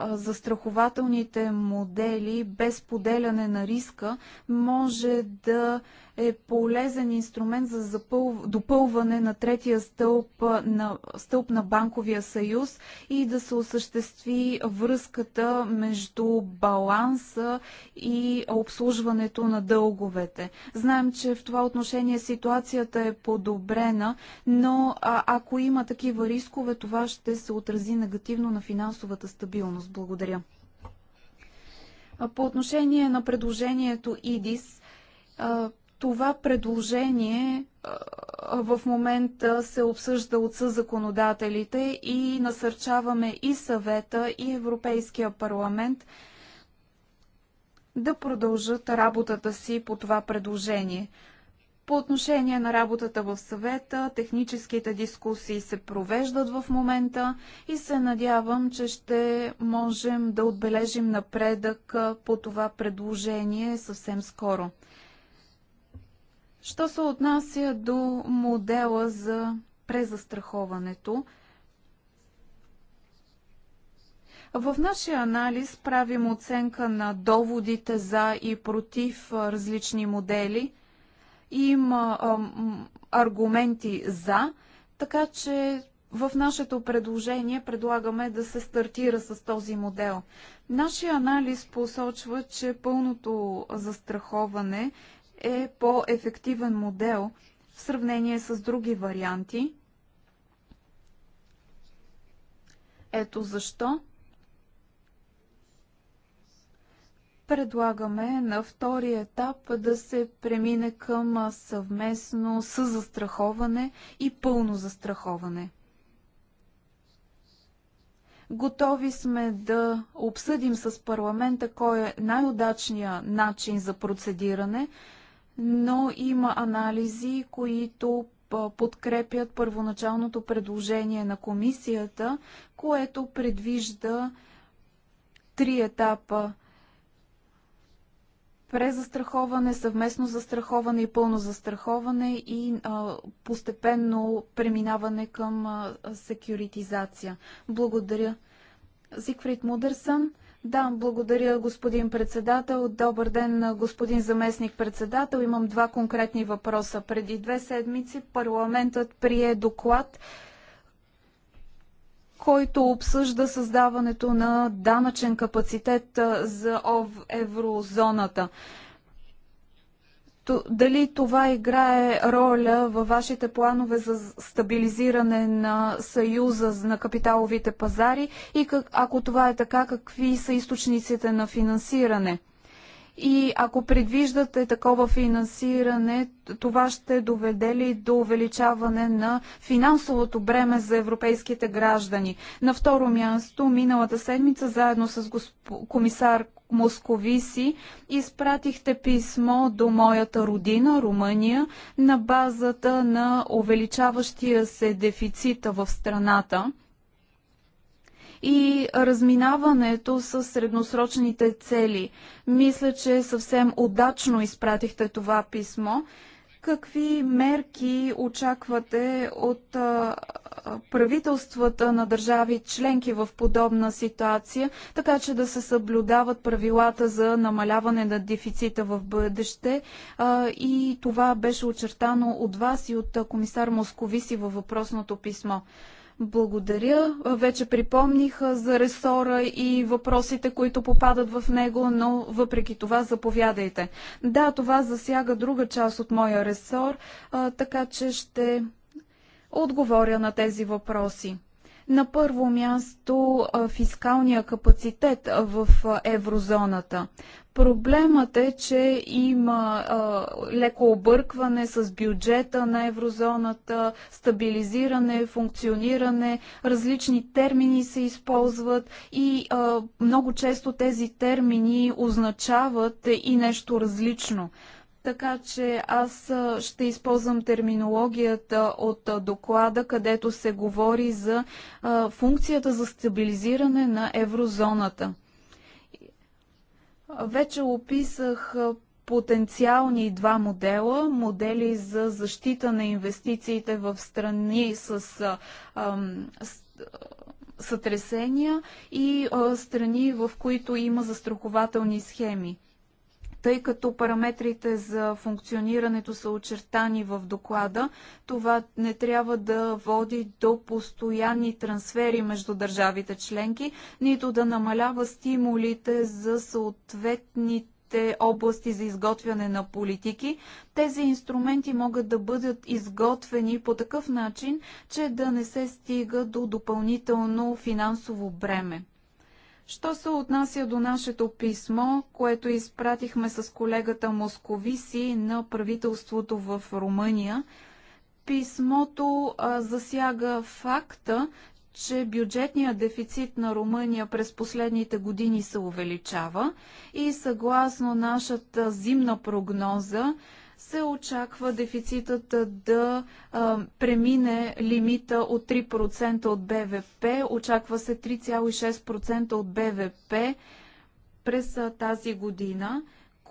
застрахователните модели без поделяне на риска може да е полезен инструмент за запъл... допълване на третия стълб на... стълб на банковия съюз и да се осъществи връзката между баланса и обслужването на дълговете. Знаем, че в това отношение ситуацията е подобрена, но а, ако има такива рискове, това ще се отрази негативно на финансовата стабилност. Благодаря. По отношение на предложението ИДИС, това предложение в момента се обсъжда от съзаконодателите и насърчаваме и съвета, и Европейския парламент да продължат работата си по това предложение. По отношение на работата в съвета, техническите дискусии се провеждат в момента и се надявам, че ще можем да отбележим напредък по това предложение съвсем скоро. Що се отнася до модела за презастраховането, в нашия анализ правим оценка на доводите за и против различни модели. Има аргументи за, така че в нашето предложение предлагаме да се стартира с този модел. Нашия анализ посочва, че пълното застраховане е по-ефективен модел в сравнение с други варианти. Ето защо предлагаме на втори етап да се премине към съвместно с застраховане и пълно застраховане. Готови сме да обсъдим с парламента кой е най-удачният начин за процедиране, но има анализи, които подкрепят първоначалното предложение на комисията, което предвижда три етапа презастраховане, съвместно застраховане и пълно застраховане и а, постепенно преминаване към а, секюритизация. Благодаря. Зигфрид Мудърсън. Да, благодаря господин председател. Добър ден, господин заместник председател. Имам два конкретни въпроса. Преди две седмици парламентът прие доклад който обсъжда създаването на данъчен капацитет за еврозоната то, дали това играе роля във вашите планове за стабилизиране на съюза на капиталовите пазари и как, ако това е така, какви са източниците на финансиране? И ако предвиждате такова финансиране, това ще доведе ли до увеличаване на финансовото бреме за европейските граждани? На второ място, миналата седмица, заедно с госп... комисар Московиси, изпратихте писмо до моята родина, Румъния, на базата на увеличаващия се дефицита в страната и разминаването с средносрочните цели. Мисля, че съвсем удачно изпратихте това писмо. Какви мерки очаквате от а, правителствата на държави членки в подобна ситуация, така че да се съблюдават правилата за намаляване на дефицита в бъдеще? А, и това беше очертано от вас и от комисар Московиси във въпросното писмо. Благодаря. Вече припомних за ресора и въпросите, които попадат в него, но въпреки това заповядайте. Да, това засяга друга част от моя ресор, така че ще отговоря на тези въпроси. На първо място фискалния капацитет в еврозоната. Проблемът е, че има а, леко объркване с бюджета на еврозоната, стабилизиране, функциониране, различни термини се използват и а, много често тези термини означават и нещо различно. Така че аз ще използвам терминологията от доклада, където се говори за функцията за стабилизиране на еврозоната. Вече описах потенциални два модела. Модели за защита на инвестициите в страни с ам, сътресения и а, страни, в които има застрахователни схеми. Тъй като параметрите за функционирането са очертани в доклада, това не трябва да води до постоянни трансфери между държавите членки, нито да намалява стимулите за съответните области за изготвяне на политики, тези инструменти могат да бъдат изготвени по такъв начин, че да не се стига до допълнително финансово бреме. Що се отнася до нашето писмо, което изпратихме с колегата Московиси на правителството в Румъния, писмото а, засяга факта, че бюджетният дефицит на Румъния през последните години се увеличава и съгласно нашата зимна прогноза се очаква дефицитът да а, премине лимита от 3% от БВП. Очаква се 3,6% от БВП през а, тази година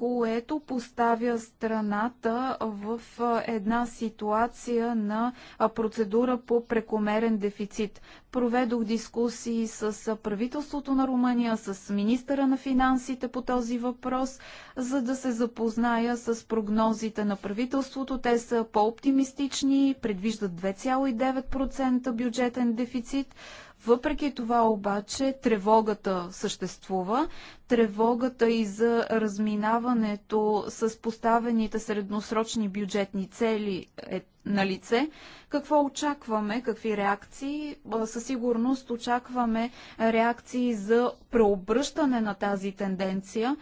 което поставя страната в една ситуация на процедура по прекомерен дефицит. Проведох дискусии с правителството на Румъния, с министъра на финансите по този въпрос, за да се запозная с прогнозите на правителството. Те са по-оптимистични, предвиждат 2,9% бюджетен дефицит, въпреки това обаче тревогата съществува. Тревогата и за разминаването с поставените средносрочни бюджетни цели е на лице. Какво очакваме, какви реакции? Със сигурност очакваме реакции за преобръщане на тази тенденция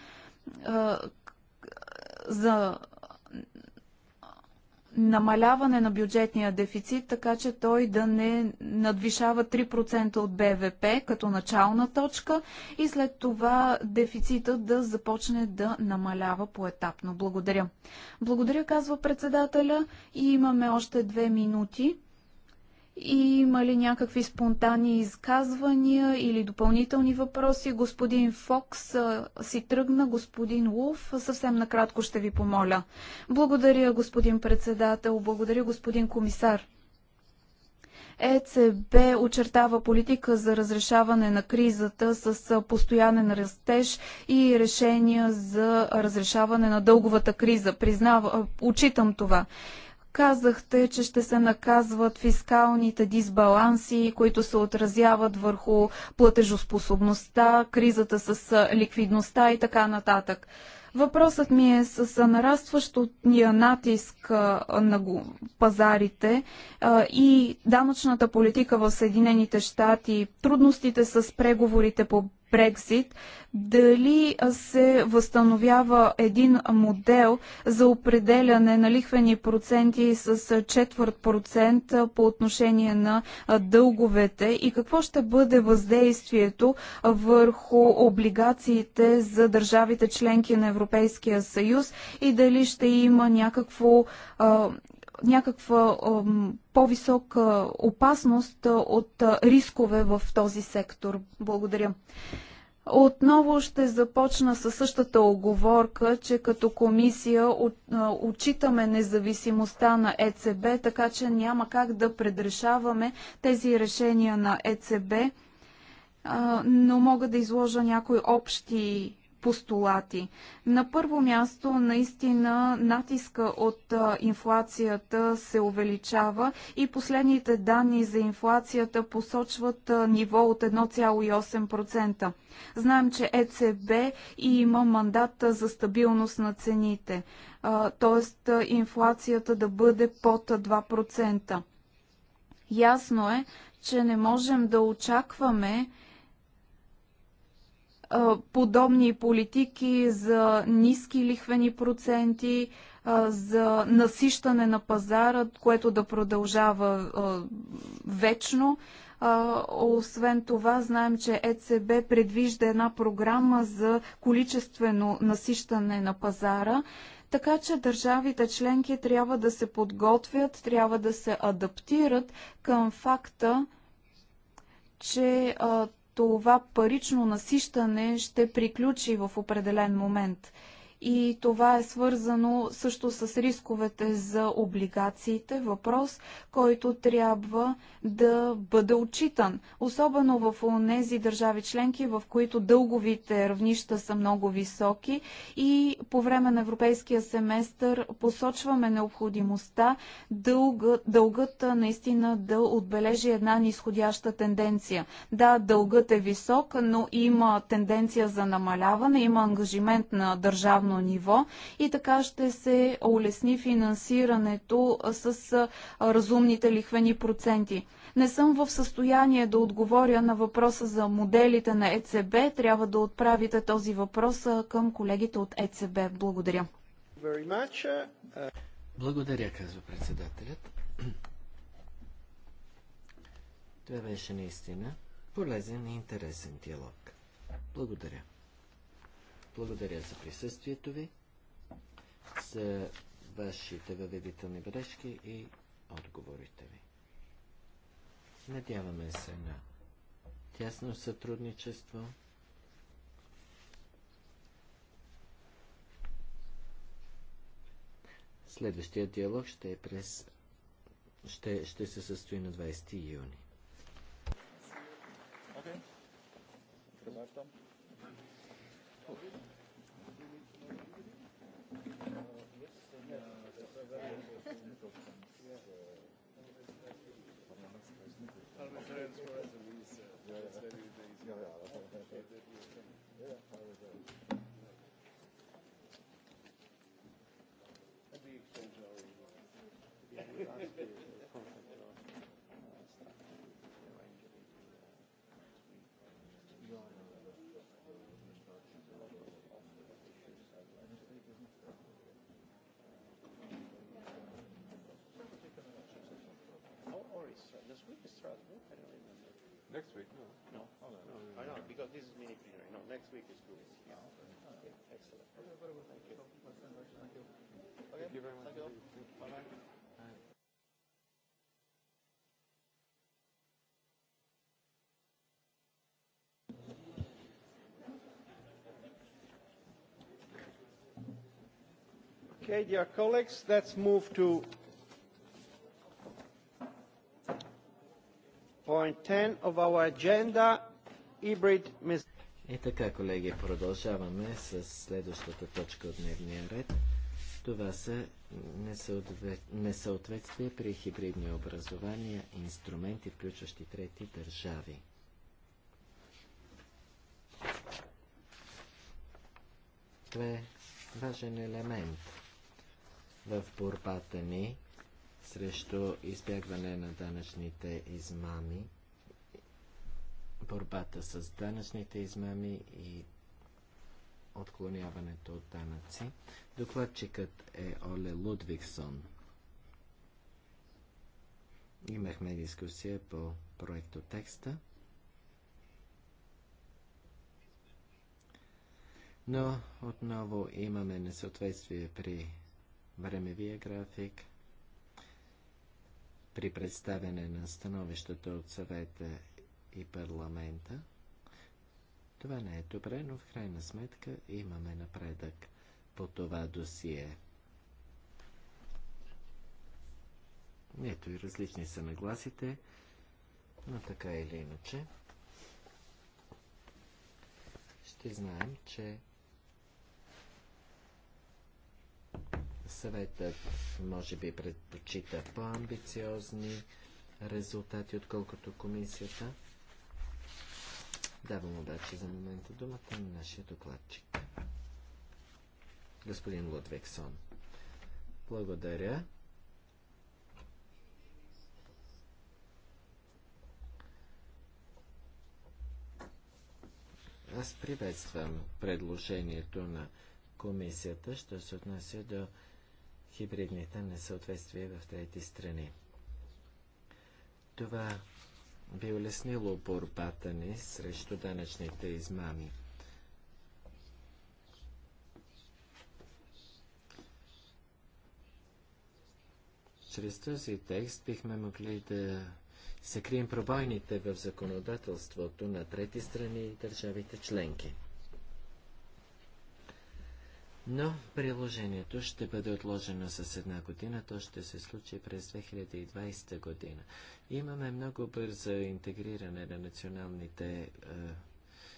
за намаляване на бюджетния дефицит, така че той да не надвишава 3% от БВП като начална точка и след това дефицита да започне да намалява поетапно. Благодаря. Благодаря, казва председателя и имаме още две минути. Има ли някакви спонтанни изказвания или допълнителни въпроси? Господин Фокс си тръгна, господин Луф. Съвсем накратко ще ви помоля. Благодаря, господин председател. Благодаря, господин комисар. ЕЦБ очертава политика за разрешаване на кризата с постоянен растеж и решения за разрешаване на дълговата криза. Признава, отчитам това. Казахте, че ще се наказват фискалните дисбаланси, които се отразяват върху платежоспособността, кризата с ликвидността и така нататък. Въпросът ми е с нарастващия натиск на пазарите и данъчната политика в Съединените щати, трудностите с преговорите по Брексит, дали се възстановява един модел за определяне на лихвени проценти с четвърт процент по отношение на дълговете и какво ще бъде въздействието върху облигациите за държавите членки на Европейския съюз и дали ще има някакво някаква по-висока опасност от рискове в този сектор. Благодаря. Отново ще започна със същата оговорка, че като комисия отчитаме независимостта на ЕЦБ, така че няма как да предрешаваме тези решения на ЕЦБ, но мога да изложа някои общи постулати. На първо място, наистина, натиска от инфлацията се увеличава и последните данни за инфлацията посочват ниво от 1,8%. Знаем, че ЕЦБ и има мандат за стабилност на цените, т.е. инфлацията да бъде под 2%. Ясно е, че не можем да очакваме подобни политики за ниски лихвени проценти, за насищане на пазара, което да продължава вечно. Освен това, знаем, че ЕЦБ предвижда една програма за количествено насищане на пазара. Така че държавите членки трябва да се подготвят, трябва да се адаптират към факта, че а, това парично насищане ще приключи в определен момент и това е свързано също с рисковете за облигациите, въпрос, който трябва да бъде отчитан, особено в тези държави членки, в които дълговите равнища са много високи и по време на европейския семестър посочваме необходимостта дълга, дългът наистина да отбележи една нисходяща тенденция. Да, дългът е висок, но има тенденция за намаляване, има ангажимент на държавно регионално ниво и така ще се улесни финансирането с разумните лихвени проценти. Не съм в състояние да отговоря на въпроса за моделите на ЕЦБ. Трябва да отправите този въпрос към колегите от ЕЦБ. Благодаря. Uh, Благодаря, казва председателят. Това беше наистина полезен и интересен диалог. Благодаря. Благодаря за присъствието ви, за вашите въведителни бележки и отговорите ви. Надяваме се на тясно сътрудничество. Следващия диалог ще е през... Ще, ще се състои на 20 юни. Okay. Yeah, for us. Yeah, yeah. Strasbourg? I don't remember. Next week, no. No. Oh, no. no. I know, because this is mini plenary. No, next week is good. Yeah. Okay. Excellent. Okay, very Thank you. Thank you. Okay. Thank you very much. Thank you. Bye-bye. Okay, dear colleagues, let's move to Point 10 of our agenda, hybrid И така, колеги, продължаваме с следващата точка от дневния ред. Това са несъответствия при хибридни образования, инструменти, включващи трети държави. Това е важен елемент в борбата ни срещу избягване на данъчните измами, борбата с данъчните измами и отклоняването от данъци. Докладчикът е Оле Лудвигсон. Имахме дискусия по проекто текста. Но отново имаме несъответствие при времевия график при представяне на становищата от съвета и парламента. Това не е добре, но в крайна сметка имаме напредък по това досие. Ето и различни са нагласите, но така или иначе ще знаем, че Съветът може би предпочита по-амбициозни резултати, отколкото комисията. Давам обаче за момента думата на нашия докладчик. Господин Лодвексон. Благодаря. Аз приветствам предложението на комисията, що се отнася до хибридните несъответствия в трети страни. Това би улеснило борбата ни срещу данъчните измами. Чрез този текст бихме могли да закрием пробойните в законодателството на трети страни и държавите членки. Но приложението ще бъде отложено с една година, то ще се случи през 2020 година. Имаме много бързо интегриране на националните е,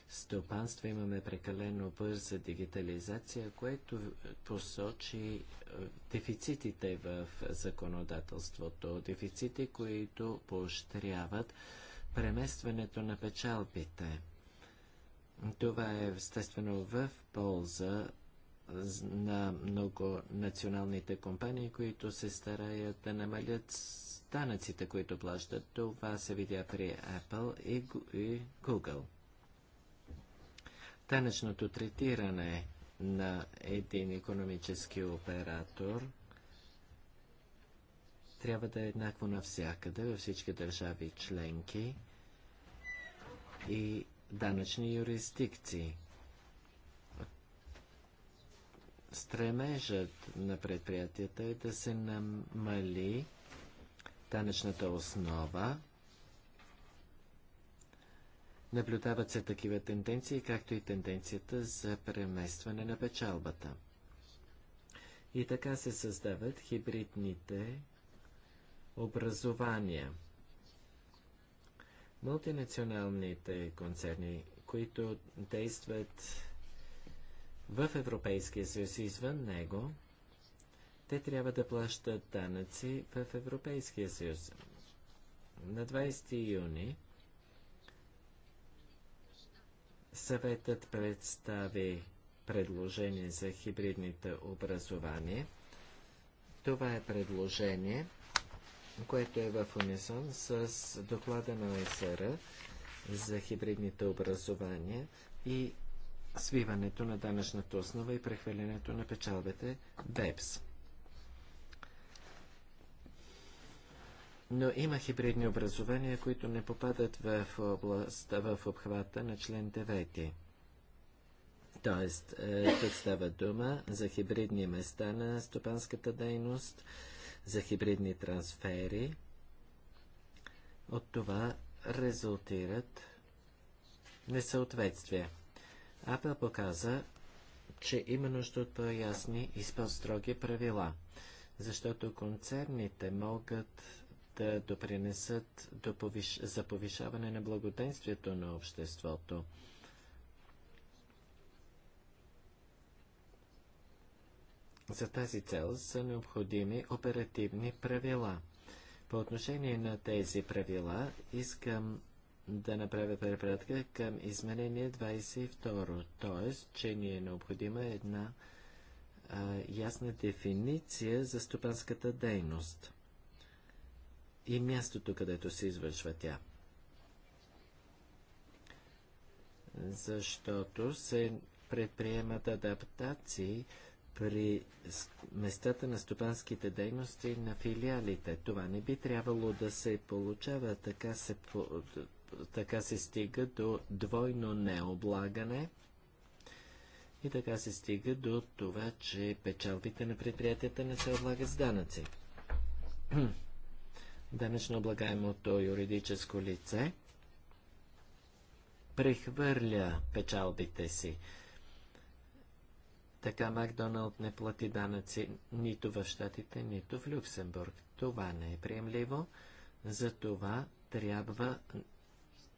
стопанства, имаме прекалено бърза дигитализация, което посочи е, дефицитите в законодателството, дефицити, които поощряват преместването на печалбите. Това е естествено в полза на многонационалните компании, които се стараят да намалят данъците, които плащат. Това се видя при Apple и, Google. Данъчното третиране на един економически оператор трябва да е еднакво навсякъде, във всички държави членки и данъчни юрисдикции – Стремежът на предприятията е да се намали данъчната основа. Наблюдават се такива тенденции, както и тенденцията за преместване на печалбата. И така се създават хибридните образования. Мултинационалните концерни, които действат в Европейския съюз и извън него, те трябва да плащат данъци в Европейския съюз. На 20 юни съветът представи предложение за хибридните образования. Това е предложение, което е в унисон с доклада на ОСР за хибридните образования и свиването на данъчната основа и прехвърлянето на печалбите БЕПС. Но има хибридни образования, които не попадат в, областта в обхвата на член 9. Тоест, е, тук става дума за хибридни места на стопанската дейност, за хибридни трансфери. От това резултират несъответствия. Апел показа, че има нужда от по-ясни и по-строги правила, защото концерните могат да допринесат до повиш... за повишаване на благоденствието на обществото. За тази цел са необходими оперативни правила. По отношение на тези правила искам да направя препратка към изменение 22, т.е. че ни е необходима една а, ясна дефиниция за стопанската дейност и мястото, където се извършва тя. Защото се предприемат адаптации при местата на стопанските дейности на филиалите. Това не би трябвало да се получава, така се така се стига до двойно необлагане и така се стига до това, че печалбите на предприятията не се облагат с данъци. Данъчно облагаемото юридическо лице прехвърля печалбите си. Така Макдоналд не плати данъци нито в Штатите, нито в Люксембург. Това не е приемливо, затова трябва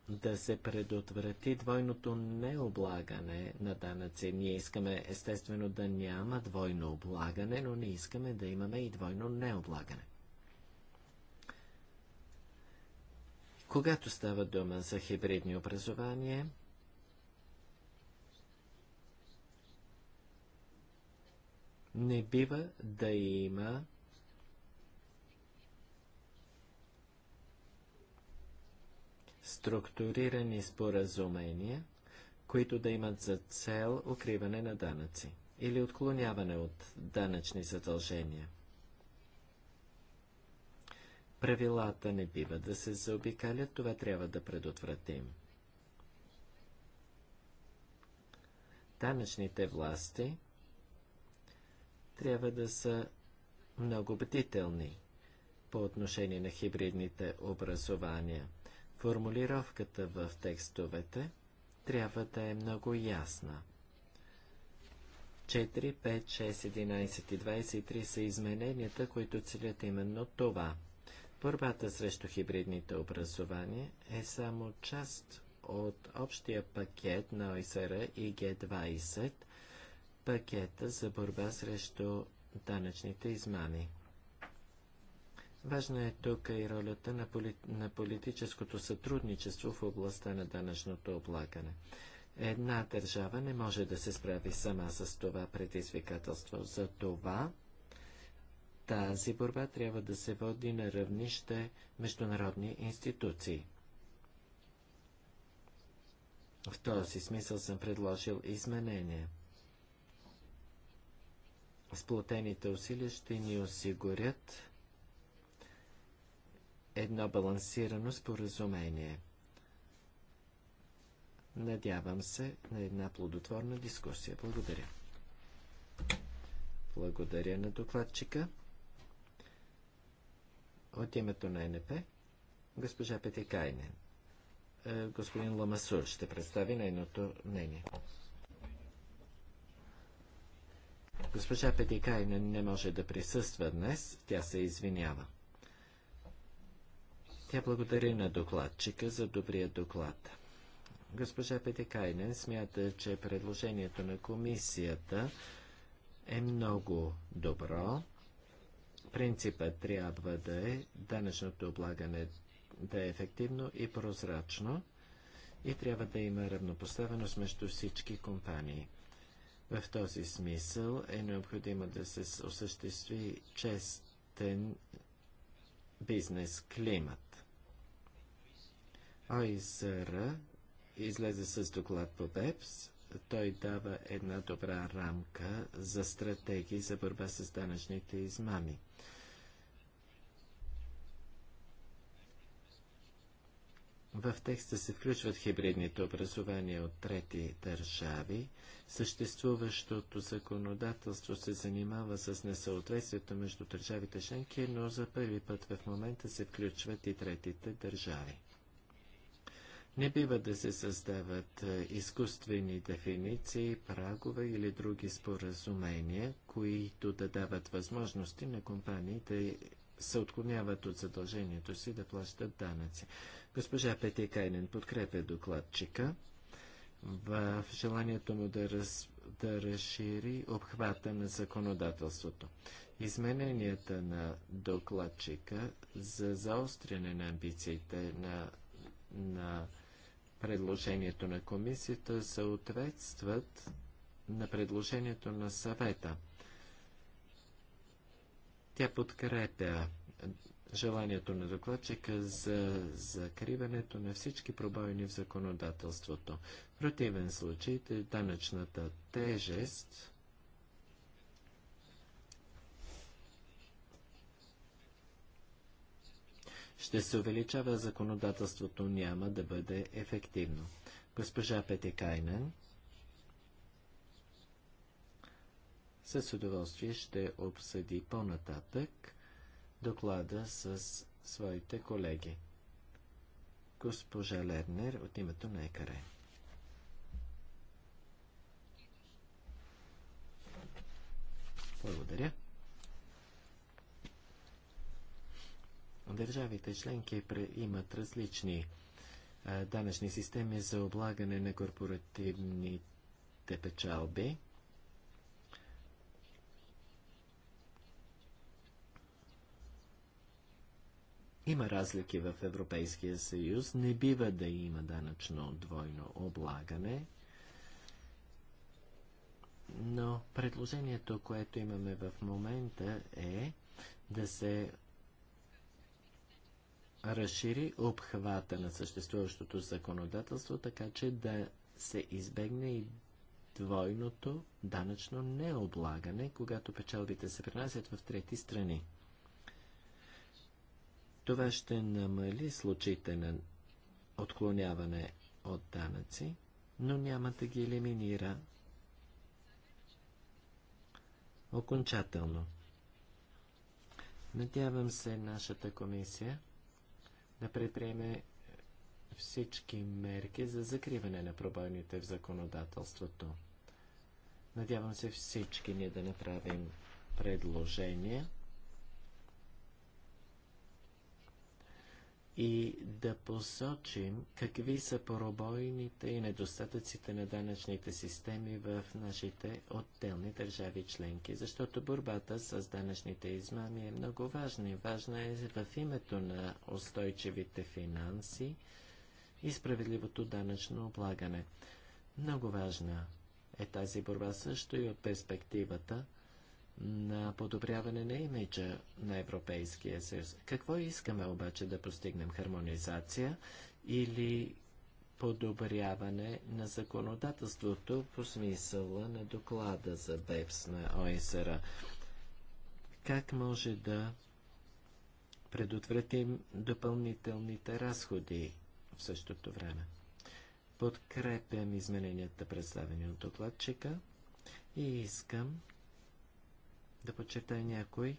да се предотврати двойното необлагане на данъци. Ние искаме естествено да няма двойно облагане, но не искаме да имаме и двойно необлагане. Когато става дума за хибридни образования, не бива да има структурирани споразумения, които да имат за цел укриване на данъци или отклоняване от данъчни задължения. Правилата не бива да се заобикалят, това трябва да предотвратим. Данъчните власти трябва да са много бдителни по отношение на хибридните образования – Формулировката в текстовете трябва да е много ясна. 4, 5, 6, 11 и 23 са измененията, които целят именно това. Борбата срещу хибридните образования е само част от общия пакет на ОСР и Г20, пакета за борба срещу данъчните измами. Важна е тук и ролята на, поли... на политическото сътрудничество в областта на данъчното облагане. Една държава не може да се справи сама с това предизвикателство. За това тази борба трябва да се води на равнище международни институции. В този смисъл съм предложил изменения. Сплотените усилия ще ни осигурят едно балансирано споразумение. Надявам се на една плодотворна дискусия. Благодаря. Благодаря на докладчика. От името на НП, госпожа Петекайнен. Е, господин Ламасур ще представи нейното мнение. Госпожа Петикайнен не може да присъства днес, тя се извинява. Тя благодари на докладчика за добрия доклад. Госпожа Петекайнен смята, че предложението на комисията е много добро. Принципът трябва да е данъчното облагане да е ефективно и прозрачно и трябва да има равнопоставеност между всички компании. В този смисъл е необходимо да се осъществи честен бизнес климат. ОИСР излезе с доклад по БЕПС. Той дава една добра рамка за стратегии за борба с данъчните измами. В текста се включват хибридните образования от трети държави. Съществуващото законодателство се занимава с несъответствието между държавите членки, но за първи път в момента се включват и третите държави. Не бива да се създават е, изкуствени дефиниции, прагове или други споразумения, които да дават възможности на компаниите се отклоняват от задължението си да плащат данъци. Госпожа Кайнен подкрепя докладчика в желанието му да, раз, да разшири обхвата на законодателството. Измененията на докладчика за заостряне на амбициите на, на предложението на комисията съответстват на предложението на съвета. Тя подкрепя желанието на докладчика за закриването на всички пробойни в законодателството. В противен случай данъчната тежест ще се увеличава, законодателството няма да бъде ефективно. Госпожа Петекайнен с удоволствие ще обсъди по-нататък доклада с своите колеги. Госпожа Лернер от името на ЕКАРЕ. Благодаря. Държавите членки имат различни данъчни системи за облагане на корпоративните печалби. Има разлики в Европейския съюз, не бива да има данъчно двойно облагане, но предложението, което имаме в момента е да се разшири обхвата на съществуващото законодателство, така че да се избегне и двойното данъчно необлагане, когато печалбите се принасят в трети страни. Това ще намали случаите на отклоняване от данъци, но няма да ги елиминира окончателно. Надявам се нашата комисия да предприеме всички мерки за закриване на пробойните в законодателството. Надявам се всички ние да направим предложения. и да посочим какви са поробойните и недостатъците на данъчните системи в нашите отделни държави членки, защото борбата с данъчните измами е много важна и важна е в името на устойчивите финанси и справедливото данъчно облагане. Много важна е тази борба също и от перспективата – на подобряване на имиджа на Европейския съюз. Какво искаме обаче да постигнем? Хармонизация или подобряване на законодателството по смисъла на доклада за БЕПС на ОСР. Как може да предотвратим допълнителните разходи в същото време? Подкрепям измененията, представени от докладчика и искам да подчертая някой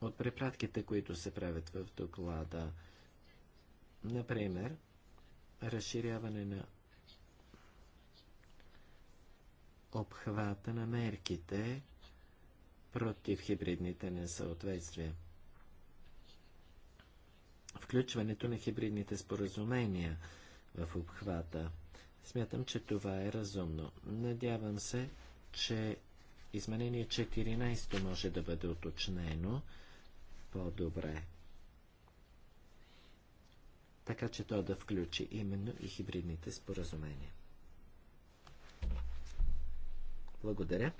от препратките, които се правят в доклада. Например, разширяване на обхвата на мерките против хибридните несъответствия. Включването на хибридните споразумения в обхвата. Смятам, че това е разумно. Надявам се, че Изменение 14 може да бъде уточнено по-добре. Така че то да включи именно и хибридните споразумения. Благодаря.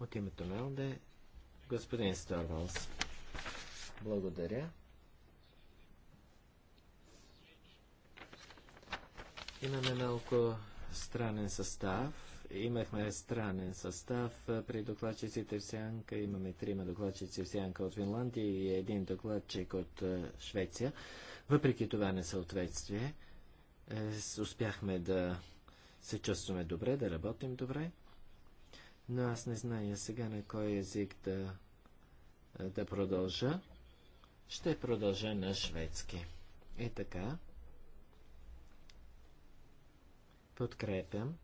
От името на ЛД, господин Сторвалс. Благодаря. Имаме малко странен състав Имахме странен състав при докладчиците в Сянка. Имаме трима докладчици в Сянка от Финландия и един докладчик от Швеция. Въпреки това несъответствие, е, успяхме да се чувстваме добре, да работим добре. Но аз не зная сега на кой език да, да продължа. Ще продължа на шведски. И е така. Подкрепям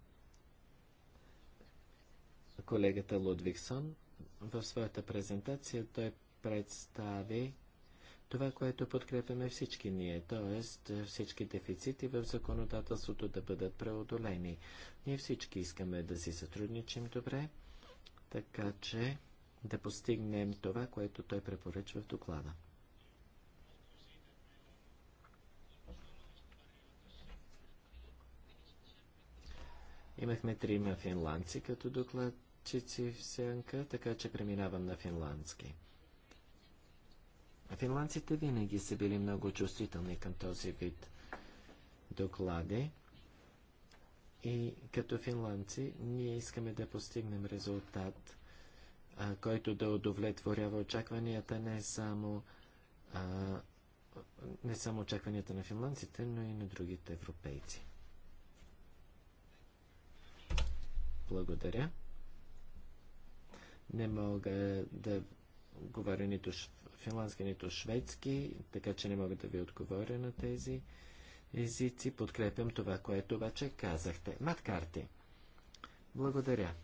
колегата Лудвиксон. В своята презентация той представи това, което подкрепяме всички ние, т.е. всички дефицити в законодателството да бъдат преодолени. Ние всички искаме да си сътрудничим добре, така че да постигнем това, което той препоръчва в доклада. Имахме трима финландци като доклад Чици в сянка, така че преминавам на финландски. Финландците винаги са били много чувствителни към този вид доклади. И като финландци, ние искаме да постигнем резултат, а, който да удовлетворява очакванията не само, а, не само очакванията на финландците, но и на другите европейци. Благодаря. Не мога да говоря нито финландски, нито шведски, така че не мога да ви отговоря на тези езици. Подкрепям това, което обаче казахте. Маткарти. Благодаря.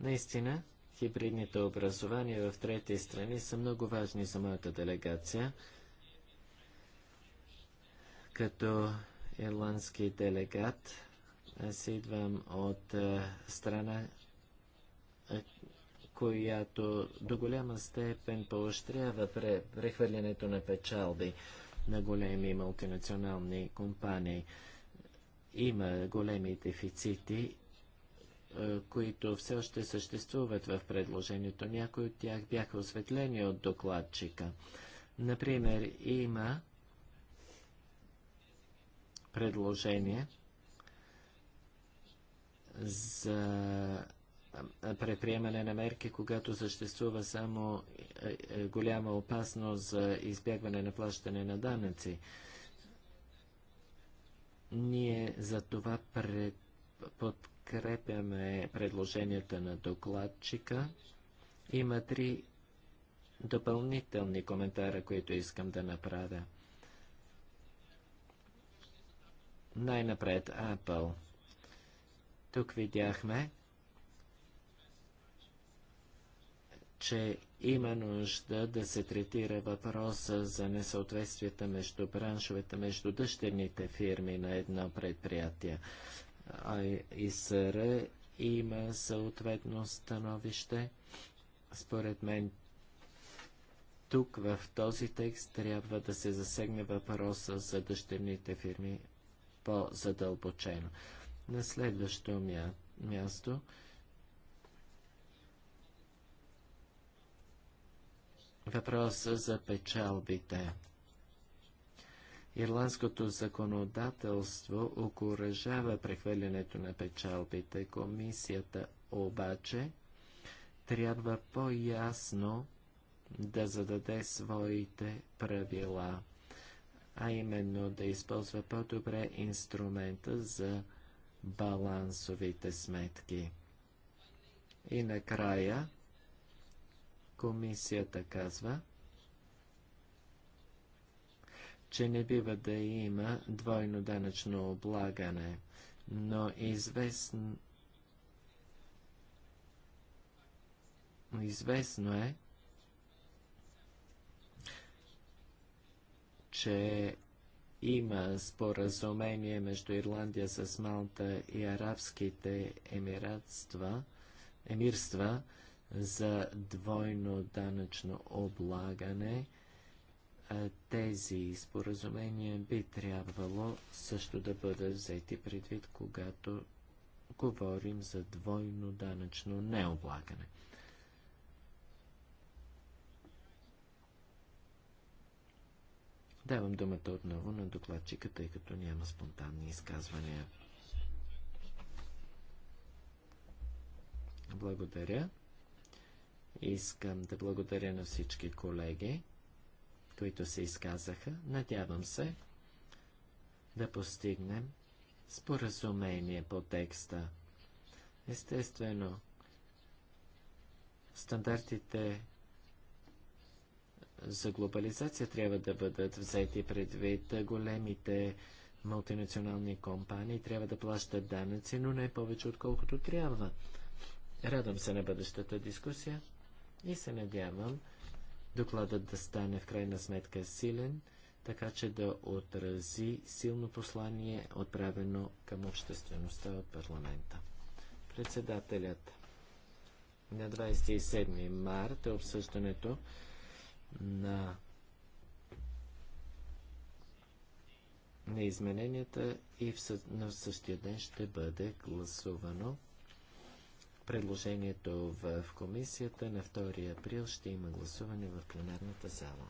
Наистина, хибридните образования в трети страни са много важни за моята делегация. Като ирландски делегат, аз идвам от е, страна, е, която до голяма степен поощрява прехвърлянето на печалби на големи мултинационални компании. Има големи дефицити, е, които все още съществуват в предложението. Някои от тях бяха осветлени от докладчика. Например, има предложение – за предприемане на мерки, когато съществува само голяма опасност за избягване на плащане на данъци. Ние за това пред, подкрепяме предложенията на докладчика. Има три допълнителни коментара, които искам да направя. Най-напред Apple – тук видяхме, че има нужда да се третира въпроса за несъответствията между браншовете, между дъщерните фирми на едно предприятие. А ИСР има съответно становище. Според мен тук в този текст трябва да се засегне въпроса за дъщерните фирми по-задълбочено. На следващо мя... място въпроса за печалбите. Ирландското законодателство окоръжава прехвърлянето на печалбите. Комисията обаче трябва по-ясно да зададе своите правила, а именно да използва по-добре инструмента за балансовите сметки. И накрая комисията казва, че не бива да има двойно данъчно облагане, но известно известно е, че има споразумение между Ирландия с Малта и Арабските емиратства, емирства за двойно данъчно облагане. Тези споразумения би трябвало също да бъдат взети предвид, когато говорим за двойно данъчно необлагане. Давам думата отново на докладчика, тъй като няма спонтанни изказвания. Благодаря. Искам да благодаря на всички колеги, които се изказаха. Надявам се да постигнем споразумение по текста. Естествено, стандартите за глобализация трябва да бъдат взети предвид. Големите мултинационални компании трябва да плащат данъци, но не повече отколкото трябва. Радвам се на бъдещата дискусия и се надявам докладът да стане в крайна сметка силен, така че да отрази силно послание, отправено към обществеността от парламента. Председателят на 27 март е обсъждането на, на измененията и в, съ... на същия ден ще бъде гласувано предложението в комисията. На 2 април ще има гласуване в пленарната зала.